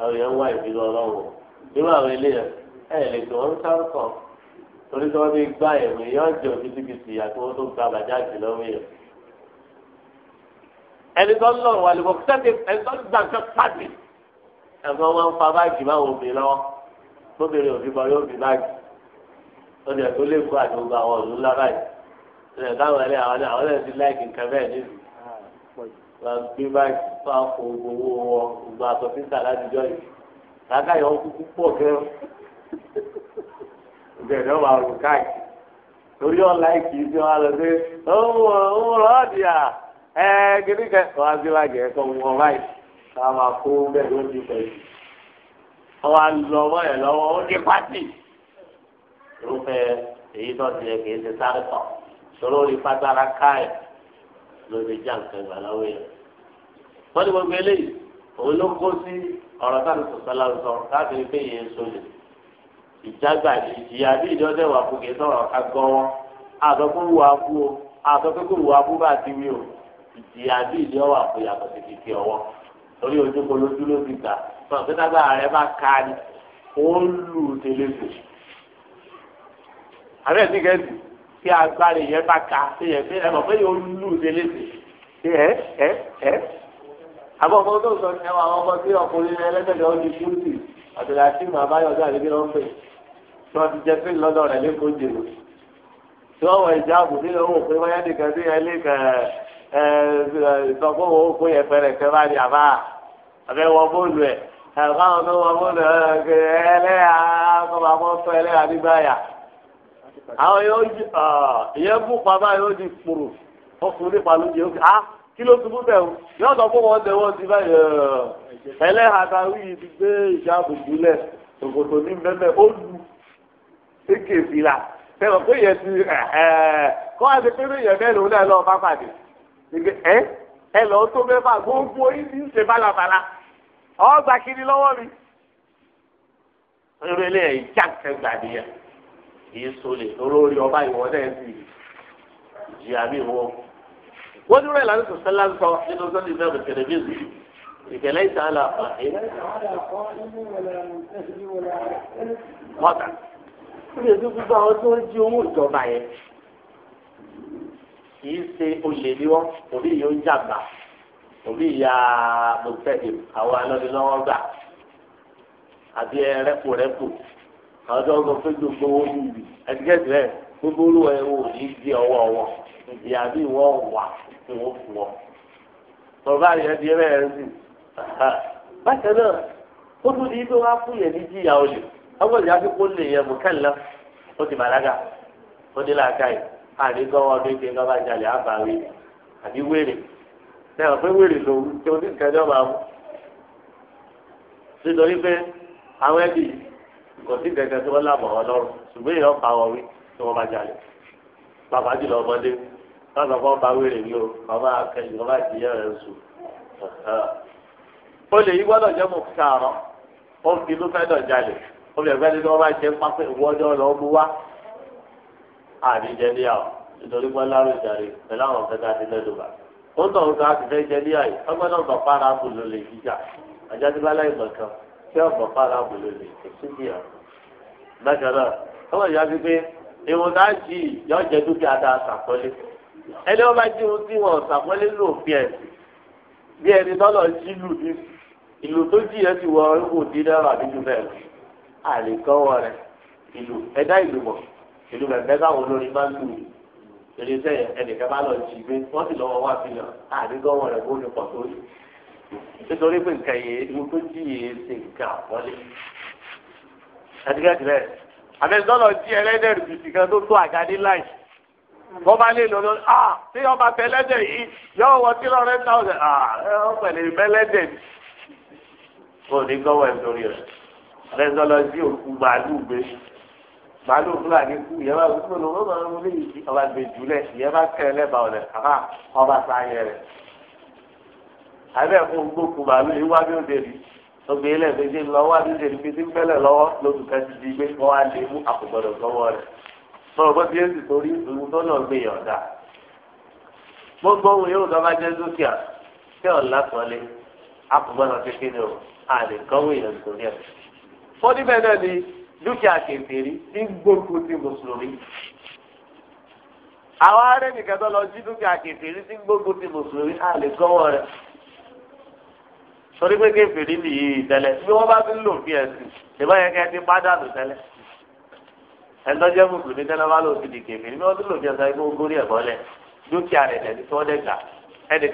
àwọn èèyàn wá ìbílẹ̀ ọlọ́wọ́ nínú àwọn eléyàn ẹ lè tó ń sáré kàn torí tí wọ́n ti gbá ẹ̀mí yóò jẹ́ òbítíbitì àti wọ́n tó gba bàjáàjì lọ́wọ́ yẹn. ẹni tó ń lọ wà lè bọ̀kútà ti ẹni tó ń gbà nǹkan pàdé ẹ̀fọn wọn ń fa báàgì báwọn obìnrin lọ́wọ́ tóbìnrin òbí bọ́ yóò fi báàgì ó dẹ̀ tó lè kó àti gbogbo àwọn òlú ńlá báyìí ẹ̀ káwọn ẹlẹ́ àwọn ẹlẹ́ ti láìkì bẹ̀rẹ̀ wà rò káàkiri torí ọ̀la ìkì ọ dị alọ sí ọ̀hún ka rọ́ọ̀dì à ẹ̀ kìíní kẹ́ ọ̀ agbéwájẹ ẹ̀kọ́ wọn báyìí ká máa kó bẹ́ẹ̀ ló ti pẹ̀lú. ọwọ́ alọ́wọ́ dị. lọ́wọ́ ó ní pátì. irúfẹ́ èyí tó dị kì í ṣe sáré tọ̀ sọ̀rọ̀ orí pátára káì já nǹkan lọ́wọ́ yẹn. wọ́n ní gbogbo eléyìí òun ló kó sí ọ̀rọ̀ ìjágbá ìjìyà bí ìdọ́dẹ̀ wà fún kìí sọ̀rọ̀ ká gan wọn àtọ́kùn wù abú o àtọ́kùn kò wù abú bá ti wí o ìjìyà bí ìdíọ́ wà fún yàtọ̀ sí kìkì ọwọ́ torí ojú kò lójú ló ti gbà náà pé tágbà rẹ bá ka ni ó ń lù tẹlẹsù. àbẹ́ ti kẹ́sì tí agbára yẹn bá ka ṣe yẹn pé ẹ mọ̀ pé yóò lù tẹlẹsù ṣe ẹ ẹ ẹ. àbọ̀mọ́ tó sọ ẹwà ọmọ tí ọkùnrin ẹlẹ́gbẹ̀dẹ̀ ọdún fúlùtì àtẹ̀lẹ́ àti màbáyọ̀ ọdún àdébí lọ́n pè é tí wọ́n ti jẹ fíìlì lọ́dọ̀ rẹ̀ lẹ́kọ̀ọ́ jèrò tí wọ́n wọ ìjáàbù nílò òun pé wáyé nìkan sí ẹlẹ́ kan ẹ ìsọfún òun kó yẹ fẹ́rẹ̀ fẹ́ bá ní àbá àbẹ́ wọ bóòlù ẹ̀ ẹ̀ka àwọn tó wọ bóòlù ẹ̀ ẹlẹ́yà kọ́ba mọ́ fẹ́ ẹlẹ́yà nígbà yà àwọn yóò di ìyẹn bú pàmò yóò di kpòrò ọkùnrin pàlú yóò di ah kí ló tún bú bẹ́ẹ̀ o yóò sọ fún wọn tẹ ti báyìí ẹlẹ́yà àtàwí yìí ti gbé ìjáàbù jùlẹ̀ tòkòtò sékè fìlà tẹ̀wọ̀ pé yẹn ti kọ́ àti pé yẹn bẹ́ẹ̀ lòun náà lọ́ọ́ bá pàdé ẹ ẹ lọ́ọ́ tó mẹ́fà gbogbo yìí ti ń ṣe bálabàla ọ́ gbà kiri lọ́wọ́ mi. irú ilé yẹn já kẹgbà nìyẹn kì í lórí ọba ìwọ náà ti jìyà mi wọ. wọ́n ní rẹ̀ lánàá tó sẹ́lá ń sọ nínú sọ́ni ìfẹ́ mi tẹ̀lẹ́fíìsì ìkẹlẹ ìsàlà ọ̀hìn ó lè gbogbo àwọn tó ń jí owó ìjọba yẹn kì í ṣe olè wọn òbí yìí ó ń jàgbá òbí ìyá mọ̀tẹ́dìm àwọn alọ́nilọ́wọ́ gbà àbí rẹ́pù rẹ́pù àwọn tó ń sọ pé gbogbo owó níbi ẹ̀dígẹ́sì rẹ̀ gbogbo olúwa ẹ̀ wò ní di ọwọ́ wọn ìdí àbí wọ́n wà fún wọn fún wọn. bàbá yẹn di ẹ̀rẹ́ rẹ̀ bákan náà ó tún di ibi wá fún yẹn ní jíyà olè ọgbọ́n ìjà fipó lè yẹ mùkẹ́lẹ́ ó ti bàlágà ó dé láàká yìí àdégọ́wọ́ ọdún ìgbé lọ́ba jalè àbáwí àbí wèrè sẹ́wọ̀n pé wèrè lòun tí oníkẹ́jọ́ máa mú nítorí pé àwọn ẹbí kò sí gẹ́gẹ́ tí wọ́n lábọ̀ wọn lọ́rùn èèyàn pa wọn wí tí wọ́n bá jalè bàbá jùlọ ọmọdé lọ́sọ̀ fún bá wèrè ní o bàbá akẹ́yìn bàbá ìdíyẹ rẹ̀ ń sùn. ó lè yí gbọ́dọ̀ jẹ́ mọ̀kútà àrọ́ ó fi inú fẹ́ dọ̀ jalè obìnrin tí wọ́n bá jẹ́ pápẹ́ ìwọ́jọ́ lọ bú wá àdìjẹ ní àwọn nítorí wọn lárò ìjàre pẹ̀lú àwọn ọ̀fẹ́ tá a ti lẹ́nu bá ó ń tọ̀hún ká ti fẹ́ jẹ ní àyè ọgbọ́n náà bọ̀ fara bù ló lè jíjà àjọṣepálá ìmọ̀ kan tí ọ̀bọ̀ fara bù ló lè ṣíjì hàn. bákan náà ọmọ ìyá fi pé ìwọ̀n náà jì yọ jẹ dúkìá dáa sàkọ́lé ẹni wọn bá jí ohun tí wọn sàkọ́lé lòfin ẹ̀ bí ẹni tọ́lọ̀ jí ìlú tó jì yẹn ti wọ ọ̀rùn àlèkọ́wọ́ rẹ̀ ìlú ẹ̀dá ìlú mọ̀ ìlú bẹ̀bẹ̀ káwọn olórin bá ń lù eré sẹ́yìn ẹnìkan bá lọ jí gbé wọ́n sì lọ́wọ́ wá fi hàn àlèkọ́wọ́ rẹ̀ kó ní pọ̀ tó yìí nítorí pé nǹkan yìí irú tó jí yìí ṣe nǹkan àpọ́lé ẹ̀dígẹ́dì rẹ̀ àbẹ̀sọ́lọ̀ jí ẹlẹ́dẹ̀ rìbìtì kan tó tó àgádé láì wọ́n bá lè lọ́dọ̀ ah tí ọba tẹ́lẹ́dẹ̀ yìí yọ wọ tí lọ́rẹ́ táwọn ah ẹ ọ pẹ̀lẹ́ mẹ́lẹ́dẹ̀ ni. o ní gbọ́wọ́ ẹ̀ lórí rẹ̀ ọlẹ́sọ̀ lọ sí òkú màálù gbé màálù fúlàní kú ìyẹn bá wúlò ló wọ́n máa ń wọlé yìí ọba gbé jùlẹ̀ ìyẹn bá kẹ́ lẹ́bàá ọ̀lẹ̀ àbá ọba sáyẹ rẹ̀ àbẹ́ fún gbókù màálù yìí wá bí ó délì ọgbẹ ilẹ̀ méjì lọ wá bí ó délì fi ti ń fẹ́lẹ̀ lọ́wọ́ lóṣù kan ti di gbé kọ́ wá lé mú àkùgbọ̀dọ̀ sọ́wọ́ rẹ̀ sọ̀rọ̀ bó ti torí ìlú tó náà gbé wọ́n níbẹ̀ náà ni dúkìá kèfèrí ní gbogbo ti mùsùlùmí. àwọn arẹ́nìkan tó lọ jí dúkìá kèfèrí ní gbogbo ti mùsùlùmí á lè gọ́wọ́ rẹ̀. torí pé kèfèrí nìyí tẹ́lẹ̀ bí wọ́n bá ti ń lò fi ẹ̀sìn ìbá yẹn kẹ́ ẹ ti pádànù tẹ́lẹ̀. ẹ̀ńtọ́jẹ́ mùsùlùmí tẹ́lẹ̀ bá lò sí di kèfèrí bí wọ́n ti lò fi ẹ̀sìn àìkú ogórí ẹ̀kọ́ lẹ̀ dúkìá rẹ̀ tẹ̀lé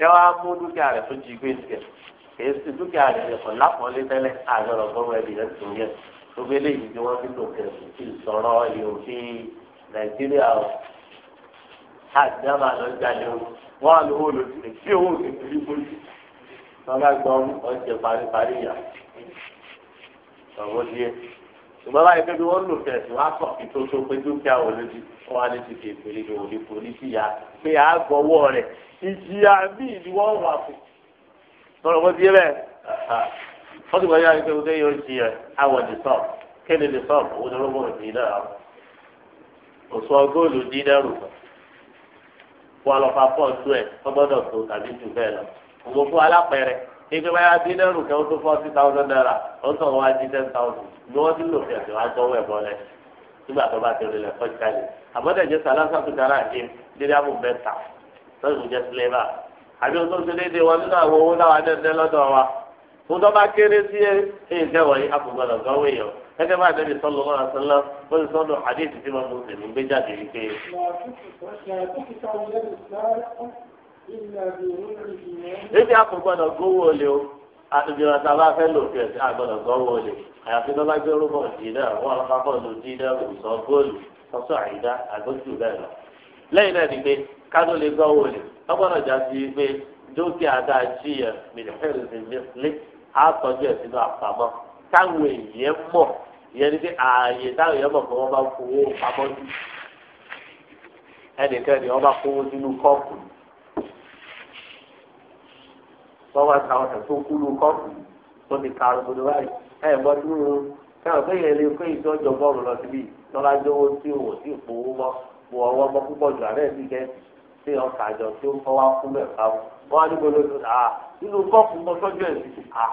tó kìí ṣe dúkìá àjẹkọ̀ lápọ̀lé tẹ́lẹ̀ àjọrọ̀ gbọ́mọ ẹbí rẹ̀ tó yẹ gbogbo eléyìí tí wọ́n fi lò kẹ̀sùn kí sọ̀rọ̀ ìròfin nàìjíríà ọ̀ àdámà lọ jáde o wọ́n á lówó lòdì sí owó kékeré bójú wọ́n bá gbọ́ ọjẹ́ paríparí yà ọ̀wọ́ díẹ̀ ṣùgbọ́n báyìí pé bí wọ́n lò kẹ̀sùn wá sọ̀ kí tó tó pé dúkìá wò lójú wọ́n á ní ti kékeré lòdì polisi yá pé àgọ́wọ́ rẹ̀ ìjìyà míì ni wọ́n wà fún sọ̀rọ̀ bó díẹ̀ bẹ́ẹ̀ wọ́n ti wáyé àyíké wọ́n yóò di ẹ̀ awọ̀ di sọ́ọ̀ kéde di sọ́ọ̀ owó tó lọ́wọ́ di náà òsù ọgọ́ọ̀lù dín náà rù wọ́n á lọ fa pọ́ọ̀tù ẹ̀ ọgbọ́dọ̀ tó tàbí jù bẹ́ẹ̀ lọ òwò fún alápẹ̀rẹ̀ ibi báyà dín náà rù kẹ́ ó tó forty thousand naira ó sọ̀ wá di ten thousand ni wọ́n ti lò fi ẹ̀sìn wá tọ́wọ́ ẹ̀ bọ́lẹ̀ nígbà tó bá ti rí lẹ̀ fọ́ọ̀tì àbí ohun tó ṣe déédéé wọn nínú àwọn owó láwa dẹ́ndẹ́ lọ́dọ̀ wa fún tó bá kéré sí ẹ̀ǹkẹ́ wọ̀nyí àfọ̀gbọ́dọ̀ gan wé yàn gẹ́gẹ́ bá Ànábì sallallahu alaihi wasallam ó ti sọ́dọ̀ àdéhùn tí wọ́n mú sí ní gbé jáde wípé. ebi àfọ̀gbọ́dọ̀ gbówó olè o àtúndìrán tá a bá fẹ́ lò fi ẹ̀sìn àgbọ̀dọ̀ gbówó olè àyàfi tó bá gbé rúbọ̀ dínà náà ni pé kádó lọ́gbọ́dọ̀ já sí pé dúkìá dáa jí yẹn mìlíọ̀nù mìlíọ̀nù á tọ́jú ẹ̀ sínú àpamọ́ táwọn èèyàn mọ̀ ìyẹn ni pé ààyè táwọn èèyàn mọ̀ pé wọ́n bá fowó pamọ́ sí ẹnìkan ni wọ́n bá fowó sínú kọ́ọ̀pù wọ́n wá ta ọ̀sẹ̀ tó kú lu kọ́ọ̀pù tó ti ka arúgbó ni báyìí ẹ̀ mọ́ dúró káwọn pé yẹn lè pé ìtọ́jọ bọ́ọ̀lù lọ síbi tọ́lájọ́wọ́ tí òwò sí ìpòwó mọ́ bu ọwọ́ mọ́ púpọ̀ jù àárẹ̀ sí kẹ́sì ṣé ọkà àjọ tó ń fọwọ́ fún bẹ́ẹ̀ pa wọ́n á ní nínú kọ́ọ̀pù mọ́ ẹ̀ sí à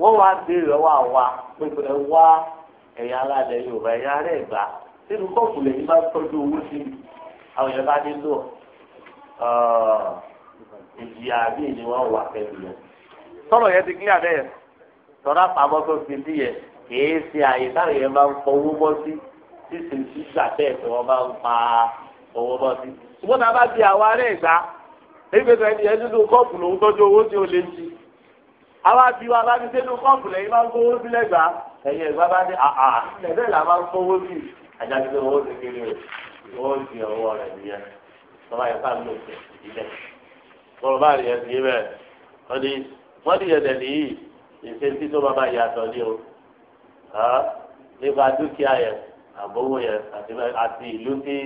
wọ́n wá béèrè ọwọ́ àwa pé ẹ wá ẹ̀yà ara yorùbá ẹ̀yà ara ẹ̀ nínú kọ́ọ̀pù lẹ́yìn bá tọ́jú owó sí i àwọn yẹn bá dé lọ ìjìyà àbí ni wọ́n wà pẹ̀lú yẹn. sọ̀rọ̀ yẹn ti kílíà bẹ́ẹ̀ sọ̀rọ̀ àpamọ́ tó fi sí yẹn kìí ṣe àyè táwọn yẹn máa ń fọwọ́ bọ́ sí sísè sísà bẹ́ẹ̀ tí wọ́n ń pa owó bọ́ sí ṣùgbọ́n tá a bá di àwa rẹ̀ gbá ebi tó ẹni ẹni nínú kọ́ọ̀pù lòún tọ́jú owó tí ó lé sí àwa bí wa bá ní sínú kọ́ọ̀pù lẹ́yìn máa ń gbówó sílẹ̀ gbá ẹ̀yìn ẹ̀gbá bá ní àà ẹ̀bẹ̀ là máa ń gbówó sí àjàdí tó owó ti kéré o owó ti ọwọ́ rẹ̀ nìyẹn tọ́ba yẹn ká ló ti ilẹ̀ bọ́lá rí ẹ sí bẹ́ẹ̀ wọ́n ní wọ́n ní ẹ̀dẹ̀ nìyí ìṣesí tó bá bá yàtọ̀ ní o nípa dúkìá yẹn àbówó yẹn àti ìlú tí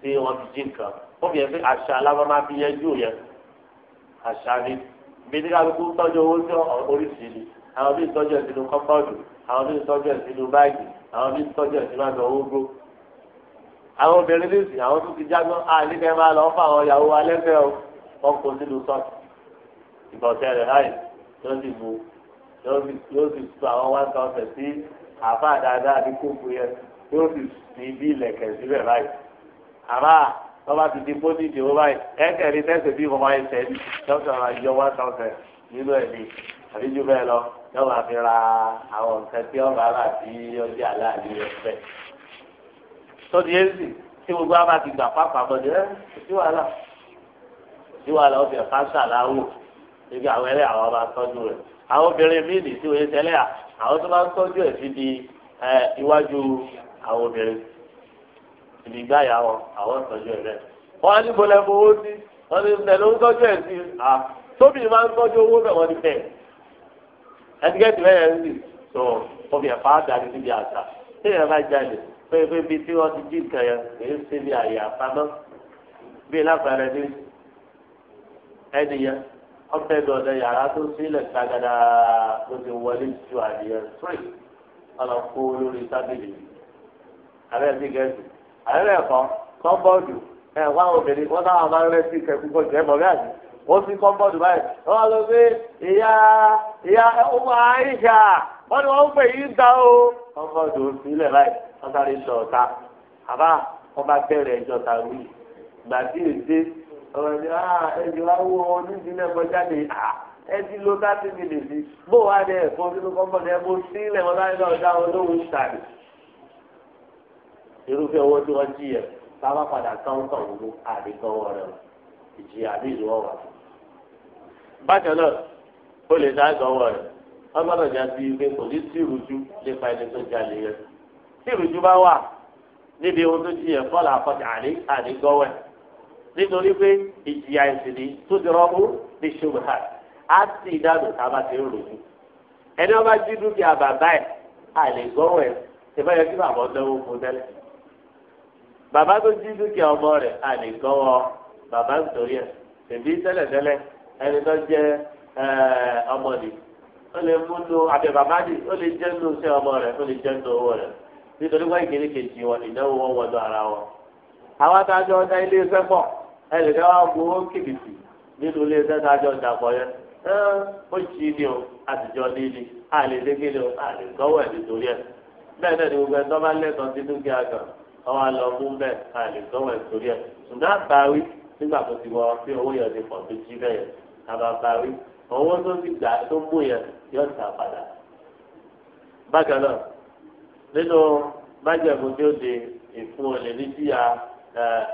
tí wọ́n ti jí nǹkan ó fi yẹn pé àṣà aláwọ̀ máa fi yẹn jù yẹn àṣà ni bíi nígbà tó kún tọ́jú owó sí oríṣi ni àwọn bíi tọ́jú ẹ̀ sínú kọ́pọ́ọ̀dù àwọn bíi tọ́jú ẹ̀ sínú báàgì àwọn bíi tọ́jú ẹ̀ sínú àgbà owó gbó. àwọn obìnrin lè sìn àwọn tó ti jágbọ́ à nígbà máa lọ fún àwọn ìyàwó alẹ́ fẹ́ o wọ́n kó sínú sọ́ọ̀tì ìgbọ̀nsẹ̀ rẹ̀ láì yóò sì bu yóò sì tọ́ba ti di bó nídìí owó báyìí ẹ̀ẹ́kẹ̀rin tẹ̀sẹ̀ bí wọ́n máa ń tẹ̀ dọ́kítà máa yọ nínú ẹ̀ àbí jù bẹ́ẹ̀ lọ yóò máa fi ra àwọn nǹkan tí ọ̀rọ̀ ara àti ọjà aláàbí rẹ̀ fẹ́. sọ́dí yéésì tí gbogbo àbá ti gbà pápá bọ́dé ẹ́ sí wàhálà sí wàhálà ó fi ẹ̀fá ibi àwọn ẹlẹ́ àwọn ọba tọ́jú rẹ̀ àwọn obìnrin míì nì tí òye tẹ́lẹ̀ à àwọn tó bá ń tọ́jú fi di iwájú àwọn obìnrin ìdìgbáyà wọn àwọn ìtọ́jú ẹ̀ rẹ̀. wọ́n á ní bọ́lá ẹ̀fọ́ owó sí wọ́n ní bẹ̀rẹ̀ ló ń tọ́jú ẹ̀ sí à tóbi máa ń tọ́jú owó bẹ̀ wọ́n ní bẹ̀. ẹtikẹ́tì bẹ́ẹ̀ ń sì tó omi ẹ̀fọ́ àdáni níbi àṣà tí ìyẹn bá jáde pé pé bí tí wọ́n ti jí nǹkan yẹn kì í ṣe bí àyè àpamọ́ bí lápẹẹrẹ ní ẹnìyẹn ọ̀fẹ́ dọ̀dọ̀ yàrá tó sílẹ̀ gbàgàdà ló ti wọlé ju àdìyẹ tírì ọ̀nà kó lórí tábìlì abẹ́ẹ̀ sí gẹ̀ẹ́sì àyẹ̀lẹ̀ ẹ̀kọ́ kọ́ńbọ́ọ̀dù ẹ̀ wá obìnrin wọ́n náà máa ń rẹ́sí kẹ́kúkọ́ jẹ́ bẹ́ẹ̀ ó kọ́ńbọ́ọ̀dù báyìí wọ́n lọ ìyá ìyá ọmọ o kọ́ńbọ́ọ̀dù sílẹ̀ báyìí wọ́n sáré sọ ọ̀tá àbá wọ́n bá bẹ̀rẹ̀ ẹjọ́ ta wí ìgbà tí èdè ọ̀rọ̀ ni mi lè fi bó wá irúfẹ́ owó tí wọ́n jí yẹ táwa padà káńtọ̀ wúlò àdìgbọ́wọ́ rẹ̀ ìjì àbí ìlú ọ̀wà. bákan náà ó lè dá ìgbọ́wọ́ rẹ̀ wọ́n gbọ́dọ̀ já sí pé kò ní sí ìrújú nípa ẹni tó jalè yẹn. tí ìrújú bá wà níbi ohun tó jí yẹ fọ́lá àkọ́jà àdìgbọ́wọ́ nítorí pé ìjì àìsàn ni tó ti rọ́ọ̀mù ní ṣùgbọ́n á sì dànù tá a bá ti ń bàbá tó jí dúkìá ọmọ rẹ̀ àdìgọ́wọ́ bàbá nítorí ẹ̀ tèmi tẹ́lẹ̀tẹ́lẹ̀ ẹni tó jẹ́ ọmọ nì ó lè mú nu àbẹ bàbá nì ó lè jẹ́ nu sí ọmọ rẹ̀ ó lè jẹ́ nu owó rẹ̀ nítorí wọ́n ìkíní kejì wọn ìnáwó wọn wọnú ara wọn. àwọn adájọ́ ọjà ilé iṣẹ́ pọ̀ ẹnìkan wá gbowó kìbìtì nínú ilé iṣẹ́ dájọ́ ìdàpọ̀ yẹn ó jí ni o àtijọ́ níbi àlè dégé ni o àlè gbọ́wọ́ ẹ̀ nítorí ẹ̀ bẹ́ẹ̀ náà ni gbogbo ẹ̀ tọ́ bá lẹ́tọ̀ọ́ sí dúkìá kan káwá lọ mú bẹ́ẹ̀ ká lè gbọ́wọ́ ìtòrí ẹ̀ ṣùgbọ́n àbáwí nígbà tó ti wọ pé owó yẹn ti pọ̀ tó jí bẹ́ẹ̀ àbábáwí owó tó ti gbà tó mú yẹn yóò tà padà. bákan náà nínú májèmú tí ó di ìfún olè ní tíya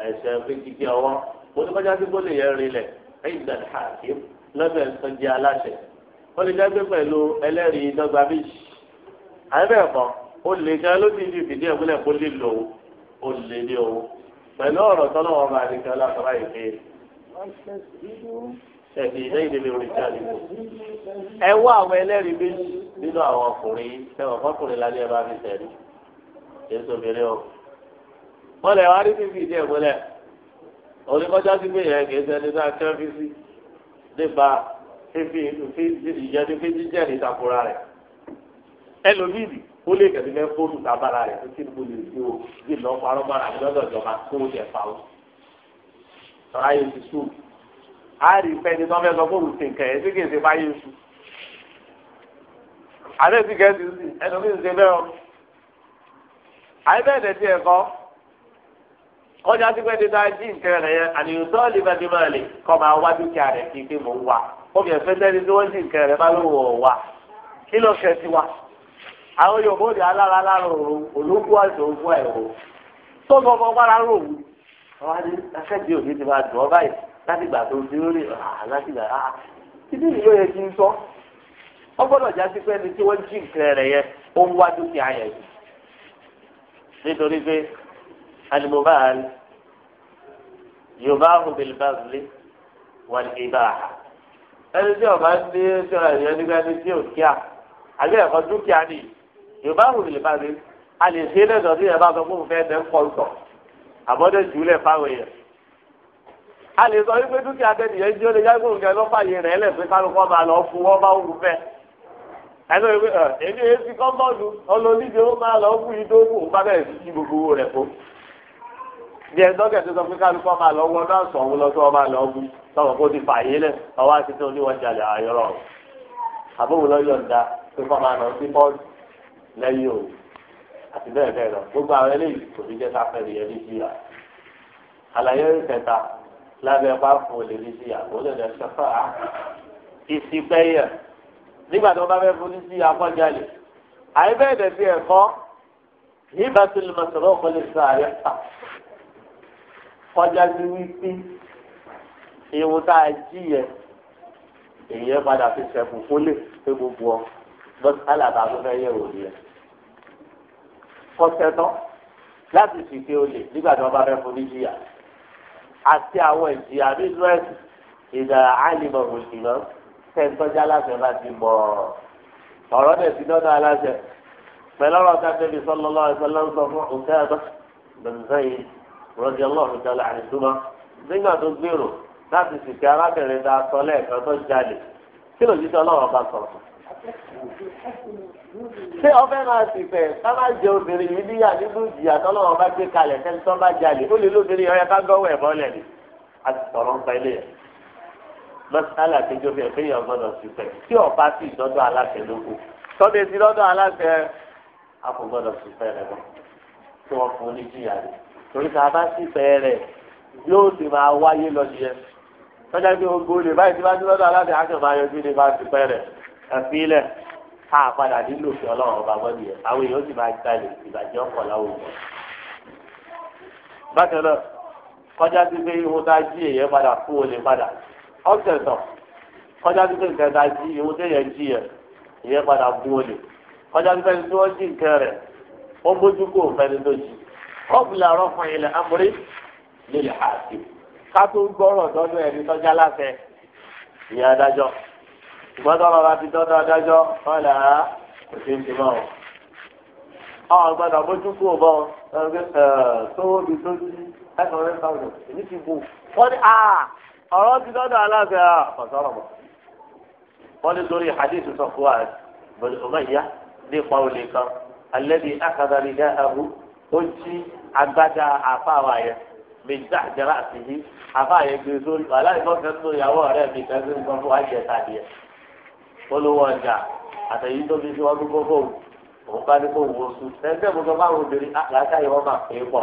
ẹ̀ṣẹ̀ pé kíkẹ́ ọwọ́ mo ní kọjá sí bólè yẹn rinlẹ̀ ẹ̀yìn ìgbà káàkiri lọ́bẹ̀ tó jẹ́ aláṣẹ. ó lè jẹ́ pé pẹ̀lú ẹlẹ́rìí dọ́gba bíi àyẹ̀bẹ̀ kan ó lè jẹ́ ló ti ẹ̀kúnlẹ̀ kó lè lò ó ó lè ní o pẹ̀lú ọ̀rọ̀ tọ́lọ́wọ́ bá ní kí ọlọ́kọ̀ọ́ yìí pé ṣẹ̀fì lẹ́yìn níbi orin tí a lè kó. ẹ wá àwọn ẹlẹ́rìí méjì nínú àwọn ọkùnrin tẹ̀wọ̀n fọkùnrin lálẹ́ ẹ bá fi tẹ̀lé èso obìnrin o. wọ́n lè wá rí fífi ìdí ẹ̀ múlẹ̀ oníkọ́jà sí pé ìyẹn kìí sẹ́ni náà kẹ́ fi sí nípa fífi ìjẹ́ni fífi jíjẹ́ ní ìtakùrà rẹ̀ ẹlòmíì ó lè kẹ̀sí fẹ́ fóònù tábàlà rẹ̀ tó ti ń bolè sí o bí lọ́ parọ́ bára rẹ̀ lọ́dọ̀ ìjọba kó o jẹ fa o. sọ̀rọ̀ ayé ti sùn á rí i fẹ́ni tó fẹ́ sọ fóònù sí nǹkan ẹ̀ sí kì í ṣe fáyé sùn. àlẹ́ ti kẹ́ ẹnu mi ń ṣe bẹ́ẹ̀ o. àyẹ̀bẹ̀ ẹ̀dẹ̀ tiẹ̀ kọ́ kọjá sí pẹ́ẹ́ni tá a jí nǹkan rẹ̀ yẹn àníyàn tó lè máa dé máa lè kọ́ máa wá dúkìá rẹ̀ kí n pé mò ń wà. ó fi ẹ̀fẹ́ sẹ́ni tí wọ́n jí àwọn Yorùbá òde alára lára òru olóńgbò àti òǹgbò ẹ̀rọ tó gbọ́ ọmọ wàrà rò wù wọn ní afẹ́jì òní ti máa dùn ọ báyìí láti gbà tó ti lórí ah, láti gbà á ah, títí ìlú yẹn ti ń sọ wọn gbọ́dọ̀ já sí pé ẹni tí wọ́n jí nǹkan rẹ̀ yẹn ó ń wá dúkìá yẹn nítorí pé alimobal yorùbá ahùnbẹ̀lẹ̀bàbílẹ̀ wà ní ibà ẹni tí ọba ń dé ṣọ́ra ìyẹn nígbà tí ó kíá àbí ẹ̀kọ́ dúkìá nìyí yorùbá lè bá rí a lè ṣe lẹ́dọ̀ tí yẹn bá sọ fún fẹ́ dẹ́ ń pọ̀ ń tọ̀ àbọ̀dẹ̀ jùlẹ̀ fáwọn èèyàn a lè sọ wípé dúkìá tẹnìyẹn jí ó lè yágbó nǹkan lọ́fà yẹn rẹ̀ lẹ́sẹ̀ kálukọ́ máa lọ fún wọn bá wù bẹ́ẹ̀ ẹnu ìwé ẹ èmi èsì kọ́ńbọ́ọ̀dù ọlọ́lídìí ó máa lọ fún idó fún un bábẹ́ ìsìnkú gbogbo rẹ̀ fún bí ẹ dọ́kẹ̀ sọ fún kálukọ́ máa lọ lẹ́yìn o àti bẹ́ẹ̀ bẹ́ẹ̀ lọ gbogbo àwọn eléyìí kò ní jẹ́ sáfẹ́ rẹ̀ yẹn ní síyà àlàyé kẹta lábẹ́ bá fún olè ní síyà kò lè lọ sọ́fà á ìsìpẹ́yẹ nígbà tí wọ́n bá fẹ́ fún ní síyà kọjáde àyè bẹ́ẹ̀ dẹ̀ sí ẹ̀kọ́ nígbà tó lè máa sọ̀rọ̀ ọ̀kọ́ lè sọ àyẹ̀ fà kọjá sí wípé ìwọ tá a jí yẹn èyí ẹ padà fi sẹ̀kù fólè pé gbogbo ọ bọ́sálà tá tó fẹ́ yẹ̀ wò ni kọ́sẹ́ tán láti fi pé olè nígbà tí wọ́n bá fẹ́ forí jìyà àti àwọn ìjìyà bí lọ́ẹ̀sì ìdá àlìmọ̀ òṣìlọ́ tẹ̀síọ́jà aláṣẹ bá ti mọ̀ ọ̀rọ̀ náà ti dọ́dọ̀ aláṣẹ pẹ̀lú ọ̀rọ̀ ká tẹ́bi sọ́lọ́lọ́ ẹ̀sọ́lọ́ ń sọ fún òkèèdọ́ bẹ̀rẹ̀sẹ̀yìn rọ̀jì ọlọ́run jọlá àìsúná nígbà tó gbèrò láti sìkẹ́ arábìnrin da sọ lẹ́ẹ̀kan tó jalè kí lòdì sọ́lọ́run ọba sọ̀rọ̀ ṣé ọfẹ́ máa sì fẹ́ ká má jẹ obìnrin yìí níyà nínú ìjìyà tọ́lọ́wọ́n bá gbé kalẹ̀ fẹ́ni tó bá jalè ó lè lóbìnrin ọ̀yẹ́ ká gọ́wọ́ ẹ̀bọ́ lẹ̀ ni a ti sọ̀rọ̀ ń pẹ́lẹ́ yẹn lọ́sálà kejì obìnrin pé yẹn gbọ́dọ̀ sì fẹ́ tí ọba sì dọ́dọ̀ aláṣẹ lóko tọ́bi ti dọ́dọ̀ aláṣẹ àpò gbọ́dọ̀ sì fẹ́ rẹ̀ mọ́ tí wọ́n fún oníjìyà rẹ̀ torí ká bá sì fẹ́ rẹ̀ yóò sì máa wáyé lọ nìyẹn tọ́jà pé ogun olè báyìí tí wọ́n ti dọ́dọ̀ aláṣẹ àkànmá yọjú ni bá sì fẹ́ rẹ̀. ẹ̀fílẹ̀ ká padà nílò fi ọlọ́run ọba gbọ́dọ̀ yẹn àwọn èèyàn sì máa gbalẹ̀ ìbàjẹ́ ọ̀pọ̀ láwùjọ. bákan náà kọjá sí pé ihun tá a jí èèyàn padà fún olè padà kọjá sí pé nǹkan tá a jí ihun téèyàn jí yẹn èèyàn padà fún kọjá sí pé tí wọ́n jí nǹkan rẹ̀ ó gbọ́dọ̀ bàbá ti dọ́dọ̀ adájọ́ ọ̀là òfin ti mọ́ ọ. ọ̀ gbọ́dọ̀ bójú kú ọ̀bọ̀ sówó bíi sójú five hundred thousand èmi ti bù. wọ́n ní ọ̀rọ̀ ti dọ́dọ̀ aláàfẹ́ ọ̀sọ́rọ̀ bọ̀. wọ́n ní lórí hadith sọ fún wa bẹ̀rẹ̀ ọmọ ìyá nípa olè kan alẹ́bí akadàlí dá abu ó jí agbádá àfáwà yẹn mẹ́ta àjẹrà àti yìí àfáà yẹn gbé sórí wàhálà ìfọ̀kẹ́ tó yàwó ọ̀rẹ́ mi kẹ́sì ń gbọ́ fún wa jẹ́ tàbí yẹn polówó ọjà àtẹ̀yí tó fi síwájú kókó òun bá ní kó wò ó sùn ẹgbẹ́ mi kan báwọn obìnrin ah, àkàkà yìí wọ́n máa pè é pọ̀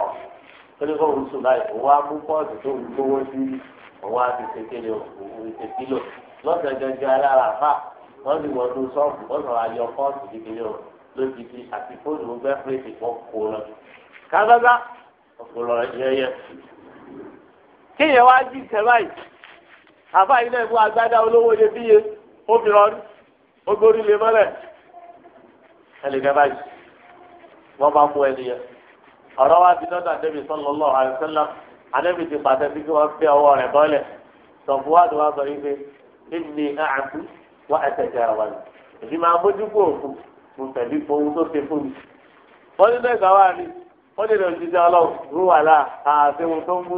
ó ní kó wò sùn báyìí òun á mú pọ́ọ̀sì tó wù gbówó sí òun á ti ṣèkéde òun ti kílò lọ́sẹ̀ jẹjẹ alára fà wọ́n ti wọ́n tún sọ́ọ̀bù wọ́n sọ̀rọ̀ ayọ̀ pọ́ọ̀sì kékeré o lójijì àti fóònù gbẹ fúrẹ́sì kọ́ kó lọ kábàbà ọ̀pọ̀lọ̀ yẹyẹ. kéèyàn wá ó gbórí lé mọ́lẹ̀ ẹnìkan báyìí wọ́n bá mú ẹnìyẹn ọ̀rọ̀ wa ti dọ́dọ̀ àdébì sallallahu alaihi wasallam àdébì ti pàṣẹ bí wọ́n fẹ́ ọwọ́ rẹ̀ bọ́lẹ̀ sọ̀fù wá ló wá sọ yìí pé ẹnì àkú wọ́n ẹ̀tẹ̀tẹ̀ àwọn ni èmi máa mójú kó òkú mo tẹ̀lé ohun tó ṣe fún mi. wọ́n ní lẹ́gbàá wà ní wọ́n ní lọ́ọ́ jíjẹ́ ọlọ́run rú wàhálà àti ohun tó ń mú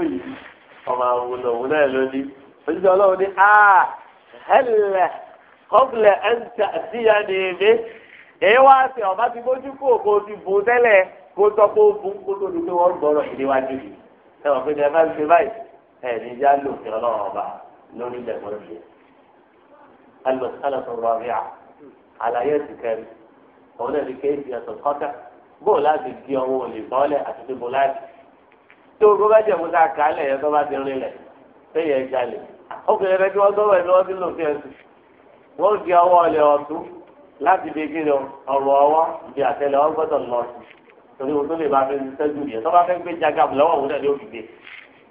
kọ́bùlẹ̀ ẹ̀ńtà sí ya ní èmi èyí wá sí ọba ti bójú kó o kó o ti bò tẹ́lẹ̀ kó o tọ́ kó o bù kó o tó di pé wọ́n gbọ́rọ̀ ìdíwájú yìí ẹ wọ́n fi ní ẹ bá ń ṣe báyìí ẹ ní já lò fi ọlọ́run ọba lórí ilẹ̀kùn rẹ̀ alùpùpù rọ̀bìà àlàyé ti kẹrin òun náà ní kéèjì ẹ̀sùn kọ́tà bóò láti di ọwọ́ òlì bọ́ọ̀lẹ̀ àti ti bò láti tó o bá jẹ̀mú tá a yẹn tó bá ti rin wọ́n di ọwọ́ ọlẹ́ ọ̀tún láti bí kí ọ̀rọ̀ ọwọ́ di àtẹlẹ wọn gbọ́dọ̀ lọ sí torí o tó lè bá fi sẹ́jú yẹn tó bá fẹ́ gbé jaga lọ́wọ́ òun náà ni ó fi gbé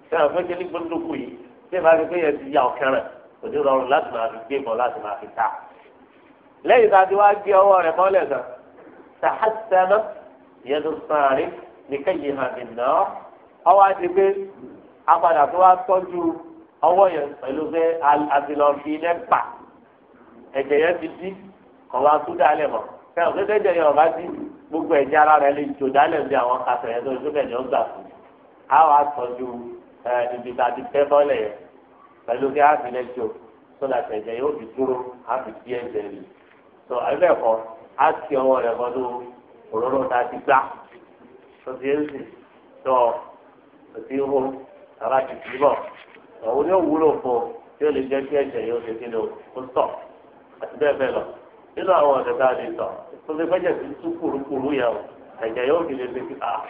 sẹ́wọ̀n fẹ́ kí ní gbóndókù yìí tí ìbá fi pé yẹn ti ya ọ̀kẹ́rẹ̀ kò ní rọrùn láti máa fi gbé bọ̀ láti máa fi ta. lẹ́yìn tá a ti wá gbé ọwọ́ rẹ̀ mọ́lẹ̀ tán sàhásánà yẹn tó sàárín nìkan ẹ̀jẹ̀ yẹn ti dí ọba tú dálẹ̀ mọ́ fẹ́ràn pé tẹ́jẹ̀ yẹn ọba dí gbogbo ẹ̀jẹ̀ ara rẹ̀ lè jò dálẹ̀ bí àwọn kàtà yẹn tó ń sókè ní ọgbà fún a wà tọ́jú ibi tàbí tẹ́ bọ́lẹ̀ yẹn pẹ̀lú kí a fi lẹ́ jò sọ́dà tẹ̀jẹ̀ yóò fi dúró a fi di ẹ̀jẹ̀ rì so ẹlẹ́kọ̀ọ́ a ti ọwọ́ rẹ̀ bọ́ lóru òróró ta ti gbá sọ́dí ẹ̀sì tọ́ òsì hó ara ti tì òun yóò wúlò fún tí lè jẹ́ kí ẹ̀jẹ̀ yóò ṣe kí ni ó stop. àti bẹ́ẹ̀ bẹ́ẹ̀ lọ nínú àwọn ọ̀dẹ̀ tá a lè sọ tó fi fẹ́jẹ̀ sí tú kùrùkùrù yẹn o ẹ̀jẹ̀ yóò fi lè fi ah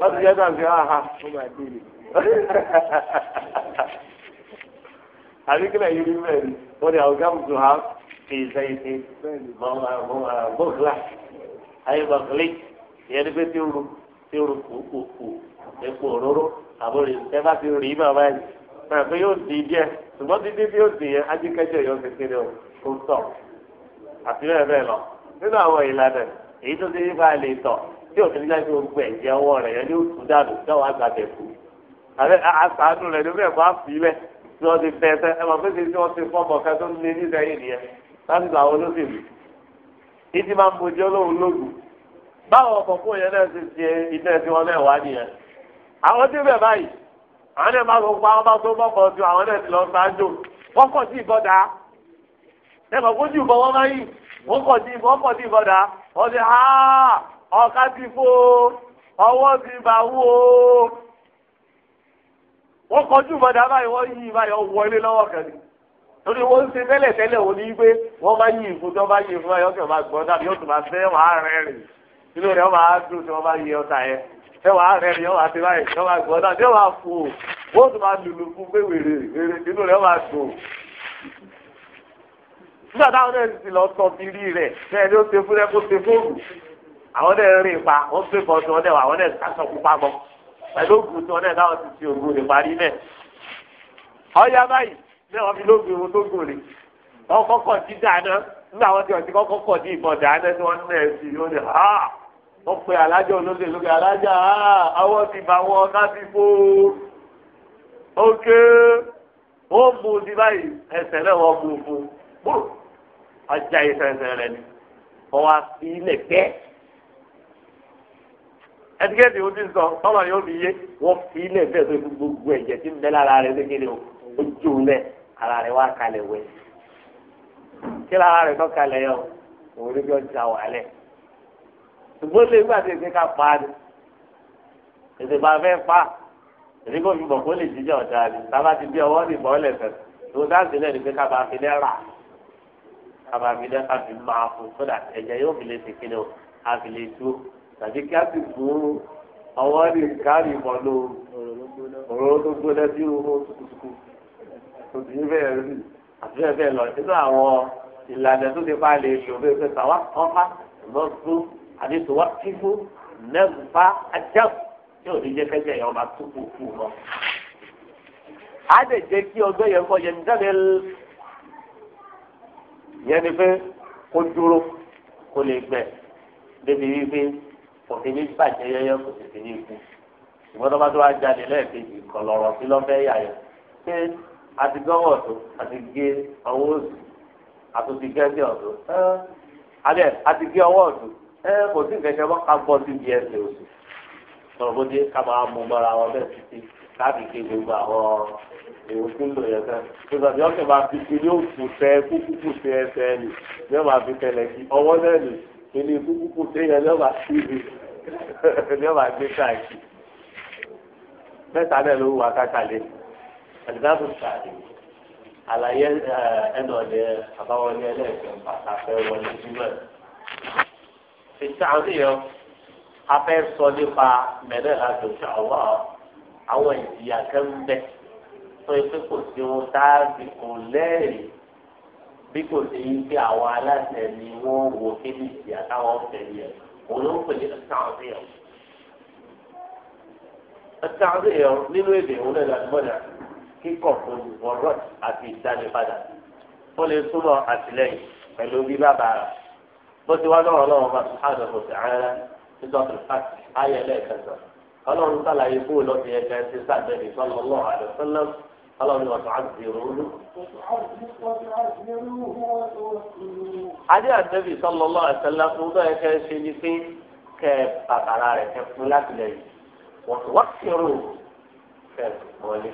wọ́n ti yẹ ká fi ah ha. ha yìí ha bẹ́ẹ̀ ni wọ́n ní àwọn gáàmùtù ha fi ha ha ayé ha ìyẹn ní pé tí ó ha ha ha ha ha epo òróró àbúrò ha bá ti rí bàbá yìí ha ha yóò di díẹ̀ ṣùgbọ́n dídí ha yóò di yẹn ajíkẹ́jọ yóò ha kéde o. kó tọ̀ àti bẹ́ẹ̀ bẹ́ẹ̀ lọ nínú àwọn ìlànà èyí tó ti bá lè tọ̀ tí òfin nígbà tí gbogbo ẹ̀jẹ̀ ọwọ́ rẹ̀ yẹn ní òtún dànù dáwọ́ àgbàdẹ kù àbẹ àṣàánú rẹ̀ ló bẹ́ẹ̀ bá fi lẹ̀ tí wọ́n ti fẹ́ fẹ́ ẹ mọ̀ pé kí wọ́n ti fọ́ bọ̀kẹ́ tó lé ní sẹ́yìn nìyẹn láti lọ àwọn olóṣèlú ìdí máa ń bójú olóhùn lóògùn báwọn ọkọ̀ fún yẹn náà ti ṣe iṣẹ́ tí wọ́n náà wá nìyẹn àwọn tí bẹ̀ báyìí àwọn náà máa fọ pa wọn bá tó bọ́kọ̀ ju àwọn náà ti lọ sáájú wọ́n kọ̀ sí ìbọ̀dà lẹ́kọ̀ọ́ kó jù bọ́ máa yìí wọ́n kọ̀ sí ìbọn kọ̀ sí ìbọn dà wọ́n ha ọ̀ka ti fo ọwọ́ ti bà wó wọ́n kọ̀ jù bọ́dà báyìí wọ́n yí báyìí ọwọ́ ilé lọ́wọ́ kan ni torí wọ́n ń ṣe tẹ́lẹ̀ wọ́n ní pé wọ́n máa yí ìfún tó bá yí ìfún ayọ́ kẹ́ máa gbọ́n tàbí yóò máa fẹ́ wàá rẹ̀ rìn inú rẹ̀ máa dùn tí wọ́n bá yí ọta yẹn ẹ wàá rẹ̀ rìn wọ́n ti báyìí wọ́n máa gbọ́n tàbí wọ́n máa fò wọ́n tún máa lùlù fún pé wèrè wèrè inú rẹ̀ máa dùn nígbà táwọn náà ti lọ sọ bírí rẹ̀ bẹ́ẹ̀ ni ó ṣe fún ẹkọ ṣe fóònù àwọn náà rìn pa wọ́n pè bọ́ sí wọn náà àwọn náà sọ pupa mọ́ pẹ̀lú ògùn tí wọn náà táwọn ti fi ògùn rè parí náà. ọ̀ya báyìí náà wọ́n fi lóògùn ìwọ̀n tó gùn wọ́n kọ́kọ́ ti dáná nígbà wọn ti ọtí kọ́kọ́ kọ̀ ní ìbọn dáná tí wọ́n náà mú un ti báyìí ẹsẹ̀ náà wọ́n mú un ọjà ìfẹsẹ̀ rẹ̀ ni wọ́n wá sí ilẹ̀ bẹ́ẹ̀. ẹtikẹ́tì ó sọ tọ́lọ̀ yóò fi yé wọ́n fi ilẹ̀ bẹ́ẹ̀ tó fi gbogbo ẹ̀jẹ̀ tí ń bẹ lára rẹ̀ lékele o ó lẹ̀ ara rẹ̀ wá kalẹ̀ wẹ̀. kí lára rẹ̀ kọ́ kalẹ̀ yọ òun ló fi ọjà wà lẹ̀. ṣùgbọ́n lè gbà tètè ká pa á ni tètè bá fẹ́ pa èdè kò fi bọ̀ kó lè jíjẹ́ ọ̀dà àbàmídẹ́ àfi máa fún sódà ẹ̀jẹ̀ yóò fi lè ṣe kíni o àfi lè tó tàbí kí á sì fún ọwọ́ ní kárì ìmọ̀lò òróró tó gbóná sí owó tuntun tòbí bẹ́ẹ̀ rí àti bẹ́ẹ̀ bẹ́ẹ̀ lọ nínú àwọn ìlànà tó ti bá lè lò bẹ́ẹ̀ pẹ́ tàwa ọ̀fà lọ́sùn àti tòwá kíkú nẹ́gbà ajá yóò ní jẹ́ kẹ́jẹ́ yẹn ọba tó kù kù lọ. á lè jẹ́ kí ọgbẹ́ yẹn kọ́ ìyẹn ni pé kó dúró kó lè gbẹ débi wípé òfin ní bàjẹ́ yẹ́yẹ́ kò sì fi ní ikú ìgbọ́n tó bá tó wá jáde lẹ́ẹ̀kejì kan lọ́rọ̀ sí lọ́fẹ́ yàyẹ pé a ti gbọ́wọ́ tó a ti gé ọwọ́ òsì àtúntì gẹ́gẹ́ ọ̀dọ́ alẹ́ a ti gé ọwọ́ ọ̀dọ́ kò sí kẹ̀kẹ́ wọn ká gbọ́ sí bíi ẹsẹ̀ òsì sọ̀rọ̀ bó dé ká máa mú mọ́ra wọn bẹ́ẹ̀ títí káàbì ké gbogbo àwọn èwo tí ń lò yẹn sẹ nígbà tí máa fi kíní òkú fẹ kúkúkú sí ẹsẹ ni ní wọn fi tẹlẹ kí ọwọ́ náà nì kíní kúkúkú sí yẹn ní wọn fi ní wọn gbé káàkiri mẹ́ta náà ló wà kákàlẹ àdìdáàbò sàdé àlàyé eh, ẹnà ọdẹ àbáwọlé ẹlẹẹkẹ bàtà fẹ wọlé jùlọ ìṣàfihàn afẹ sọ nípa mẹrẹ àdùnkà wà àwọn ìdíyà ń bẹ tó yẹ pé kò sí ohun tá a fi kún lẹ́rìí bí kò sí pé àwọn aláṣẹ ni wọ́n wo kébìsì àtàwọn ọ̀fẹ́ni ẹ̀ òun ló ń pè ní ọ̀sán-ọ̀sán ọ̀sán-ọ̀sán nínú èdè òun náà lọ́dọ̀ kíkọ̀ fún ìwọ̀rọ̀ àti ìdánilẹ́padà ó lè túbọ̀ àtìlẹ́yìn pẹ̀lú bí bàbá rẹ̀ bó ti wá lọ́rọ̀ lọ́wọ́ bá sùhánà kò sí ara nítorí pàtì ayẹlẹ́ ọlọ́run ni wọ́n tún á ti rúurú. adé àtẹ́bí sọlọ́lọ́ àtẹ́lá fún bẹ́ẹ̀ kẹ́ ṣe ni pé kẹ́ bàbàrà rẹ̀ kẹ́ fún látìlẹ́yìn wọ́n tún wá sí rú kẹ́ wọlé.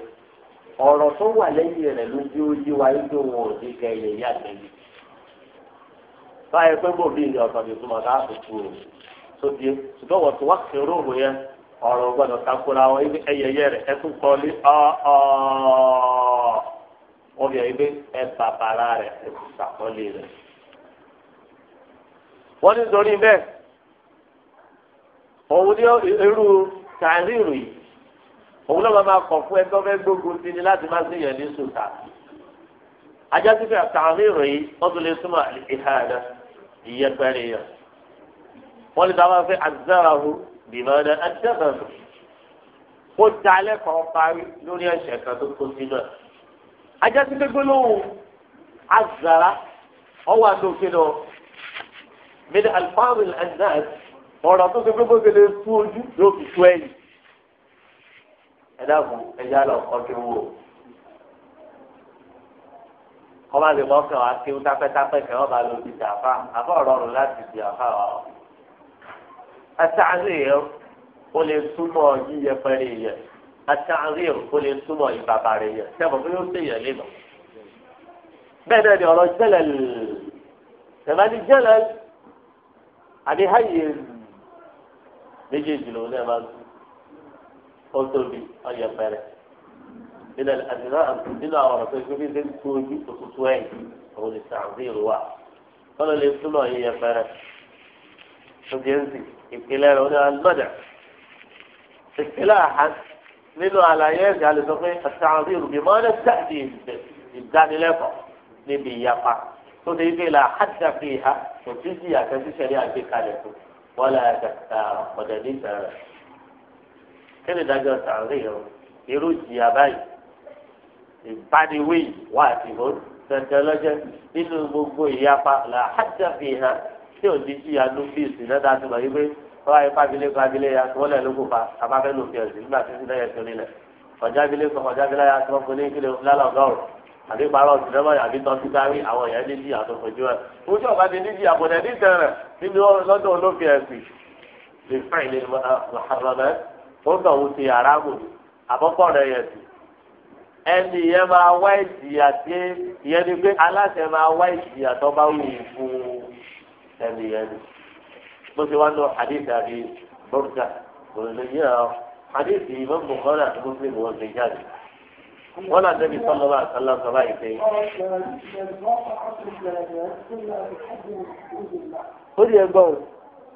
ọ̀rọ̀ tó wà lẹ́yìn rẹ̀ ló dé ojú wa yíjọ wọn ò ní kẹ́ ilé yá àtẹ́bí. báyìí pé bòbí ni ọ̀sán ti túmọ̀ ká àtúntò tó dé ṣùgbọ́n wọ́n tún wá sí rú yẹn ọ̀rọ̀ gbọ́dọ̀ takora wọn ibi ẹyẹyẹ rẹ̀ ẹkún kọ́lé ọ̀ọ́ wọ́n fi ẹgbẹ́ ẹ bàbàrà rẹ̀ ẹkún sàkọ́lé rẹ̀. wọ́n ní nítorí bẹ́ẹ̀ òun ní irú kàrírù yìí òun náà máa kọ̀ fún ẹgbẹ́ ọmọ ẹgbógun ti ni láti má sí yẹn ní sùtà. ajá sí fẹ́ kàrírù yìí wọ́n tún lè súnmọ́ ìhà náà ìyẹ́pẹ́rẹ́ yẹn. wọ́n ní táwọn fẹ́ àdìsára hù bìmọ̀nà ẹ̀dẹ́gbẹ̀rún kó dalẹ̀ kan parí lórí ẹ̀ṣẹ̀ kan tó kó sínú ẹ̀. ajásí gbégbólóhùn azara ọwọ́ àtòkè lọ mẹ́lẹ̀ alifáàmù ẹ̀dáàs ọ̀rọ̀ tó ṣe gbégbógbélé fún ojú yóò fi tú ẹ̀yìn. ẹ̀dá fún ẹja lọ kọ́ kí wò ó kọ́má lè mọ́ kàn wá kí wọ́n tápẹ́tápẹ́ kẹ́ bá lọ sí àfa àfa ọ̀rọ̀ ọ̀rọ̀ láti di àfa wa àtàríyẹ ó lè túmọ̀ yíyẹpẹrẹ yẹ àtàríyẹ ó lè túmọ̀ ìbàbàrẹ yẹ sẹ́wọ̀n bí ó ṣe yẹ lé lọ. bẹ́ẹ̀ náà ni ọ̀rọ̀ jẹ́lẹ̀ tẹ̀mẹ́tì jẹ́lẹ̀ àbí háyè méjèèjì lòun náà máa ń ó tóbi ọ̀yẹ̀pẹrẹ ilẹ̀ àdìrà nínú àwọn ọ̀rọ̀ tó bí ṣe ń tu ojú ẹ̀ òun ni tàríyẹ wà wọ́n lè túmọ̀ yíyẹpẹrẹ tó bí ń sìn ìpìlẹ̀ rẹ̀ oní alọ́dà ìpìlẹ̀ àhán nínú àlàyé ẹ̀sìn alẹ́ sọ pé àtàwọn ìrùbí máa ń dàdí ìdánilẹ́kọ̀ọ́ níbi ìyapa tó ti gbé la hàjà fi ha kò tí sí àtẹ̀síṣẹ́lẹ̀ àgbékalẹ̀ tó wọ́n lè àgàtà ọ̀dẹ̀ ní sẹ̀rẹ̀ kí ni dájọ́ sàárè o irú jìyà báyìí ìbániwí wà àtìmọ́ tẹ̀tẹ̀ lọ́jọ́ nínú gbogbo ìyapa la hàjà fi ha tí ò ní jìyà ló fi náà ti mọ̀ yí pé tọ́wá yẹ fábílẹ̀ fábílẹ̀ ya tí wọ́n lẹ̀ ló kó fa abáfẹ́ ló fi ẹ̀sìn nígbà tí ó ti lẹ́yẹ̀ tó nílẹ̀ ọ̀já bílẹ̀ kọ̀ ya tí wọ́n fún ní kílẹ̀ lálọ́gọ́rùn àbí parọ́ sinimá àbí tọ́sí sáré àwọn èèyàn ní jìyà tó ẹ̀ ojú ọ̀bá ti ní jìyà kò tẹ̀lé tẹ̀rẹ̀ nínú lọ́dọ̀ olófin ẹ̀sìn lè fẹ́ ilé muhammed ó ń tọ̀hún ti aráàmù àkọ́kọ́ rẹ̀ yẹn sí ẹni yẹn máa wá ìjìyà tí ìyẹn ni pé aláṣẹ máa wá ìjìyà tó bá wù ú fún un ẹni ẹni bó ṣe wá lọ hadith àbí bọ́ọ̀dà òròlóyè ọ hadith yìí mọ́ bùkọ́lá àti muslim wọn ṣe jáde wọn náà débi sọlọ bá àkàlà sọ báyìí pé. ó di ẹgbẹ́ o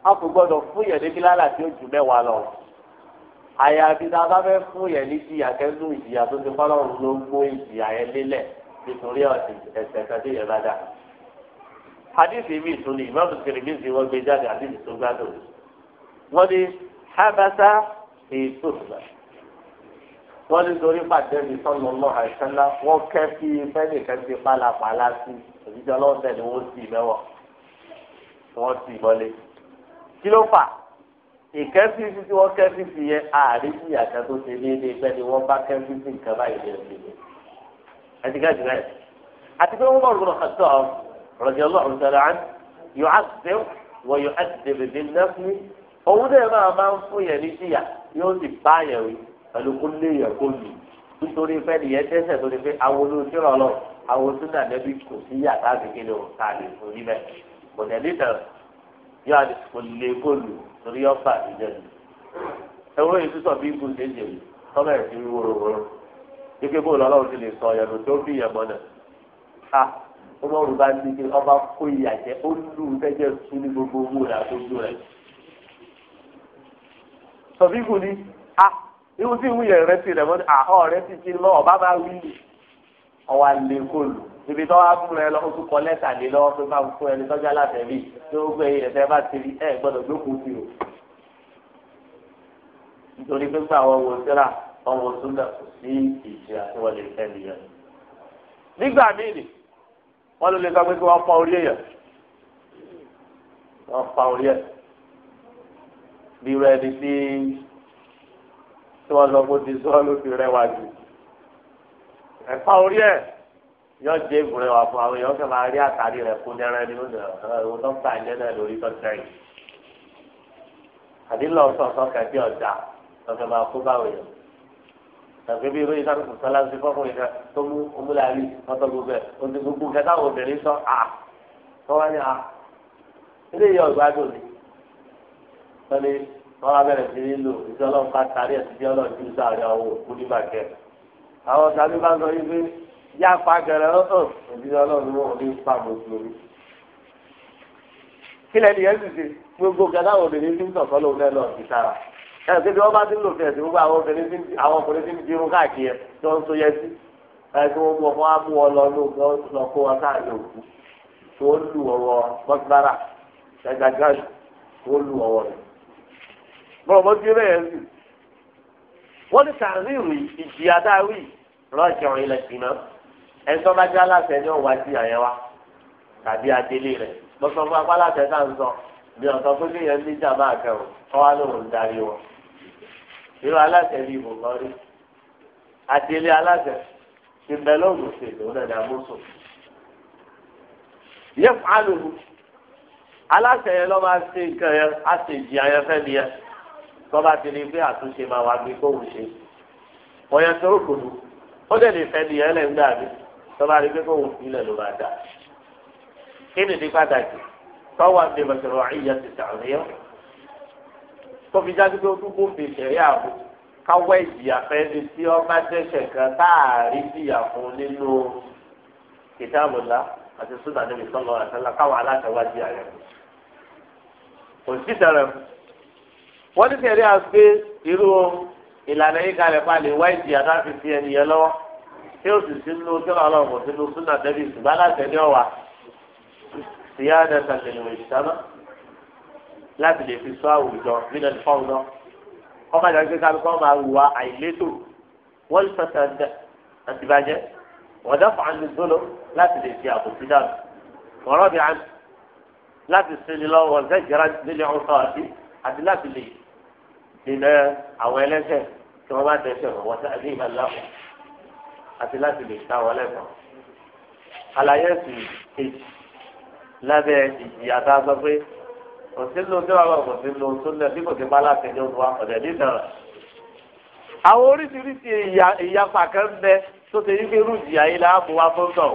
a kò gbọ́dọ̀ fún yẹn níbi lálà tí ó jù mẹ́wàá lọ àyàfi tá a bá fẹ́ fún yẹn ní ìjìyà kẹ́nu hadithi mi tún ni imaamu Tirmidhi wọ́n gbé jáde hadithi tó gbádùn wọ́n ní habasa ìtòsílẹ wọ́n ní torí pàdé mi sọnù ọmọ àìsánlá wọ́n kẹ sí fẹnìkan ti pálapàla sí òjijì ọlọ́ọ̀tẹ̀ ni wọ́n sì mẹ́wọ̀ wọ́n sì mọ́lé kí ló fà ìkẹ́sí sí tí wọ́n kẹ́sí sí yẹn ààrí sí àṣà tó ṣe déédéé pẹ́ ni wọ́n bá kẹ́sí sí nǹkan báyìí lẹ́yìn ẹ̀ẹ́dẹ́gbẹ̀rún àti pé wọ́n bọ̀ lọ́kàn tó àwọn rọ̀jẹ̀ ọlọ́run tẹ̀lé án yóò á sẹ́ wọ́n yóò á sẹ́ bèbè nẹ́fún òun náà máa máa ń fún yẹn ní síyà yóò sì bá yẹn wí pẹ̀lú kó lé yẹn kó lù nítorí fẹ́ nìyẹn tẹ́sẹ̀ tó ti fẹ́ àwọn olóòtúrọ̀ lọ àwọn sunna nẹ́bí kò sí yàtá kékeré o ká lè fún níbẹ̀ kò tẹ̀lé tẹ̀ yóò kò lè kó lù torí ọ̀fà ìjẹ́ lù ẹ̀rọ yìí sísọ bí ikú ṣe ń jèrè tọ́lá ẹ̀ sí wóró wóró kíkẹ́ bó lọ́lọ́run ti lè sọ ọ̀yàn tó bí yẹn mọ́ náà ah! ọmọrù bá ti di ọba kó ìyà jẹ ó lù ú tẹjẹ tú ní gbogbo owó rẹ àtọjú rẹ. sọfíìkù ni a ah, irú tí ìwúyẹ rẹ ti rẹ mọdé àhọ rẹ ti jí mọ ọba bá wí e lù ọwọ àlè kò lù ibi tó wá fún rẹ lọ ó tún kọ lẹ́tà lé lọ́wọ́ pé máa fún ẹni tọ́jú aláfẹ́rí tó gbé ẹ̀fẹ́ bá ti rí ẹ̀ gbọ́dọ̀ gbókùn sí o. nítorí pé pé àwọn wo síra àwọn wo kò sí ìjì àti wọlé ìfẹ́ nìyẹn. nígbà míì wọ́n ló lè sọ pé kí wọ́n pa orí èèyàn wọ́n pa orí ẹ̀ bí irú ẹni tí tí wọ́n sọ pé ti sọ ló fi rẹwà jù ẹ̀ pa orí ẹ̀ yọ jẹ ìbùrẹ wà fún àwọn èèyàn fẹ́ máa rí àtàrí rẹ̀ kó dẹrẹ ní oúnjẹ ọhún dókítà ń jẹ náà lórí tọ́tẹ́rì àdínlọ́sọ̀ọ́sọ̀ kẹ̀kẹ́ ọjà lọ́fẹ́ máa kó báwọn èèyàn tàbí bí irú yìí sáré sí fọkùnrin kan tó mú omúlárí ọtọ gbogbo ẹ gbogbo nǹkan obìnrin sọ à tó wá ní à ilé yìí ọgbà dùn ní. wọ́n ní wọ́n wá bẹ̀rẹ̀ sí nílò ìṣẹ́ ọlọ́run tarí ẹ̀sìn bí ọlọ́run jù sáré ọwọ́ òkú ní bàjẹ́. àwọn tàbí bá ń sọ yí pé yá pa gẹ̀rẹ́ ọ̀hún òbí ọlọ́run wọn ò pa mùsùlùmí. kílẹ̀ ni yẹn ti ṣe gbogbo nǹkan obìnrin fi ń sọ̀kọ́ ẹ ṣe bí wọn bá ti ń lò fẹsẹ̀ gbogbo àwọn obìnrin ti ń àwọn ọkùnrin ti ń dirun káàkiri ẹ tí wọn ń so yẹsí ẹ tí wọn mú ọmọ wa mú wọn lọ lóògbé lọ kó wọn káàkiri òkú tí wọn lù ọwọ́ bọtibara ṣẹgbàgáàlù tí wọn lù ọwọ́ rẹ. bọ́lá mo ti rẹ̀ ẹ́ sì ní kàríìrì ìjìyà dáwì rọ́ọ̀ṣẹ̀ ilẹ̀ jìnnà ẹ̀ ń jẹ́ aláṣẹ ní ọ̀wá sí àyẹ̀wá tàbí adélé rẹ̀ mo sọ fún apá aláṣẹ náà ń sọ bí ọ̀sán tó ní ní jàmbá àkẹ́wò kọ́ wa lóun darí wọn irú aláṣẹ bíi bùkọ́rí àti ilé aláṣẹ ti bẹ lọ́ọ̀mù ṣèlú nàdà mọ́sọ̀. yẹ fún alùpùpù aláṣẹ yẹn lọ́ọ́ máa ṣe nǹkan yẹn á ṣe ìjì ayẹfẹ́ mi yẹn tọ́ba ti ní pé àtúnṣe máa wá gbé kóhùn ṣe wọ́n yẹn tó kùnú ó dẹ̀ lè fẹ́ nìyẹn lẹ́ ń gbà tọ́ba rí pé kóhùn sílẹ̀ ló máa dà kí nìdí pàtàkì tọ́wọ́ àti bàtàrọ̀ àyíyá ti tààrí tó fi jáde pé o tún bófin ìṣẹ̀rí àbò káwọ́ ìjìyà fẹ́ni tí ọba dẹ́ṣẹ̀ kan táàrí jìyà fún nínú kìtàbùlá àti súnà níbi sọ́lọ́ àtàlà káwọn aláṣẹwá jìyà rẹ̀ kò sí sẹ́rẹ̀ wọ́n ti tẹ̀lé àgbé irú ìlànà yìí kalẹ̀ palẹ̀ wá ìjìyà láti fi ẹnìyẹn lọ́wọ́ tí ó sì sínú tí wọn lọ́wọ́ sínú súnà níbi ìsìnbá láti ẹni ọ̀wà ìyá ẹ̀dẹ̀ sàlẹ̀ ìwé ìṣáná láti lè fi sọ àwùjọ nílẹ̀ fọ́ọ̀nà ọkàdà gbé kálukọ́ máa wùwà àìlétò wọ́n ti sọ̀tẹ̀ ẹ̀ àti bàjẹ́ wọ́n dáfọ̀ àmì gbọ́dọ̀ láti lè fi àbòsí dànù wọ́rọ́ bí àmì láti sinmi lọ wọ́n fẹ́ jẹ́ra nílẹ̀ ọ̀sán àti àti láti lè dènà àwọn ẹlẹ́sẹ̀ tí wọ́n bá dẹ́sẹ̀ wọ́n ti àdé ìmọ̀ lọ́wọ́ àti láti lè ta wọlé kan àlàyé ẹ̀sìn kejì lábẹ́ ìjìyà tá pé kò sí lo tí wàá bọ̀ kò sí lo tó lẹ̀ bí kò sí pálá àtẹjọ́ wa ọ̀dẹ̀ nìkan. àwọn oríṣiríṣi ìyapa kan bẹ tó ti yí pé rúdìyà yìí láàbù wa fún tọ̀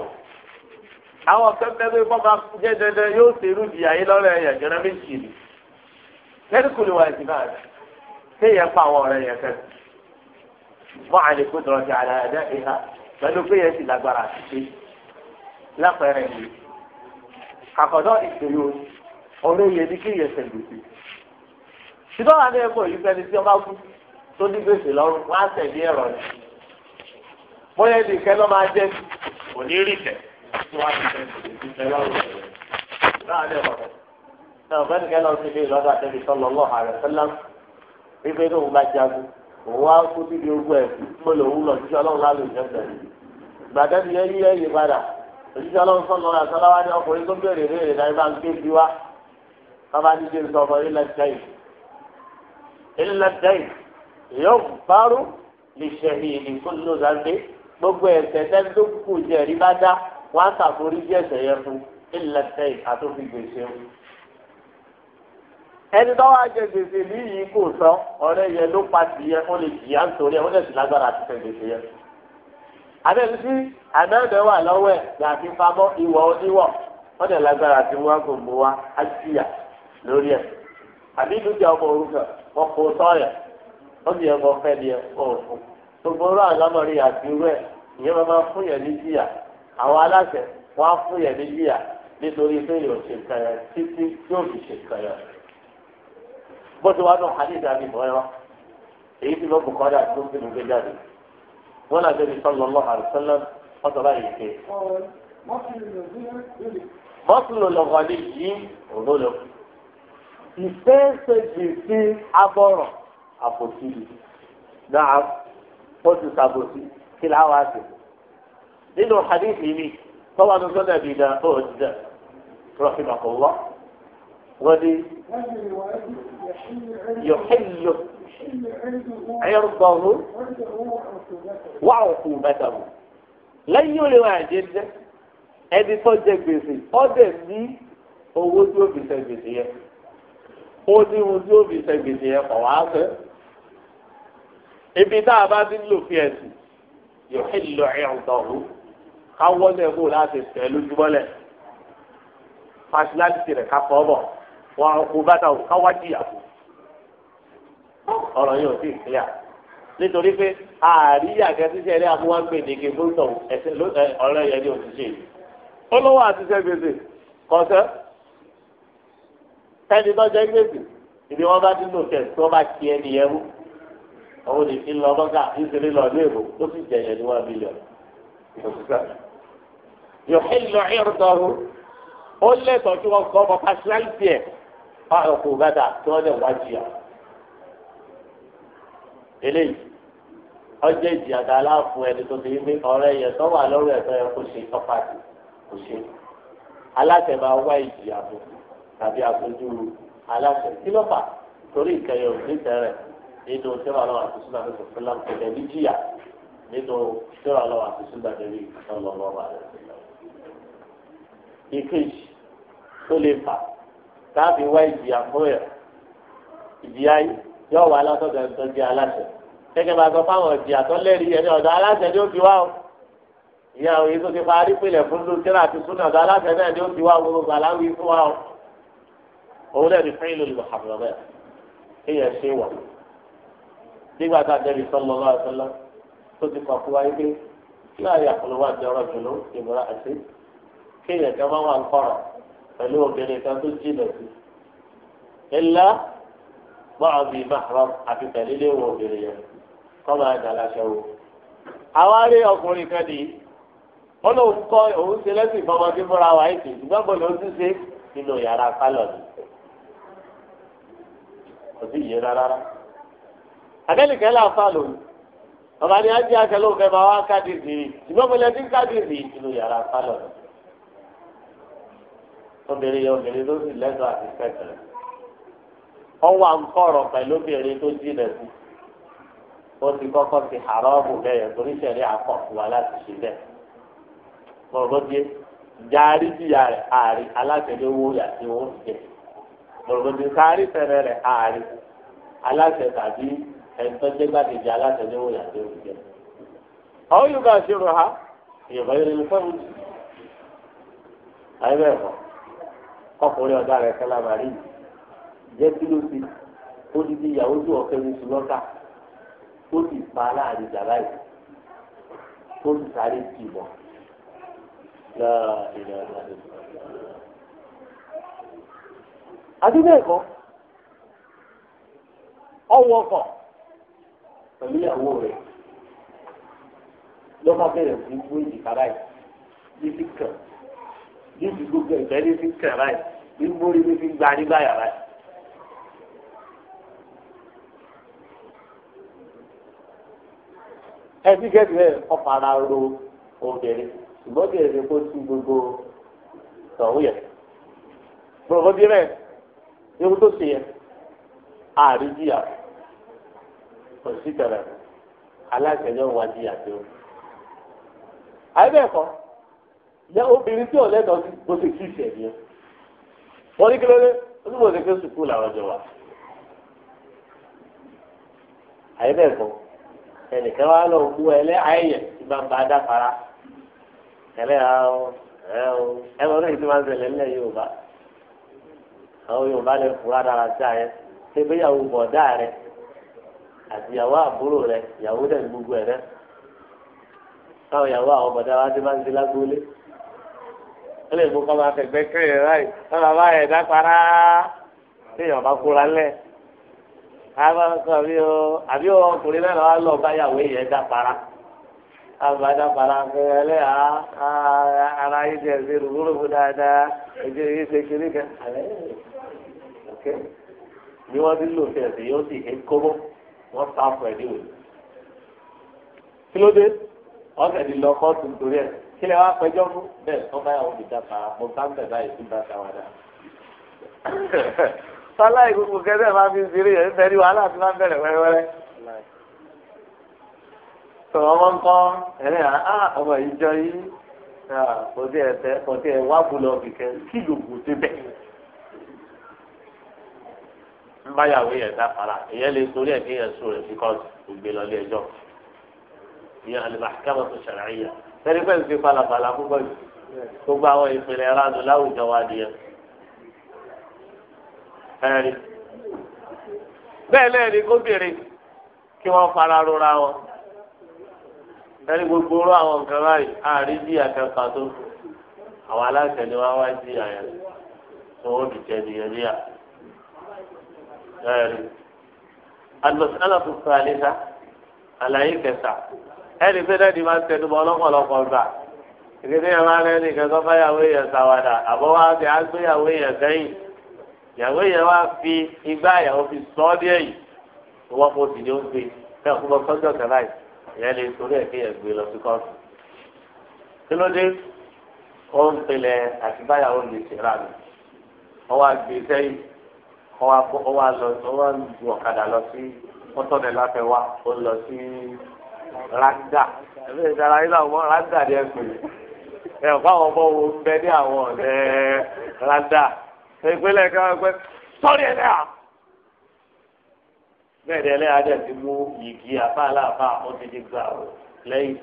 àwọn kan bẹ pé bọ́ máa jẹ́ dandan yóò ṣe rúdìyà yìí lọ́rọ̀ ẹ̀yàn jẹ́rẹ́ méjì ni kẹ́ríkùlù wa ẹ̀sìn náà kéèyàn pa àwọn ọ̀rẹ́ yẹn kẹ́sì mọ́ àlékún dọ̀rọ̀ ti àlẹ́ ọ̀rọ̀ yẹn ní kéèyàn ṣe gbèsè ṣùgbọ́n wà ní ẹ̀kọ́ yìí fẹ́ni tí ọba kú tó ní gbèsè lọ́rùn wọ́n á tẹ̀lé ẹ̀rọ rẹ̀ bóyá ẹni ìkẹ́ lọ́ máa jẹ́ kò ní rí tẹ̀ tí wọ́n á ti tẹ̀lé ìkẹ́ lọ́rùn rẹ̀ láàárín ọ̀rọ̀ náà fẹ́ni kẹ́ lọ sí ilé ìlọ́dọ̀ àtẹ́bí sọ́lọ́ lọ́hà rẹ̀ fẹ́lá wípé tó ń bá jagun òun á kú níbi ogún ń bèrè léèrè náà ibà ń gbé bí wá bàbá dídé sọ̀rọ̀ ilẹ̀ dẹ́yìn ilẹ̀ dẹ́yìn yóò bárò lè ṣẹ̀yìn ìdìkú lóṣàgbé gbogbo ẹ̀ṣẹ̀ tẹ́ńdókù jẹ̀rí bá dá wọ́n á sàforí jẹ́ ẹ̀ṣẹ̀ yẹn fún ilẹ̀ dẹ́yìn àtúntì gbèsè wọn. ẹni tó wá jẹ gbèsè ní yìí kò sọ ọ̀rẹ́ yẹn ló pa tìyẹ ó lè jìyà nítorí ẹ̀ ó lè sì lágbára àti tẹ̀ gbèsè yẹn àbẹ̀bí sí àdáǹdẹ̀ wà lọ́wọ́ ẹ̀ gbàgbé pamọ́ ìwọ̀ oníwọ̀ wọ́n dẹ̀ lágbára àti wọn kò mú wa á jìyà lórí ẹ̀ àbí dúkìá ọmọ orúkọ wọn kò sọ̀yà wọn sì yẹ kó fẹ́ ni gbogbo ọ̀rọ̀ àlámọ̀rí àti irú ẹ̀ ìyẹn máa máa fún yẹn ní jìyà àwọn aláṣẹ wọn á fún yẹn ní jìyà nítorí pé yóò ṣe nǹkan yẹn títí yóò fi ṣe nǹkan yẹn bó ti wá nù èyí tí tó ń bínú gbé jáde wọn yìí òun ìfẹ́sẹ̀jì sí abọ́rọ̀ àbòsí yìí náà ó ti sàbòsí kí láwa wá sí. nínú hadithi mi tọ́wọ́ ní sọ́dọ̀ bíi náà ó ti dẹ̀ rahimahullah wọ́n ní yòókìlò ẹ̀rọ̀gbọ̀rù wà òkú mẹ́tàlú lẹ́yìn olè wà jẹ́ ẹni tó jẹ gbèsè ọ̀dẹ̀ ní owó tí fi sẹ gbèsè yẹn ó ní ohun tí ó fi ṣe gbèsè yẹn kọ̀ wá fẹ́. ibi tá a bá ti ń lò fi ẹ̀sìn yóò fi lọ ẹ̀rùn tọ̀hún ká wọlé kó láti tẹ̀ lójúmọ́lẹ̀ fásiláàtì rẹ̀ ká fọ́ bọ̀ wọn kò bá ta o ká wá jìyà fún ọ̀rọ̀ yóò sì kílíà nítorí pé àríyá kẹsíṣẹ́ ẹ̀rí amúwágbèdéke gbóńtọ̀ ọ̀rẹ́ yẹn ni òṣìṣẹ́ olówó àtiṣẹ́ gbèsè kọ́sẹ́. sẹ́ni tọ́jọ́ ìgbésì ìdí wọn bá ti lò kẹ̀ tí wọ́n bá ti ẹni yẹn mú àwọn olùkí lọ ìṣẹ̀lẹ̀ lọ ní tó sì jẹ̀yẹ̀ ní wọn bílíọ̀nù lọ ìrùdọ̀rù ó lẹ́tọ̀ọ́ tí wọ́n kọ́ ọmọ pàṣẹ́lẹ́tì ẹ̀ bá ọkọ̀ gàdà tí wọ́n lè wá jìyà. eléyìí ọjọ́ ẹni tó ti ọ̀rẹ́ yẹn tó wà lọ́rùn kó ṣe kó ṣe. aláṣẹ máa wá ìjìyà fún un. tàbí aṣojú aláṣẹ kí ló fà torí ìkẹyẹ òdìtẹ rẹ nínú sẹ́wà lọ́wọ́ àti súnà ní sọ̀fúnlá kẹlẹ́ ní jìyà nínú sẹ́wà lọ́wọ́ àti súnà lórí ìtọ́lọ́lọ́wọ́ rẹ. ìkejì tó lè fà tàbí wá ìjìyà fún ẹ̀ ìjìyà yóò wá látọ̀dọ̀ ẹ̀ tó aláṣẹ gẹ́gẹ́ bá sọ fáwọn ìjìyà tó ẹni ọ̀dọ̀ aláṣẹ ni ó fi wá o ìyá òye tó ti parí pínlẹ̀ fún lóṣèlú àti ọ̀dọ̀ aláṣẹ náà ni ó fi wá gbogbo òun náà ní fẹ́yìn lórí muhammed èèyàn ṣe wà nígbà tá a dẹ́bi sọ́lọ́ lọ́wọ́ àtọ́lá tó ti kọ̀ fún wa yìí pé kí láàyè àpòlọ́wọ́ àjọrọ̀ jùlọ ìmúra àti kéèyàn kan máa wà ń kọ̀rọ̀ pẹ̀lú obìnrin kan tó jìnà sí ilá máa bí mahram àti pẹ̀lú ilé obìnrin yẹn kọ́ máa dà láṣẹ wo. àwa rí ọkùnrin kan nìyí wọn lòun kọ òun ṣe lẹ́sìn ìfọwọ́sí fúnra wa yìí kì í ó ti ṣe nínú yàrá pálọ̀ nìyí. kò sí ìyẹn rárá. àtẹnìkẹ́ là ń fà lónìí bàbá ni ajé akẹ́lẹ́ òfẹ́ máa wá ka dizi ṣùgbọ́n mo lẹ ní kádìsì inú yàrá pálọ̀ rẹ̀. obìnrin yẹn obìnrin ló ti ti wa mo lọ́gbọ̀dì kárí fẹ̀rẹ̀ rẹ̀ ààrí aláṣẹ tàbí ẹ̀ńtọ́jẹ́gbàdìjẹ́ aláṣẹ ní wọ́n yàtọ̀ òkùnkẹ́. àwọn yorùbá ṣe rò ha yorùbá yẹn lè fẹ́ wùdí. àyẹ̀bẹ̀ ẹ̀fọ́ kọkùnrin ọ̀dà rẹ̀ kẹlá màrí jẹ́ kí ló ti ó ti di ìyàwó tó ọ̀kẹ́ ní sùlọ́kà ó sì pa láàrin ìjàmbá yìí ó sì sáré tì bọ̀ lọ́ọ̀ ìlànà àbí bẹ́ẹ̀ kọ́ ọwọ́ kọ̀ pẹ̀lú ìyàwó rẹ̀ ló bẹ̀rẹ̀ sí gbó ìjìká báyìí ní ti kàn ní ti gbogbo ẹ̀gbẹ́ ní ti kàn báyìí ní mórí ní ti gba nígbà yàrá yìí. ẹbí ara ro obìnrin ṣùgbọ́n kí ẹ̀rẹ́ kó gbogbo tọ̀hún irun tó ṣe yẹ ààrí jìyà kò sí tẹ̀lẹ̀ aláṣẹ yóò wá jìyà tó. àyẹ̀bẹ̀ẹ̀kọ́ yẹ obìnrin tí ọ̀lẹ́dọ̀ sí bó ṣe kí ìṣẹ̀ yẹn wọ́n ní kí ló dé onímọ̀ ní kí sùkúù làwọn jọ wà. àyẹ̀bẹ̀ẹ̀kọ́ ẹnìkan wá lọ gbó ẹlẹ́ ayẹyẹ tí bá ń ba dáfara ẹlẹ́ àwọn ẹ̀rọ ẹ̀rọ náà ti máa ń ṣẹlẹ̀ ńlẹ̀ Yorùbá àwọn yorùbá lè fura dára sí àyẹ ṣé bí ìyàwó bọ̀dá rẹ àti ìyàwó àbúrò rẹ ìyàwó dẹ̀ gbogbo ẹ̀ rẹ káwọn ìyàwó àwọn bọ̀dá wa ti máa ń ṣe lágbóolé ó lè mú kọ́ máa fẹ̀gbẹ́ kẹ́yìn ráì kọ́ máa bá ẹ̀dá para téèyàn bá kóra lẹ̀ àbí ọkùnrin náà wà lọ bá ìyàwó yẹn dá para àbádá para fẹ́rẹ́lẹ́ ara yìí ti ẹ̀ ṣe rúgbòrògbò dáadáa ẹ̀jẹ̀ yìí ṣe kiri kan kẹ́ ni wọ́n ti lò fẹ̀sẹ̀ yóò sì hé kóró wọ́n sá fún ẹ̀ ní òní. kí ló dé ọ̀sẹ̀ ti lọ kọ́ọ̀tù nítorí ẹ̀ kí lè wá pẹjọ́ fún bẹ́ẹ̀ tó bá yàwó mi dábàá mo bá ń bẹ̀ báyìí tí bá ta wà dá. sọlá ìgbógun kẹsẹ̀ máa fi ṣeré yẹn fẹ́ rí wàhálà tí máa ń bẹ̀rẹ̀ wẹ́rẹ́wẹ́rẹ́. sọ̀rọ̀ ọmọ ń kọ́ ẹ̀rẹ́ à ah, ọmọ ìjọ yìí ah, kò tí ẹ̀ wá bu lọ kìkẹ́ kí lòògùn ti bẹ̀ báyàwó yẹn dá fara èyẹ lè torí ẹ̀ kéèyàn sùn rẹ̀ bíkọ́sì ògbé lọlé ẹjọ́ ìyẹn al-mahkamah ash-shar'iyyah sẹ́ni pẹ́ ti falafala púpọ̀ jù gbogbo àwọn ìpìlẹ̀ ránù láwùjọ wa nìyẹn. ẹ̀rí bẹ́ẹ̀ lẹ́ẹ̀ni gómìnrin kí wọ́n fara rora wọn ẹni gbogbo rọ àwọn nǹkan báyìí àárín bí àkẹ́kọ̀ọ́ àtó àwọn aláṣẹ ni wọ́n wá sí àyàn tó wọ́n fi ẹ̀rí alùpùpù alùpùpù àlẹ́sà àlàyé kẹsà ẹ̀rí fẹ́rẹ́ ni máa ń tẹnu mọ́ ọlọ́pọ̀lọpọ̀ gbà ìgbésẹ̀ yẹn máa ń rẹ́ni kẹ́kọ́ fáyàwó yẹn sàwádà àbọ̀ wá sí àgbéyàwó yẹn sẹ́yìn ìyàwó yẹn wá fi igbá fi sọ ọ́ díẹ̀ yìí wọ́n kó sì ní ó gbé bẹ́ẹ̀ kó lọ sọ́jọ́ kẹlá yìí ọwọ́ akọ ọwọ́ alọ ọwọ́ ju ọ̀kadà lọ sí mọ́tọ́nẹ̀ láfẹ́ wa ó lọ sí ranga ẹgbẹ́ ìdára yìí làwọn ranga ni ẹ pè é ẹ fáwọn ọmọ wo ń bẹ ní àwọn ọ̀dẹ́ ranga ìpínlẹ̀ kan ẹgbẹ́ sọ́ọ́rì náà bẹ́ẹ̀ ni ẹlẹ́yà dẹ̀ ti mú yìgì àfáàláàfáà ó ti di gbà ó lẹ́yìn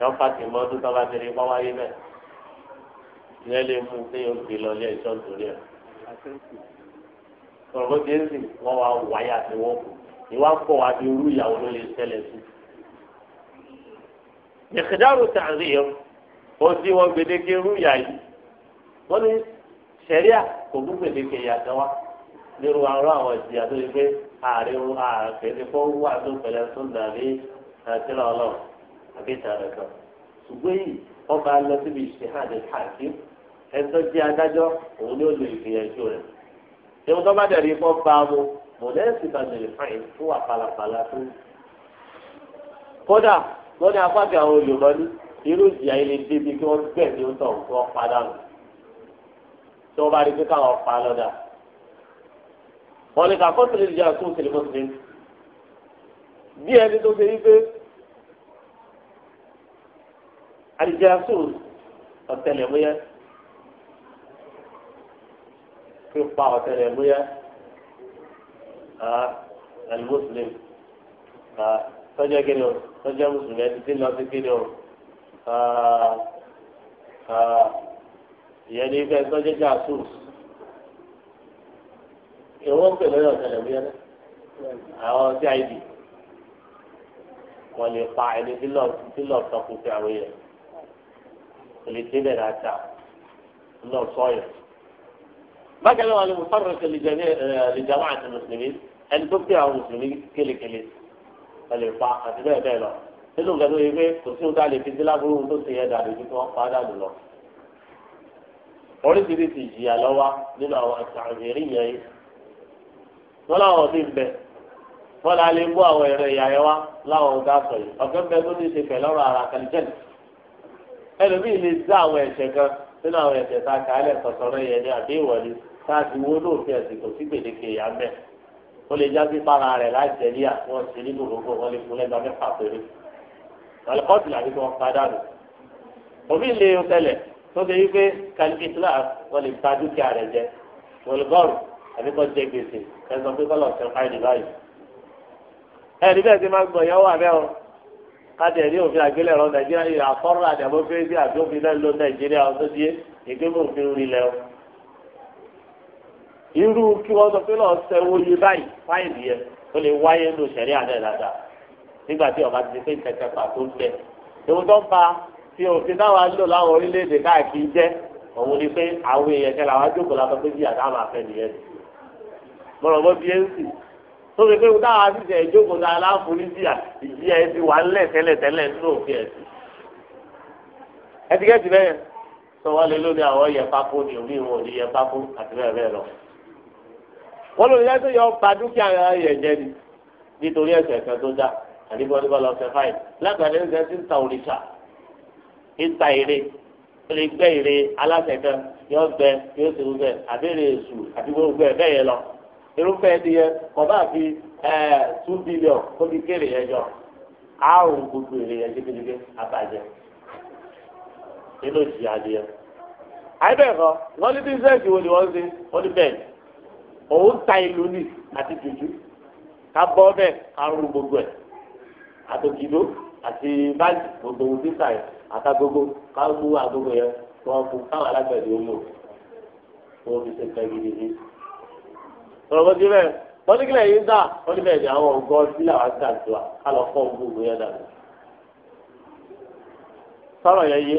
lọ́n pàtì mọ́tò tó bá ti rí báwa yé bẹ́ẹ̀ ìyẹn lè mú kéèyàn gbé lọ ilé ìṣọ́ nítorí ẹ̀ sọ̀rọ̀ bó ti ń sìn wọ́n wá wáyà tí wọ́n kù ìwà ń pọ̀ wá di irú ìyàwó ló lè ṣẹlẹ̀ sí. ìkìdáàrú tààrí yẹn ó sì wọ́n gbèdéke irú ìyà yìí wọ́n ní sẹ́ríà kò mú gbèdéke ìyàtọ̀ wá nírú arọ́ àwọn ìjìyà tó yẹ pé ààrẹ wọn àfẹ́lẹ́ fọ́ wà tó pẹ̀lẹ́ tó dàbí àtìlá ọlọ́run àbí ìtàrẹ̀ kan ṣùgbọ́n yìí wọ́n ìwọ́n tó bá dẹ̀rí kọ́ bá mu mọ̀lẹ́sì bá dẹ̀rí fáìn tó wà pàlàpàlà tó. kódà wọ́n ní apáàkì àwọn olùkọ́ ní irú ìjìyà ilé débi kí wọ́n gbẹ̀ ní ọ̀tọ̀ kí wọ́n padà nù. tí wọ́n bá rí pé káwọn pa lọ́dà. wọ́n ní kakọ́ tó lè jẹ́ àtúntò sílẹ̀ mọ́sílẹ̀. bí ẹni tó ṣe wípé àdìjẹ́ àtúntò ọ̀tẹlẹ̀múyẹ́ pípa ọ̀tẹlẹ̀múyẹ́ ẹlmùsùlùm tọ́jọ́ kí ni o tọ́jọ́ mùsùlùmí ẹni tí ń lọ sí kí ni o ìyẹn ní fẹ́ tọ́jọ́ jà sùs ìwọ́n ń pè lọ́yọ̀ ọ̀tẹlẹ̀múyẹ́ náà àwọn tí a yìí wọ́n lè pa ẹni tí lọ́ọ̀ tí lọ́ọ̀ tọkùn sí àwọn èèyàn kò lè débẹ̀ dáadáa lọ́ọ̀ sọ̀yọ̀ bákan náà wà ní mufarro lìjàmá àti mùsùlùmí ẹni tó pé àwọn mùsùlùmí kélékélé ẹlẹ pa àti bẹ́ẹ̀ bẹ́ẹ̀ lọ nínú nǹkan tó yẹ pé kò sí nǹkan lè fi dílábúrú tó ti yẹ dàbí ju kí wọ́n pa á dàbí lọ. oríṣiríṣi ìjìyà lọ́wọ́ nínú àwọn àṣàyẹ̀rí yẹn yìí wọ́n láwọn ti bẹ̀ wọ́n là lè mú àwọn ẹ̀rọ ìyá yẹn wá láwọn ọ̀gá sọ yìí ọ̀gá bẹ tó ní í ṣe pẹ̀ lọ́rọ̀ ara kàlíjẹ́nì ẹlòmíì lè dá àwọn ẹ̀ṣẹ̀ kan nínú àwọn ẹ̀ṣẹ̀ tá a kà á lẹ̀ sọ̀sọ̀rọ̀ yẹn ní àbí ìwọ̀lẹ́ káàsì wo lóòfin ẹ̀sìn kò sí gbèdéke ìyá mẹ́ ó lè jáde para rẹ̀ láì tẹ̀lé à wọ́n ṣe nínú gbogbo wọn lè fún lẹ́gbàá mẹ́fà péré alùpàdé làbí kí wọ́n padà nù òbí lè tẹ̀lẹ̀ tó ṣe wípé kàlífìtìlá wọn lè ta dúkìá rẹ̀ jẹ wọlgọ́rù àbí kọ́ jẹ gbèsè ẹ̀sán pé kọ́lọ̀ ṣe fáìlì báyìí ẹ̀rí bẹ́ẹ̀ ti máa gbọ̀ yẹn wà o káàdì ẹ̀rí òfin àgbélẹ̀rọ nàìjíríà ìyá fọ́nrán àdàmọ́fẹ́ bí àbí òfin náà ló nàìjíríà ọdún irú kí wọ́n sọ pé lọ́ọ́ sẹ́wọ́ yé báyìí fáìlì yẹn ó lè wáyé ló ṣẹ̀rí àdá dáadáa nígbà tí ọba ti ṣe ìtẹ̀tẹ̀ pàtó ń tẹ̀. èwo tó ń fa tí òfin táwa ń lò láwọn orílẹ̀-èdè káàkiri jẹ́ òun ni pé àwọn èèyàn kẹlẹ́ àwọn ajókòó la sọ pé bíyà táwọn afẹ́ nìyẹn ni. mo rọ̀ mọ́ bí ẹ ń sì tó fi pé táwọn aṣiṣẹ́ ìjókòó ta aláǹforí bíyà ìjì ẹ ti wà ńlẹ̀ tẹ́lẹ̀tẹ́lẹ̀ nínú òfin ẹ̀sìn. ẹtikẹ́tì bẹ́ẹ̀ sọ wọ́n lé lórí àwọn yẹn pákó ni òmíì wọn ò ní yẹn pákó àti bẹ́ẹ̀ bẹ́ẹ̀ lọ wọ́n lò lẹ́sẹ̀ yọ ba dúkìá yẹn jẹ ni nítorí ẹ̀ṣẹ̀ kan tó dá àdìbọ́dé bá lọ ṣe fáyìn lágbàdo ẹ̀ṣẹ̀ ti ń ta òrìṣà ń ta èrè lè gbẹ́ èrè aláṣẹ kan yọ bẹ yóò ṣe wúbẹ àbẹ̀rẹ̀ èṣù àti gbogbo ẹ̀ bẹ́ẹ̀ yẹn lọ irúfẹ́ ẹni yẹn kọ̀ọ̀bá fi two billion kó fi kéré yẹn jọ àrùn gbogbo èrè yẹn jẹ́gẹ́jẹ́gẹ́ àbàjẹ́ nínú ìjìyà adìyẹ. àyẹ̀bẹ̀ kan wọ́n ní bísíǹsì òun ta ìlú ni àti jùjú ká bọ́ bẹ́ẹ̀ ká rú gbogbo ẹ̀ àtòkìdó àti báàgì gbogbo ohun títà yẹn àtàgbogbo ká mú àgbogbo yẹn wọn fún káwọn alágbẹ̀dẹ ó lò wọn fi ṣe pẹ́ gidi ní. sọ̀rọ̀ bó ti bẹ́ẹ̀ wọ́n ní yìí ń dà wọ́n ní bẹ́ẹ̀ ni àwọn ọ̀gọ́ sílẹ̀ wá sí àdúrà ká lọ fọ́ gbogbo yẹn dànù. sọ̀rọ̀ yẹn yé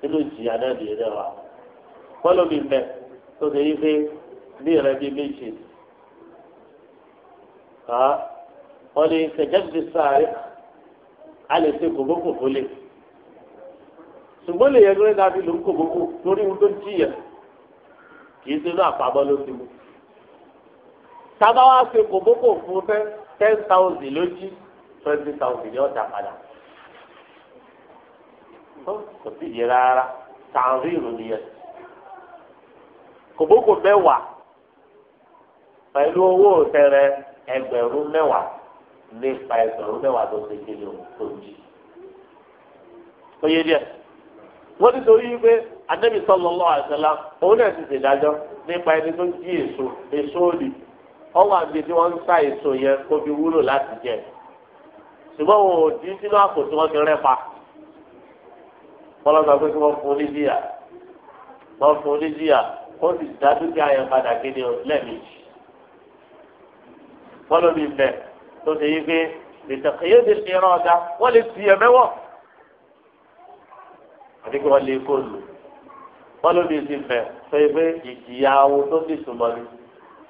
nínú ìjìyà náà nìyẹn náà wà bí rẹ bí méjì wọ́n lè ṣèjẹ́bí sáré a lè ṣe kòbókò tó lè ṣùgbọ́n lè yẹ lórí dábí ló ń kòbókò lórí ohun tó ń jìyà kì í ṣe inú àpamọ́ ló ti mú tábà wá ṣe kòbókò fún fẹ́ ten thousand ló jí twenty thousand ní ọjà padà kò sí yẹ rárá tààrí ìròyìn yẹn kòbókò mẹ́wàá. pẹ̀lú owó tẹrẹ ẹgbẹ̀rún mẹ́wàá nípa ẹgbẹ̀rún mẹ́wàá tó ṣe kéde tó jì. ó yé díẹ̀ wọ́n ti torí pé Ànábì sallallahu alaihi òun náà ti ṣèdájọ́ nípa ẹni tó jí èso èso òdì ọwọ́ àgbè tí wọ́n ń èso yẹn kó fi wúlò láti jẹ ṣùgbọ́n wọn ò dín sínú àpò tí wọ́n ti rẹ́ pa kọlọ́gbà pé kí wọ́n fún wọ́n ló ní bẹ̀ tó ṣe yí pé ìtẹ̀kẹ́yẹ́ ti fi ẹran ọ̀dà wọ́n lè ti ẹ̀mẹ́wọ̀ àti kí wọ́n lè kó lù wọ́n ló ní ti bẹ̀ tó yí pé ìjìyà tó sì sùnmọ́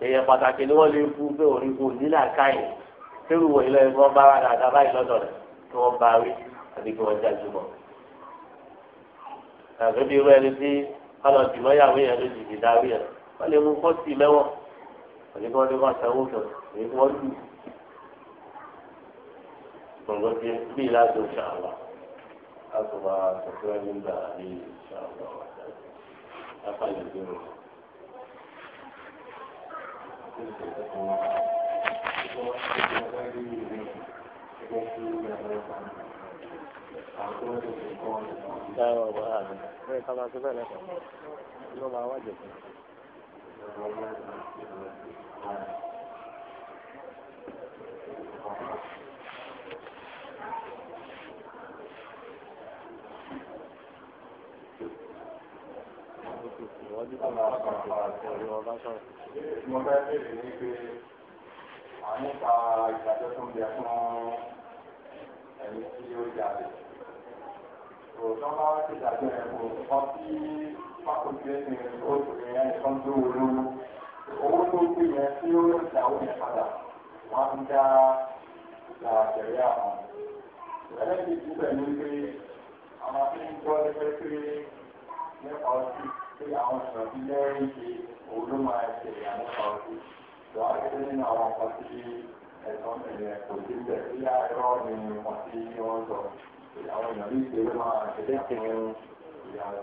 ni pàtàkì ni wọ́n lè kú pé òun kò ní làákàyè tẹ́rù wọ̀ ilẹ̀ ìfọ́n bá wà dáadáa báyìí lọ́dọ̀ rẹ̀ kí wọ́n bá rí àti kí wọ́n jájú àgbẹ̀bí irú ẹni tí wọ́n lọ jùmọ̀ yàwó yẹn lójijì dárí yẹn wọ́n lè mú kọ́ọ̀tì mẹ́wọ̀n onígbọ́n ní wọ́n sanwó kan ní wọ́n lù gbọ̀ngàn bíi bíi láti ṣàwà láti máa tẹ̀síwájú nígbà ní ṣàwà lápàlẹ̀ bí wọn. Táyọ̀ wà á ní. Bẹ́ẹ̀ ká máa tó bẹ́ẹ̀ lẹ́kọ̀ọ́. Yóò máa wájú mo fẹ́ bèèrè ní pé nípa ìdájọ́ tó ń bẹ fún ẹni tí ó jà Òótọ́ bá ti dàgbẹ́ ẹ̀kọ́ ọtí fákòtì ẹ̀sìn obìnrin yẹn nìkan tó wò lóru owó tó gbé yẹn tí ó ń ta òun padà wọn ń dá ìgbà àtẹ̀rẹ́ àwọn. ẹlẹ́sìn tí pẹ̀lú pé àwọn tí ń gbọ́ lẹ́fẹ́ pé nípa ọtí pé àwọn ìṣàn ti lẹ́rìí ṣe òun ló máa ṣẹlẹ̀ àwọn ìṣàn ọtí. ìwà àgbẹ̀dẹ́ nínú àwọn nǹkan tí ẹ̀sán ìrìn kò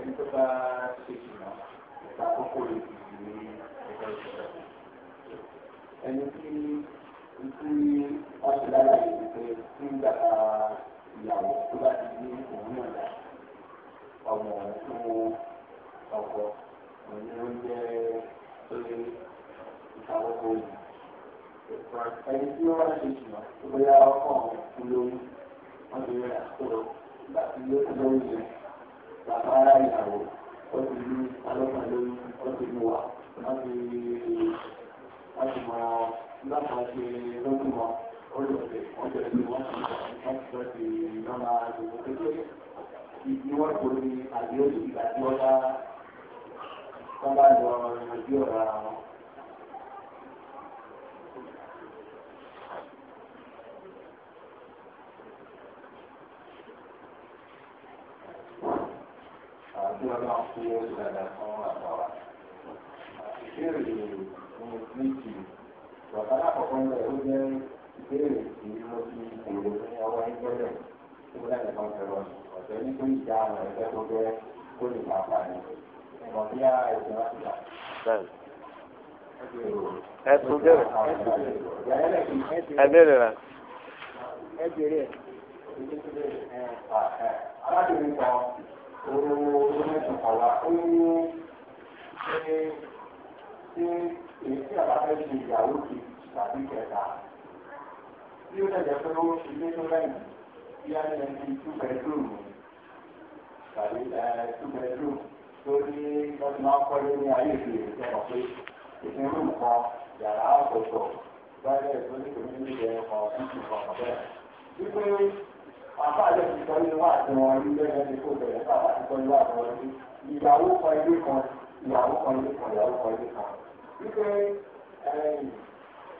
ẹni tó bá ṣe jìnnà àkókò ìdìbò ní ẹgbẹ́ ìṣẹ́. ẹni tí ikú wọ́n ti lára yìí pé nígbà ìyàwó tó bá ti ní òun náà dá ọmọ fún ọkọ òun ló ń jẹ́ tó lé ìkàwọ́kọ̀ ẹni tí wọ́n ṣe jìnnà tó bóyá ọkọ̀ òun lóyún wọ́n ti rí àkókò nígbà tí yóò lóyún ìjà ẹgbẹ́ tó jẹ́ kó lè máa bá ní ìmọ̀ bí a ẹ̀sìn láti gbà. ẹ̀sùn bẹ̀rẹ̀ ẹ̀bẹ̀rẹ̀ rẹ̀. ẹ̀bẹ̀rẹ̀ alábìnrin kan olówó olóṣèlú kan wá ó ní ṣe ṣe èyí tí àbáfẹ́ ṣe ìyàwó kejì tàbí kẹta tí ó tẹ̀lé pé ó ṣe ilé tó lẹ́yìn bí a ní ẹni tú pẹ̀lú òun tàbí túbẹ̀lú tó ní lọ́dún máa ní ayé ìlú ìjọba pé ìpínlẹ̀ nǹkan yàrá ọ̀tọ̀ọ̀tọ̀ gbọ́dọ̀ tó ní kò ní nílẹ̀ ọkọ̀ títí kan bẹ́ẹ̀. wípé bàbá rẹ̀ ti sọ ní wá àti wọn ní lẹ́yìn ẹni tó bẹ̀rẹ̀ bàbá ti sọ ní wá àti wọn ní ìyàwó kan ilé kan ìyàwó kan ilé kan ìyàwó kan ilé kan. wípé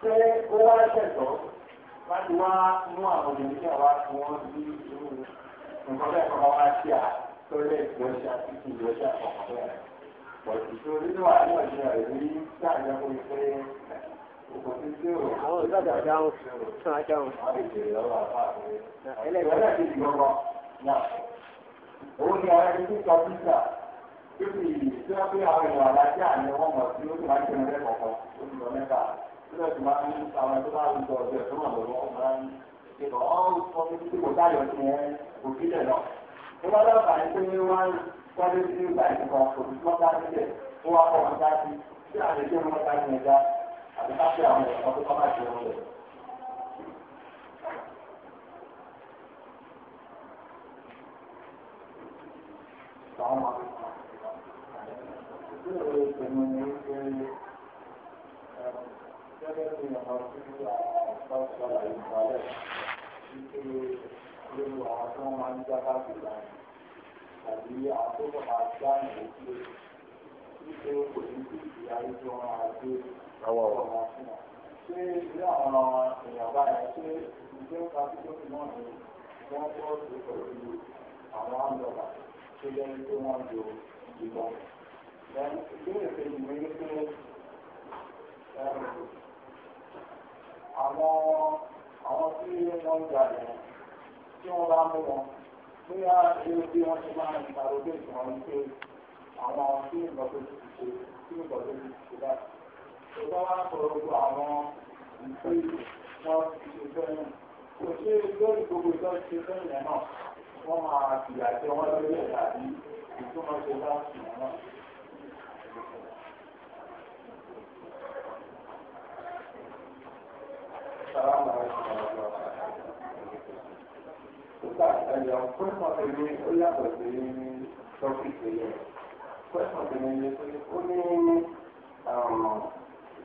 ṣé ó wá ṣẹ̀tọ́ láti wá mú àwọn obìnrin tí àwa ti wọ́n sí irú nǹkan bẹ́ẹ̀ kọ́ tó lọ́ṣà títí lọ́ṣà ọ̀pọ̀ rẹ̀. Pọ̀jùtò nínú àwọn ìṣẹ̀lẹ̀ rẹ̀ ní sáàjà kó ní pé òkò tí tí ò. Àwọn ìgbàgbọ́ àdáhùn sàn àdáhùn. Wọ́n lè bèrè lọ́wọ́ àpá àwọn ẹni tí sọ písà tó sì tí wọ́n pé àwọn ìwà alájà ni wọ́n mọ̀ sí ó sì máa ń jẹun lẹ́kọ̀ọ̀kan ó sì lọ mẹ́ta. Sílẹ̀ tó máa ń àwọn tó bá ń sọ ọ̀dọ̀ tó mọ̀ lọ́wọ́ máa ń ṣe kọ́ ọ́ sọ fún títí kò dáyọ̀ sí ẹ kò sílẹ̀ náà tó bá lọ́ọ̀bà yìí pé wọ́n wọ́n lé sí ìgbà ìgbà òṣù mọ́ta sílẹ̀ tó wá kọ́ mọ́ta sí sí àlejò mọ́ta sí ẹ̀dá àti káfí àwọn ẹ̀kọ́ tó kọ́ máa wọn lẹ̀. Thank you lórí àwọn tí wọ́n máa ń jábá gbèrà tàbí àwọn tó bọ̀ wípé kò ní kò sí ayé tí wọ́n máa gbé ọ̀rọ̀ máa fún wọn. ṣé ilé àwọn èèyàn báyìí ṣé ìgbé ń ka fífọ́sì náà ni wọ́n kọ́ sí pẹ̀lú àwọn àlọ́bà tó lẹ́yìn tó wọ́n lo ìbọn. ìbéèrè kejì ni wípé àwọn àwọn tí wọ́n jà yẹn tí wọ́n bá mú wọn bóyá irú bí wọ́n ti máa ń parọ́ bí ìtàn wọn pé àwọn tí nǹkan tó ti ṣe tí nǹkan tó ti ṣe bá tó bá wá gbogbo àwọn ìpè wọn ti ṣe fẹ́yìn kò ṣe lórí gbogbo ìtọ́ ṣe fẹ́yìn náà wọ́n máa fìyà jẹ wọ́n lórí ẹ̀ tàbí ìtumọ̀ ṣe bá sùn náà. السلام عليكم ورحمة الله nípa ẹ̀yà fúnmọ̀ tèmi ó yàtọ̀ sí tọ́pìkì yẹn fúnmọ̀ tèmi ni ó ní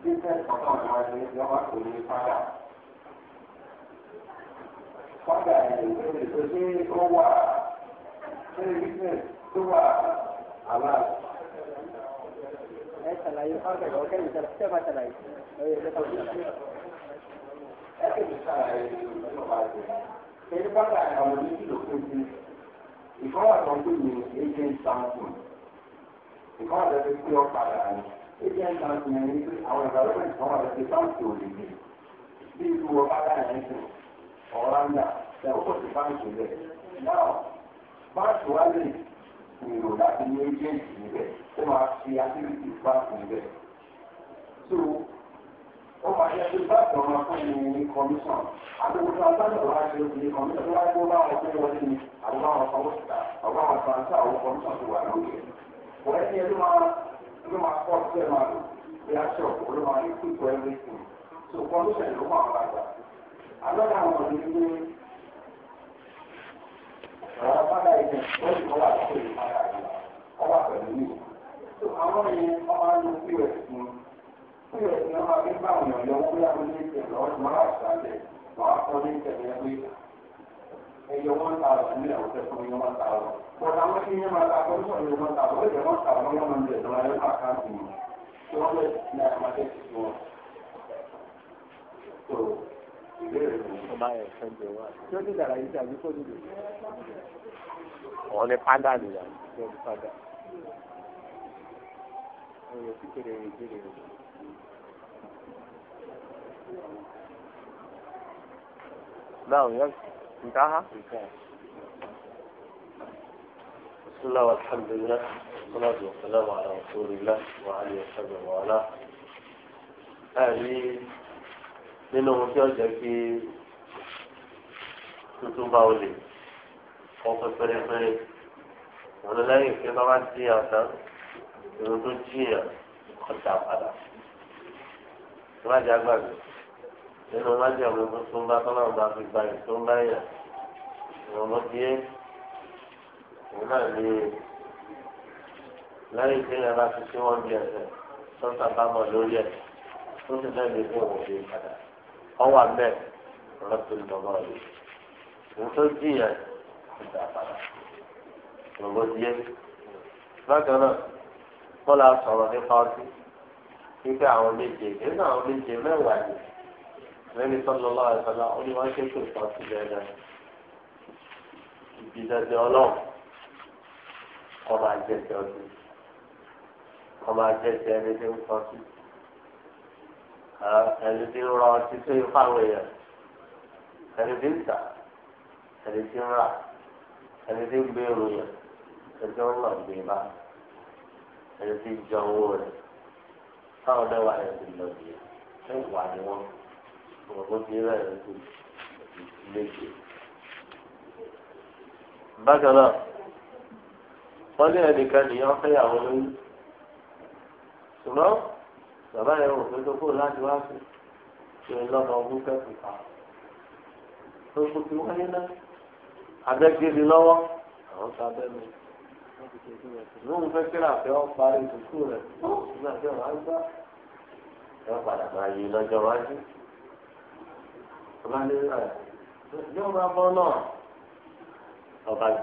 bíkẹ́ ìkọ̀tọ̀ máa ní lọ́wọ́ kò ní padà. Padà ìgbésẹ̀ tó ṣe ó wà ṣé bíkẹ́ tó wà àlá. Ẹ ṣàlàyé fáwọn ẹ̀rọ kẹ́mi tẹ́ máa ṣàlàyé. Ẹ ṣàlàyé fáwọn ẹ̀rọ kẹ́mi tẹ́ máa ṣàlàyé ṣẹ́ni bàtà àwọn méjì ló pín sí ìkọ́wà tó ní agent sample ìkọ́wà tó ti pín ọ̀pá ara agent sample yẹn pé àwọn ìbálòpọ̀ ìkọ́wà tó ti ò lè gbé bí irú ọba láyà ń sìn ọ̀rọ̀ ńlá ìyàwó ti báńkì rẹ̀ náà báńkì wá lè gbèrò láti ní agent níbẹ̀ ó máa fi activity báńkì níbẹ̀ ó ọmọ fún ọmọ àwọn bí aṣọ òun máa tí wọ́n ní pádà nìyà ní pádà. نعم انتهى بسم الله والحمد لله والصلاة والسلام على رسول الله وعلى وصحبه وعلاه ẹ̀rí nínú ohun tí ó jẹ́ kí tuntun bá olè ọkọ̀ pẹ́rẹ́pẹ́rẹ́ wọn lẹ́yìn pé bá wá sí àtàn ìrùn tó jìyàn ọjà padà ìwádìí agbára nínú wájú àwọn ọmọ tó ń bá tọ́lá ọba fi gba ètò ńlá yà ìwọ̀n ló di é òun náà ní lẹ́yìn tí yàrá ti ṣe wọ́n di ẹ̀sẹ̀ tó ń tàbá lórí ẹ̀ tó sì náà lè fún òun ṣe padà ọwọ́ abẹ́ ọlọ́pìn lọ́wọ́ rẹ̀ òun tó jìyà ìdá padà ìwọ̀n ló di é bákan náà kọ́lá sọ̀rọ̀ nípa ọtí wípé àwọn méje nínú àwọn méje mẹ́wàá yìí lẹ́ni sọ́lọ́lá àìsàlá ó ní wọ́n ṣe kò sọ sí lẹ́lẹ́ ibi dẹ́dẹ́ ọlọ́run ọba àjẹsẹ̀ ọdún ọba àjẹsẹ̀ ẹni tí ń sọ sí ẹni tí ń rọ ọtí tó ń fáwọn èèyàn ẹni tí ń tà ẹni tí ń rà ẹni tí ń gbé ìròyìn ẹni tí ń lọ gbé bá ọ̀gbọ́n bákan náà wọ́n ní ẹnìkan nìyẹn fẹ́ àwọn olóyún ṣùgbọ́n bàbá yẹn rò pé tó kúrò láti wá sí ṣe lọ́nà ọdún kẹ́kọ̀ọ́ kan tó kú ti wáyé náà abẹ́gẹ́lì lọ́wọ́ àwọn sábẹ́ mi lóun fẹ́ kí làfẹ ọ parí sùkúù rẹ nígbà tí ọ̀rọ̀ á gbá ẹ padà máa yí lọ́jọ́ wájú ọba ní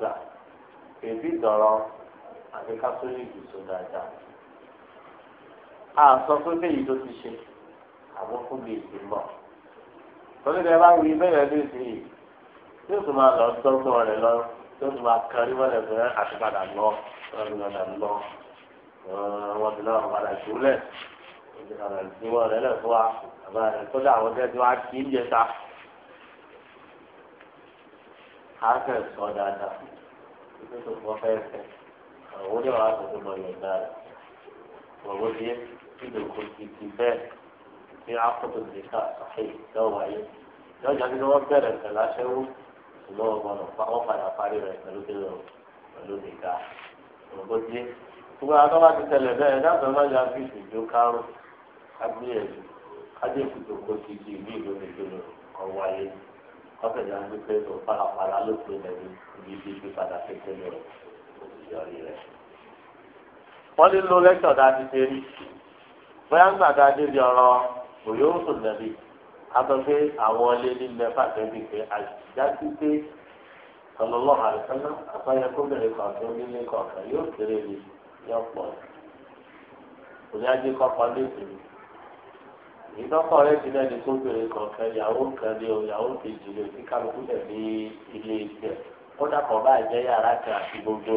náà yóò àti kátólíìkì tó dáadáa. a sọ pé bẹ́ẹ̀ ló ti ṣe àwọn fún mi ìdí torí ẹ bá wí bẹ́ẹ̀ ló ti yìí yóò tún máa lọ dọ́gbọ́n rẹ̀ lọ yóò tún máa kan ní wọ́lẹ̀ fún àti padà lọ padà lọ wọ́n ti náà padà jùlẹ̀ ìdí padà lẹ̀ fún wa àbá rẹ̀ kódà àwọn tẹ́tí wa kì í jẹ ta àáfẹ́ sọ dáadáa ibi tó fọ́ fẹ́ fẹ́ àwọn oníwà àtúntò lọ yọ̀ dáadáa ọ̀rọ̀ yẹ kí ló ti ti bẹ́ẹ̀ tí a kó tó lè ká sàkè lọ́wọ́ wáyé lọ́jà nínú wọn bẹ̀rẹ̀ pẹ̀lú aṣẹ́wó ṣùgbọ́n ọgbọ̀n wọn padà parí rẹ̀ pẹ̀lú kí pẹ̀lú lè ọ̀rọ̀ yẹ gbogbo àwọn ti tẹ̀lẹ̀ bẹ́ẹ̀ dábàá má ọkọ̀ ìjà ń gbé pé o farapara ló pé lẹ́nu ibi ibi ibi padà kékeré rẹ̀ ìyọrí rẹ̀. wọ́n lè lo lẹ́kọ̀ọ́ dáa ti ṣe rí bóyá ń gbàgbá débi ọ̀rọ̀ òyòòsùn nàbí abẹ́gbé àwọn ilé ní mẹ́fà tẹ́lẹ̀ pé àjájú pé ọlọ́lọ́ àlùfáà àbáyẹkọ́bẹ̀rẹ̀ kọ̀ọ̀kan nílé kọ̀ọ̀kan yóò kéré ní yọ̀pọ̀ òní ajé kọ́kọ́ lé ìdọ́kọ̀ rẹ̀ ti lẹ́ni tó bèrè kọ̀ọ̀kan ìyàwó kan lé o ìyàwó kejì lé o tí kálukú lẹ̀ ní ilé ìtẹ̀ ó dàpọ̀ báyìí jẹ́ yàrá kan àti gbogbo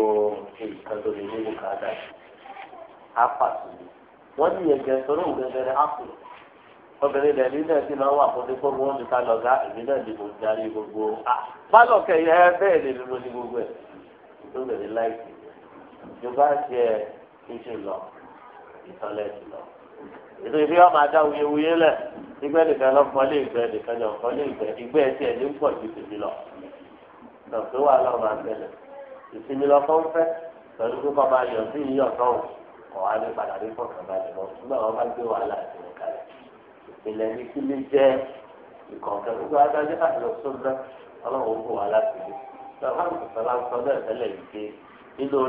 nǹkan tó lè nínú kàdà apàtì wọ́n ní ẹ̀jẹ̀ sọ̀rọ̀ ògẹ́gẹ́rẹ́ ápù obìnrin rẹ̀ nílẹ̀ sí máa wà fún dípò wọn ní ká lọ gá èmi náà ní mo darí gbogbo à pálọ̀kẹ́ yẹ bẹ́ẹ̀ lè mímú ní gbogbo ẹ̀ ìdóbìnrin láìsí yorùbá ètò ìfi ọmọ adá wuyewuye lẹ ìgbẹ́ nìkan lọ fọlé ìgbẹ́ nìkan lọ fọlé ìgbẹ́ ìgbẹ́ ẹtì ẹni ń pọ̀ ju tèmi lọ lọ́pẹ́ wà lọ́wọ́ máa tẹ̀lẹ̀ ìsinmi lọ́kọ́ ń fẹ́ pẹ̀lú pé kọ́ máa yọ̀ sí ìyọ̀ náà kọ́ wá ní padà ní fọkànbalẹ̀ lọ nígbà wọn bá gbé wàhálà ìṣẹ̀lẹ̀ kalẹ̀ ìpìlẹ̀ ní kí lè jẹ́ ìkọ̀ọ̀kẹ́ gbogbo adájọ́ láti lọ sódà ọlọ́run ó wà láti lè lọ́wọ́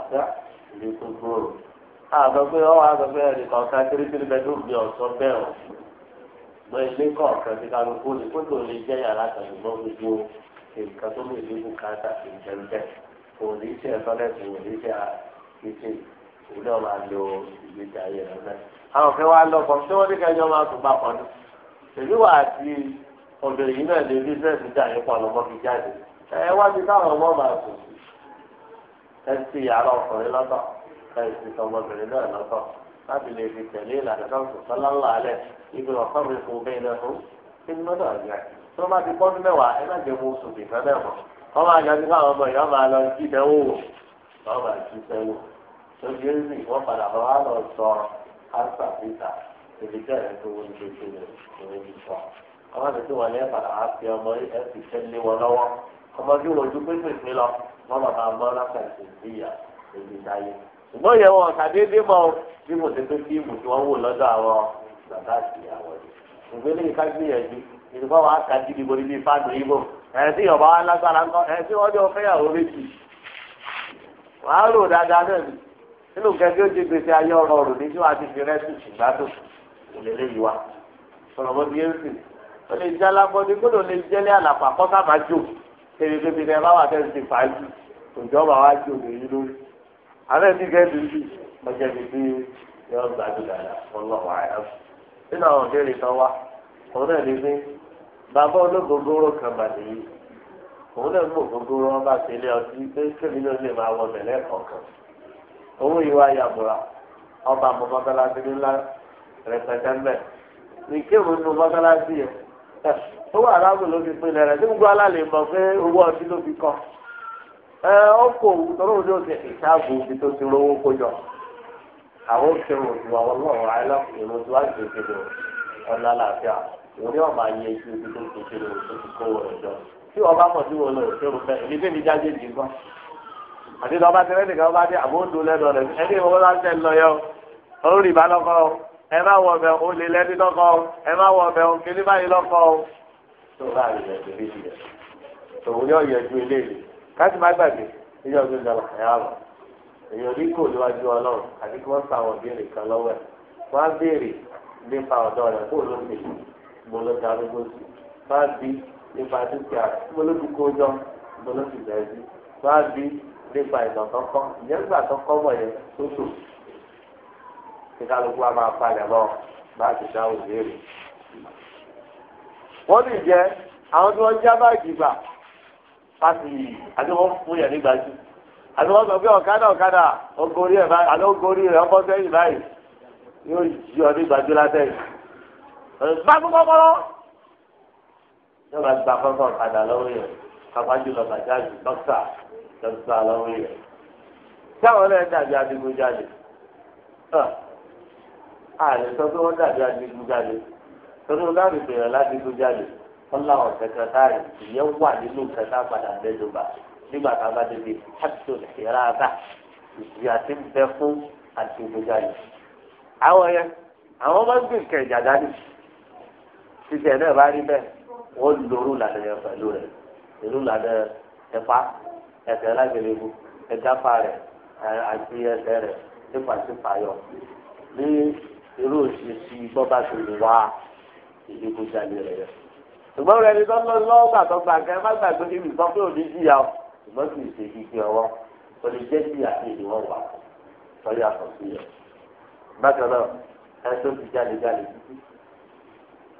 ìṣẹ̀lá ń ibi tó gbòòrò àgbà pé ọ wà àgbà pé ẹnì kọ̀ọ̀kan tírítírí bẹ́ẹ̀ ló gbé ọ̀sọ́ bẹ́ẹ̀ o lọ ilé kọ̀ọ̀kan tí kálukú ni kó tó lè jẹ́ yàrá kan ìgbọ́n gbogbo nǹkan tó lè léwu káàtà kò ní ṣe àwọn òfin wa lọ ní kẹjọ máa tún bá ní. èmi wà yìí náà lè fi jáde. kẹ́sì yàrá ọkùnrin lọ́tọ̀ kẹ́sì tọmọbìnrin náà lọ́tọ̀ láti lè fi tẹ̀lé ìlànà náà sọ̀tọ́ lọ́la alẹ́ ibi ọ̀kọ́ mi fún bẹ́ẹ̀ náà fún kí ni mọ́tò àgbà tí bá ti pọ́n mẹ́wàá ẹ má jẹ́ mo sùn nìkan náà mọ̀ wọ́n máa yọ sí káwọn ọmọ ìyá máa lọ jí dẹ́wò wọ́n máa jí dẹ́wò tó di ézì wọ́n padà bá wà lọ sọ áṣà pítà ibi tẹ́ ẹ̀ tó wọ́n ti ṣe lè wọ́n ti sọ. ọmọ mi ní ẹ̀ padà á fi ọmọ ẹ̀ fi tẹ́lé wọn lọ́wọ́ ọmọdé wojú pépèpé lọ wọn bàbá gbọ́ lápẹ̀sì ìyá èyí ìdáyé ṣùgbọ́n ìyẹn wọn ṣàdédé mọ bí mo ṣe pé fíìmù tí wọ́n wò lọ́dọ̀ àwọn bàbá àti ìyàwó rẹ̀ ṣùgbọ́n ní ká gbìyànjú ìdúgbò wa kà jí dìbò níbi fáànù ibo ẹ̀ sí ọ̀bá wa lágbára ńkọ ẹ̀ sí ọjọ́ fẹ́yàwó méjì wàá rò dáadáa náà ni nínú kẹ́kẹ́ ó ti gbèsè ayé ọ̀rọ̀ rò ní tí wàá ti fi rẹ́sì ṣùgbọ́n tó lè wa ọ̀rọ̀ mọ́ bí yẹn ń sìn ó lè jẹ́ alábọ́dé gbọ́dọ̀ lè jẹ́lé àlàpà kọ́ sábà jò tẹ̀lé tó ti dẹ bá wà tẹ̀lé ti fàájì òjọba wa ti òde yìí lórí alẹ́ ti gẹ́ ti rí ọjà ti fi yọ gbàdúrà ọlọ́wọ́ àyà nínú àwọn òbí kan wá òun náà lè fi bàbá olóògógóró kan bà nìyí òun náà mú ògógóró wọn bá ti lé ọtí pé kébì náà lè máa wọ bẹ̀lẹ́ kọ̀ọ̀kan òun yìí wá yàbùrà ọba àmọ́ mọ́tálásí ńlá rẹpẹtẹ mẹ́ ní nù mọ́tálásí yẹn tó wà aráàlú ló fi pinnu rẹ̀ tí gbogbo alálẹ̀ mọ̀ pé owó ọtí ló fi kọ́ ẹ ọkọ̀ òwú tọ́lọ́ òde òde ìṣáàbù ibi tó ti rówó kójọ àwọn òṣèrò ìwà ọlọ́run alákùnrin tó wá ṣe ìṣèlú ọ̀nà àlàáfíà òun ni ọ̀ma yẹ ju ibi tó ti ṣe lòun tó ti kó rẹ̀ jọ tí ọba mọ̀ sí wọn lọ òṣèrò fẹ́ èmi tẹ́mi jáde jì gbọ́ àti lọ́ba tẹ́lẹ̀ nìkan bá dé àbóńdó lẹ́nu rẹ̀ ẹni ìwọ́n láti ẹ̀ lọ yọ ọ́ rìbá lọ́kọ́ ẹ má wọ ọbẹ̀ ó lé lẹ́ni lọ́kọ́ ẹ má wọ ọbẹ̀ ó kiri báyìí tó bá rẹ̀ lẹ́sẹ̀ méjì rẹ̀ tòun yóò yẹjú eléyìí káàtì má gbàgbé ilé ọdún ìjọba àyàwó èyàn ní kò níwájú ọlọ́run àti kí wọ́n fa àwọn ìbéèrè kan lọ́wọ́ ẹ̀ wọ́n á béèrè nípa ọ̀dọ́ rẹ̀ kó ló lè mo ló da arúgbó sí wọ́n á bí nípa dúkìá mo ló ti kó jọ mo ló ti bẹ̀rẹ̀ sí wọ́n á bí nípa ìtàn ìyẹn gbà tó kọ́ mọ̀ yẹn tó tò kí wa máa palẹ̀ mọ́ bá ti dáhùn ìbéèrè wọ́n lè jẹ́ àwọn tí wọ́n já báàgì gbà láti àti wọ́n fún yẹn nígbà jù àti wọ́n sọ pé ọ̀kadà ọ̀kadà ogorí ẹ̀ báyìí àlọ́ ogorí rẹ̀ ọkọ sẹ́yìn báyìí yóò jí ọ nígbà jù látẹ̀yìn. bá gbogbo ọmọ lọ. yọba gba kọ́kọ́ ọ̀kadà lọ́wọ́ yẹn kápájú lọ bàjáde dókítà dókítà lọ́wọ́ yẹn. táwọn náà dàbí adigunjalè. àlè sọ pé wọ́n dàbí adigunjalè torí wọn láti bẹ̀rẹ̀ láti tó jáde wọn láwọn sẹkẹtárì ìyẹn wà nínú kẹta padà dẹ́jọba nígbà tá a bá débi hàtó ìrà àbá ìjìyà ti ń bẹ fún àti ìgbéjáde. àwọn yẹn àwọn máa ń gbé nǹkan ìjà dání títí ẹ̀ náà bá rí bẹ́ẹ̀ wọ́n lóru làdẹ yẹn pẹ̀lú rẹ̀ ìlú làdẹ ẹ̀fá ẹ̀sẹ̀ lágbèlébu ẹ̀gáfà rẹ̀ àti ẹsẹ̀ rẹ̀ nípa sípayọ̀ ní irú òṣìṣì bọ́ bá ti wà ìdígunjalè rẹ̀ ṣùgbọ́n rẹ̀ ni tọ́lọ́ lọ́gbà tó gbà kẹ́ má gbàgbé ibi sọ pé òní jìyà o ṣùgbọ́n kì í ṣe kíkẹ́ ọwọ́ kò lè jẹ́ sí ìdí wọn wà sọ́rí àkọsí rẹ̀. bákan náà ẹni ti jáde jáde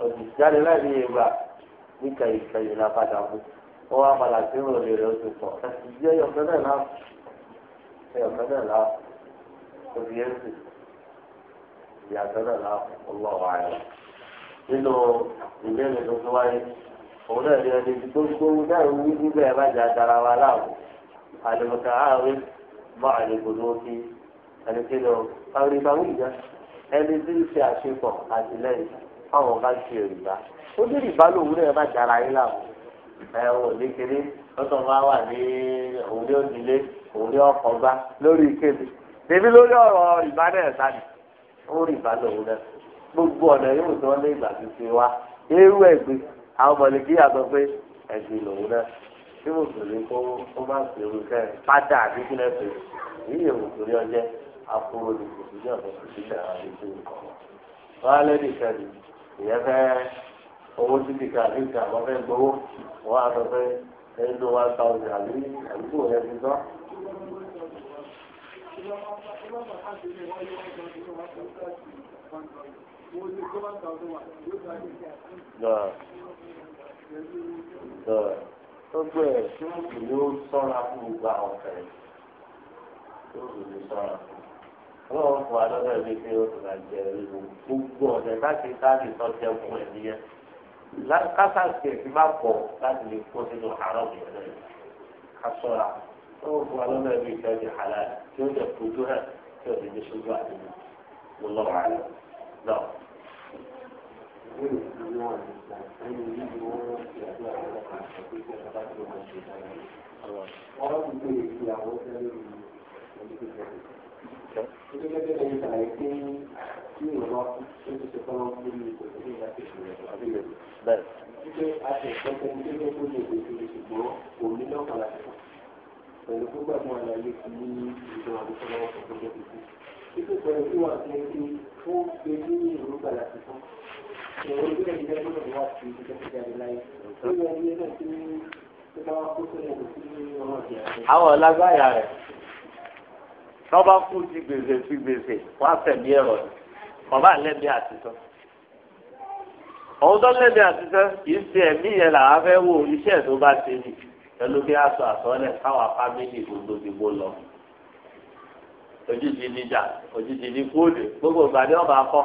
òtì jáde láì ní ìgbà níkà ìkẹyìn náà padà mú ó wá padà sí ìròlé rẹ̀ ó ti pọ̀ ẹ̀sìn jẹ́ ẹ̀yọ̀kẹ́ náà láà ẹ̀yọ̀kẹ́ náà láà òbí ẹ̀ ìyàtọ̀ náà láà ọlọ́wọ́ àyọ̀ nínú ìbéèrè tó fi wáyé òun náà ní ẹni tó gbówó náà ń wí níbẹ̀ má jà dára wa láàbò àlèmọ̀tà àárín mọ́ àlèkò lókè àlèkèlò káwé káwé ìjà ẹni tí ń ṣe àṣepọ̀ àtìlẹ́yìn fáwọn bá ń ṣe òrìbá ó ní ìbá lòun náà má dára yín láàbò ẹ ò ní kiri lọ́tọ̀ máa wà ní òun ní òdìlé òun ní ọkọ̀ gbá lórí ìkéde tèmi lórí ọ̀rọ̀ ìbá náà ó rí ìbá lòun náà gbogbo ọ̀nà yóò wọ́n lé ìgbà tó ṣe wá eérú ẹ̀gbin àwọn mọ̀lẹ́bí àgbọ̀ pé ẹ̀gbin lòun náà tí mo sì rí kó ó má sì rú kẹrin pátá àbí kí lẹ́ pé èyí torí ọjẹ́ akóró ni kò sí ní ọ̀dọ̀ sí tẹ̀ra ní ju nǹkan wọn á lẹ́nu ìkàdì ìyẹn owó títí ká àbí ìkà wọn fẹ́ gbowó wọn á sọ pé ẹnu one thousand àbí àdúgbò rẹ ti sọ. Thank you gbogbo ẹ̀ ṣóòkì ló sọ́ra fún gbogbo àwọn ọ̀fẹ́ ṣóòkì ló sọ́ra fún ọlọ́run fún alọ́dọ̀ ẹ̀mí pé ó ti máa jẹ ẹ̀rọ gbogbo ọ̀dẹ̀ láti sáàlì sọ́jẹ́ fún ẹ̀ nìyẹn kásàkì ẹ̀sìn máa pọ̀ láti lè kó sínú àárọ̀ yẹn lẹ́yìn kásọ̀ra ọlọ́run fún alọ́dọ̀ ẹ̀mí pé ó ti hàlà tí ó jẹ fojú hàn tí ó ti ní ṣojú àdéhùn mo lọ́wọ́ àlọ́ náà. Bẹ́ẹ̀. Títí àti ìtọ́jú ní kíkẹ́ tó lè gbèsè lè ṣùgbọ́n kò ní lọ́kàn láti kàn. Pẹ̀lú gbogbo àwọn àlàyé ti ní ìjọ àdúgbò lọ́wọ́ tó gbogbo ti kú. Títí pẹ̀lú tí wà á jẹ́ pé ó gbé ní ìrúgbà láti kàn àwọn ọlágbáyà rẹ̀ tọ́ba kú sí gbèsè sí gbèsè wọ́n á fẹ̀mí ẹ̀rọ ni bàbá lẹ́mí àtijọ́ ọ̀hún tó lẹ́mí àtijọ́ kìí ṣe ẹ̀mí yẹn làwọn fẹ́ wo iṣẹ́ tó bá ṣe ni pẹ̀lú bí aṣọ àsọ́lẹ̀ káwọn afámílì gbogbo ti bó lọ ojúdi níjà ojúdi ní kóòdù gbogbo ìgbà ni wọ́n máa kọ́.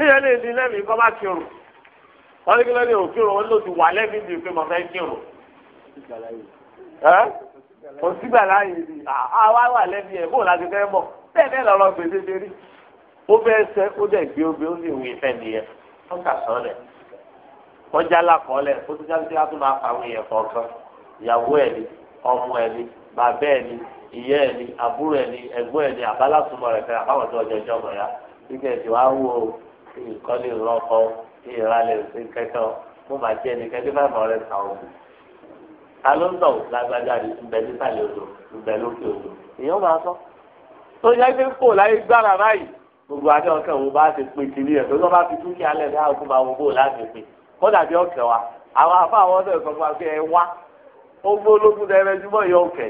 níyẹn lè di lẹ́mìí kọ́ bá kírun wọ́n ní kí lóde òkírun wọn ló ti wà lẹ́mìí di pé mo fẹ́ kírun. òsígbà láàyè ni àwa wà lẹ́mìí ẹ̀ bóun láti fẹ́ bọ̀ bẹ́ẹ̀ bẹ́ẹ̀ lọ́rọ́ gbèsè ṣe rí ó fẹ́ sẹ́ ó dẹ̀ gbé obì ó sì wù ìfẹ́ nìyẹn wọ́n kà sọ́ lẹ̀ wọ́n jálá kọ́ lẹ̀ ó tún jáde sí àtúntò àfàwọn èèyàn kọ̀ọ̀kan ìyàwó ẹ̀ ni ọmọ ẹ̀ ni bàbá ẹ̀ ni ìyá ẹ̀ ni àbúrò ẹ̀ ni ẹ̀gbọ́n ẹ̀ ni àbálàsùmọ̀ rẹ̀ fẹ́ àbáwọ̀ ọjọ́ ìjọba ya kíkẹ́ ìdíwáwó nǹkan lè rọkọ bí ìra lè fi kẹkọ mo máa jẹ ẹnìkan tí bàbá rẹ ta òògùn ta ló ń tọ̀ lágbájá rí ń bẹ nísàlẹ̀ odò ń bẹ lókè odò èèyàn máa sọ tó yẹ kí n kò láyé gbára báyìí gbogbo àti ọkẹ wo bá ti pin kiri ẹ tó bá fi dúkìá lẹ dáhùn kó máa wo bó láti pin kódà bí ọkẹ wa àwọn afọ àwọn ọdọ ìsọ fún wa pé ẹ wá ó gbó ológun dẹrẹ jùmọ yọ ọkẹ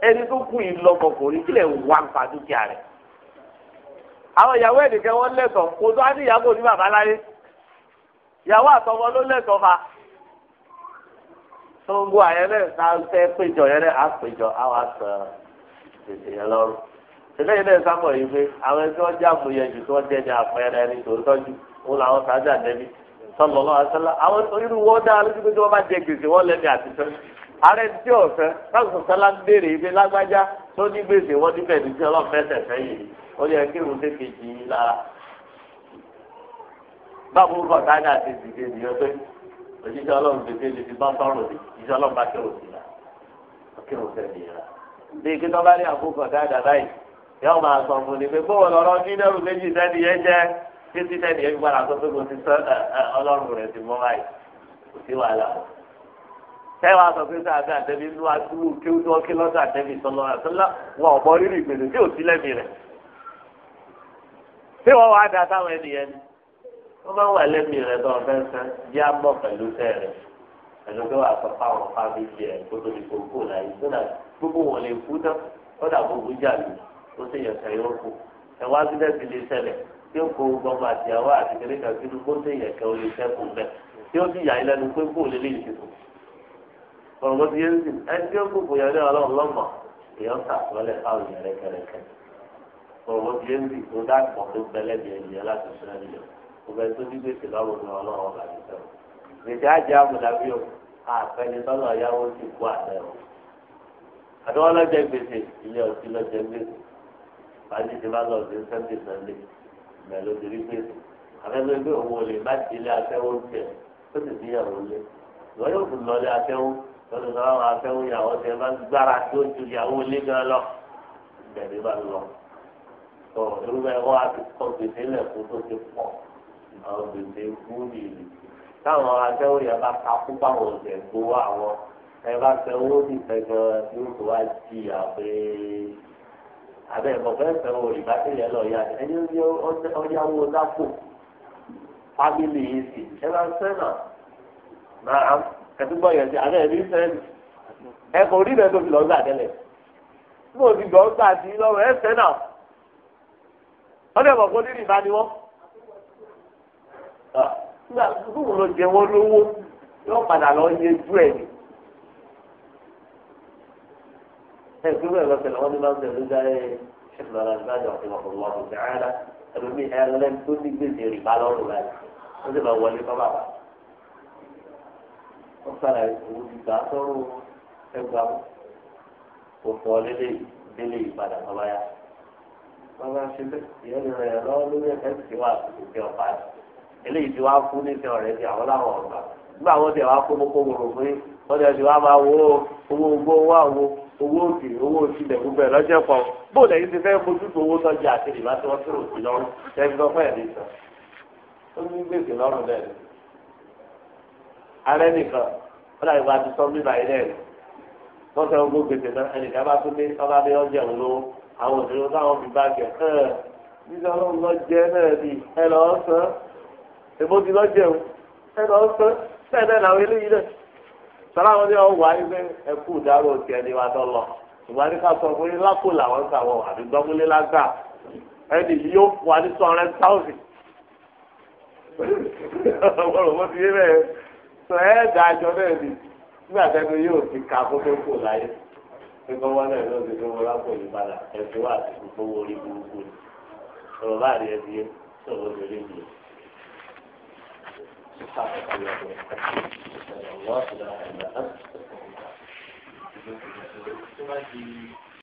ẹni tó kù yìí lọkọ kò rí kílẹ̀ wá ń pa dúkìá rẹ̀ àwọn ìyàwó ẹnìkan wọn lẹ́tọ̀ kò tó á ní ìyàwó ní bàbá láyé ìyàwó àtọmọ ló lẹ́tọ̀ fa tó ń gbọ́ àyẹn ta fẹ́ péjọ yẹn á péjọ á wà sọ tètè yẹn lọ́rùn tètè yẹn náà yìí pé àwọn ẹni tí wọ́n jẹ́ àmúyẹn jù tí wọ́n jẹ́ ní àpẹẹrẹ ẹni tó wọn làwọn sáájà nẹ́bí sọlọ lọ́wọ́ àṣẹlá àwọn irú wọn dáa lójú pé tí wọ́n bá jẹ gbèsè wọn lẹ́ni àtijọ́ ààrẹ tí ọ̀fẹ́ káàkiri sọ̀tàlá ń béèrè ibi lágbájá tó ní gbèsè wọn níbẹ̀ ní tí ọlọ́fẹ́ ó yẹ kí irun tètè jì í lára báwo ń bọ̀ táyà àti ìdíje nìyẹn pé òṣìṣẹ́ ọlọ́run tètè lè fi bá sọ̀rọ̀ sí ìṣẹ́ ọlọ́run bá kírun sí la kírun sẹ́ la bí kí tọ́ rí àkókò dáadáa báyìí yóò máa sọ fún ni pé bó wọn lọ́rọ́ dínẹ́rù méjì sẹ́ni yẹn jẹ́ títí sẹ́ni yẹn gbára sọ pé mo ti sọ ọlọ́run rẹ̀ ti mọ́ báyìí kò sí wàhálà o tẹ́wà sọ pé sáà bí àtẹ́bí inú adúlù kí ó kí lọ́sọ̀ àtẹ́bí sọlọ́ tí wọ́n wá da táwọn ènìyàn ni wọ́n máa ń wà lẹ́mí rẹ̀ tó ọ̀fẹ́ sàn bí a mọ̀ pẹ̀lú sẹ́rẹ̀ pẹ̀lú pé wàá sọ fáwọn fábíyì rẹ̀ kó tó di kókó láyé tó dà gbogbo wọn lè kú tán ó dà gbogbo jà lù ó sì yẹ̀ sẹ́yìn ó kú ẹ̀ wá sí lẹ́sìn lè ṣẹlẹ̀ tí ó kó gbọmọ àti àwa àti kéré kan sínú kó sì yẹ̀ kẹ́ ó lè sẹ́kù mẹ́ tí ó sì yà í lẹ́nu pé kó lè lè ṣètò ọ̀rọ̀ tí yẹn ń sìn ẹ tí ó kú kò yẹ ọ̀rọ̀ jẹ́ǹdì tó dàpọ̀ tó gbẹlẹ́bí ẹ̀yẹ láti sọ́nà nìyẹn ọbẹ̀ tó ní gbèsè lọ́rùn ní ọlọ́run ọba yìí sọ. gbèsè ajé amúdàbí o àfẹni tọ́lọ̀ ọ̀yáwó ti kú àlẹ́ o. àdéhùn ọlọ́jẹ gbèsè ilé ọtí lọ́jẹ gbèsè fàájì ti bá lọ́ọ̀dẹ sẹ́ńtì sẹ́ńtì mẹ́lò ti rí gbèsè. àfẹ́sọ́ pé òun tó ju yàwó lé gan tó irúgbẹ́ wá ti gbèsè lẹ́kùn tó ti pọ̀ àwọn gbèsè kú nìyí. táwọn akẹ́wò yẹn bá takú báwọn ọ̀sẹ̀ gbowó àwọn ẹ bá fẹ́ owó ti fẹ́ gan yóò tó wá jìyà pé abẹ́ ìmọ̀fẹ́ fẹ́ o ìbá tẹ̀lé lọ ya ẹni ọ̀yáwó dápò fábílì yìí sì ẹ bá fẹ́ náà máa ẹtúgbọ́ yẹn ti abẹ́ ẹ̀rí sẹ́ẹ̀lì ẹ kò rí rẹ̀ tó fi lọ́ọ́ gbà tẹ́lẹ̀ tí mo ti gbọ́ gbà sí lọ́wọ́ ẹ fẹ́ náà wọ́n dẹ̀ bọ̀ kó ní ìbá ni wọ́n. Ah, nígbà tó wọ́n lọ jẹ wọ́n lówó yóò padà lọ yẹjú ẹ̀ ni. ẹ kúrò ẹ̀ lọ́sẹ̀ lọ́wọ́ ní máa ń tẹ̀ ló dáa ẹ̀ ṣẹ́kù lọ́la ní bájà ọ̀sẹ̀ wọ̀kọ̀ wọ́n kò tẹ̀ ara ẹlòmíì ẹlẹ́ni tó ní gbèsè rìbá lọ́rùn láyé wọ́n sì lọ wọlé fọ́ bàbá. wọ́n padà òun ti gbà sọ́rọ̀ ẹgbàá kò fọ́ lélẹ̀ ìpadà bàbá yá wọn ṣe bẹ́ẹ̀ ìyẹn lè ràn lọ́wọ́ lórí ẹ̀fẹ́ ti wà ìfẹ́ ọ̀pá rẹ̀ eléyìí ti wá fún ní ìfẹ́ ọ̀rẹ́ ti àwọn làwọn ọ̀gbà nígbà wọn ti wá kó wòrò pé wọn ti ti wá máa wo owó ogbó owó àwo owó òkè owó òsì lẹ̀ gbogbo ẹ̀ lọ́jọ́ kan bó lẹ́yìn ti fẹ́ fojú tó owó tọ́jú àti ìbá tí wọ́n tó rò sí lọ́rùn tẹ́lifí lọ́fẹ́ ẹ̀ nìkan ó ní gbèsè lọ́rùn náà àwọn òṣèré táwọn fi bá gẹ̀ ẹ́ nígbà ọlọ́run lọ jẹ náà ni ẹ lọ sàn èbó ti lọ jẹun ẹ lọ sàn bẹ́ẹ̀ náà làwọn eléyìí náà sọlá wọn ni wọn wà ayé ẹ kú ìdárò tiẹ̀ ni wà tọ́ lọ ìgbà ní ká sọ pé lápò làwọn ń sàwọ̀ àbí gbọ́múlé lágbà ẹni yóò wà ní sọ̀rẹ́ táwùsì ọ̀rọ̀ mo ti yé bẹ́ẹ̀ sọ ẹ̀ dájọ́ bẹ́ẹ̀ ni nígbà tẹ́nu yóò ti ka kó tó kù láyé kíkọ́ wọlé ló ti fi wọlé kò ní padà ẹ̀sìn wà sí gbogbo orí burúkú ni ọ̀rọ̀ bá rí ẹbí yé sọ̀rọ̀ lórí mi. Thank you.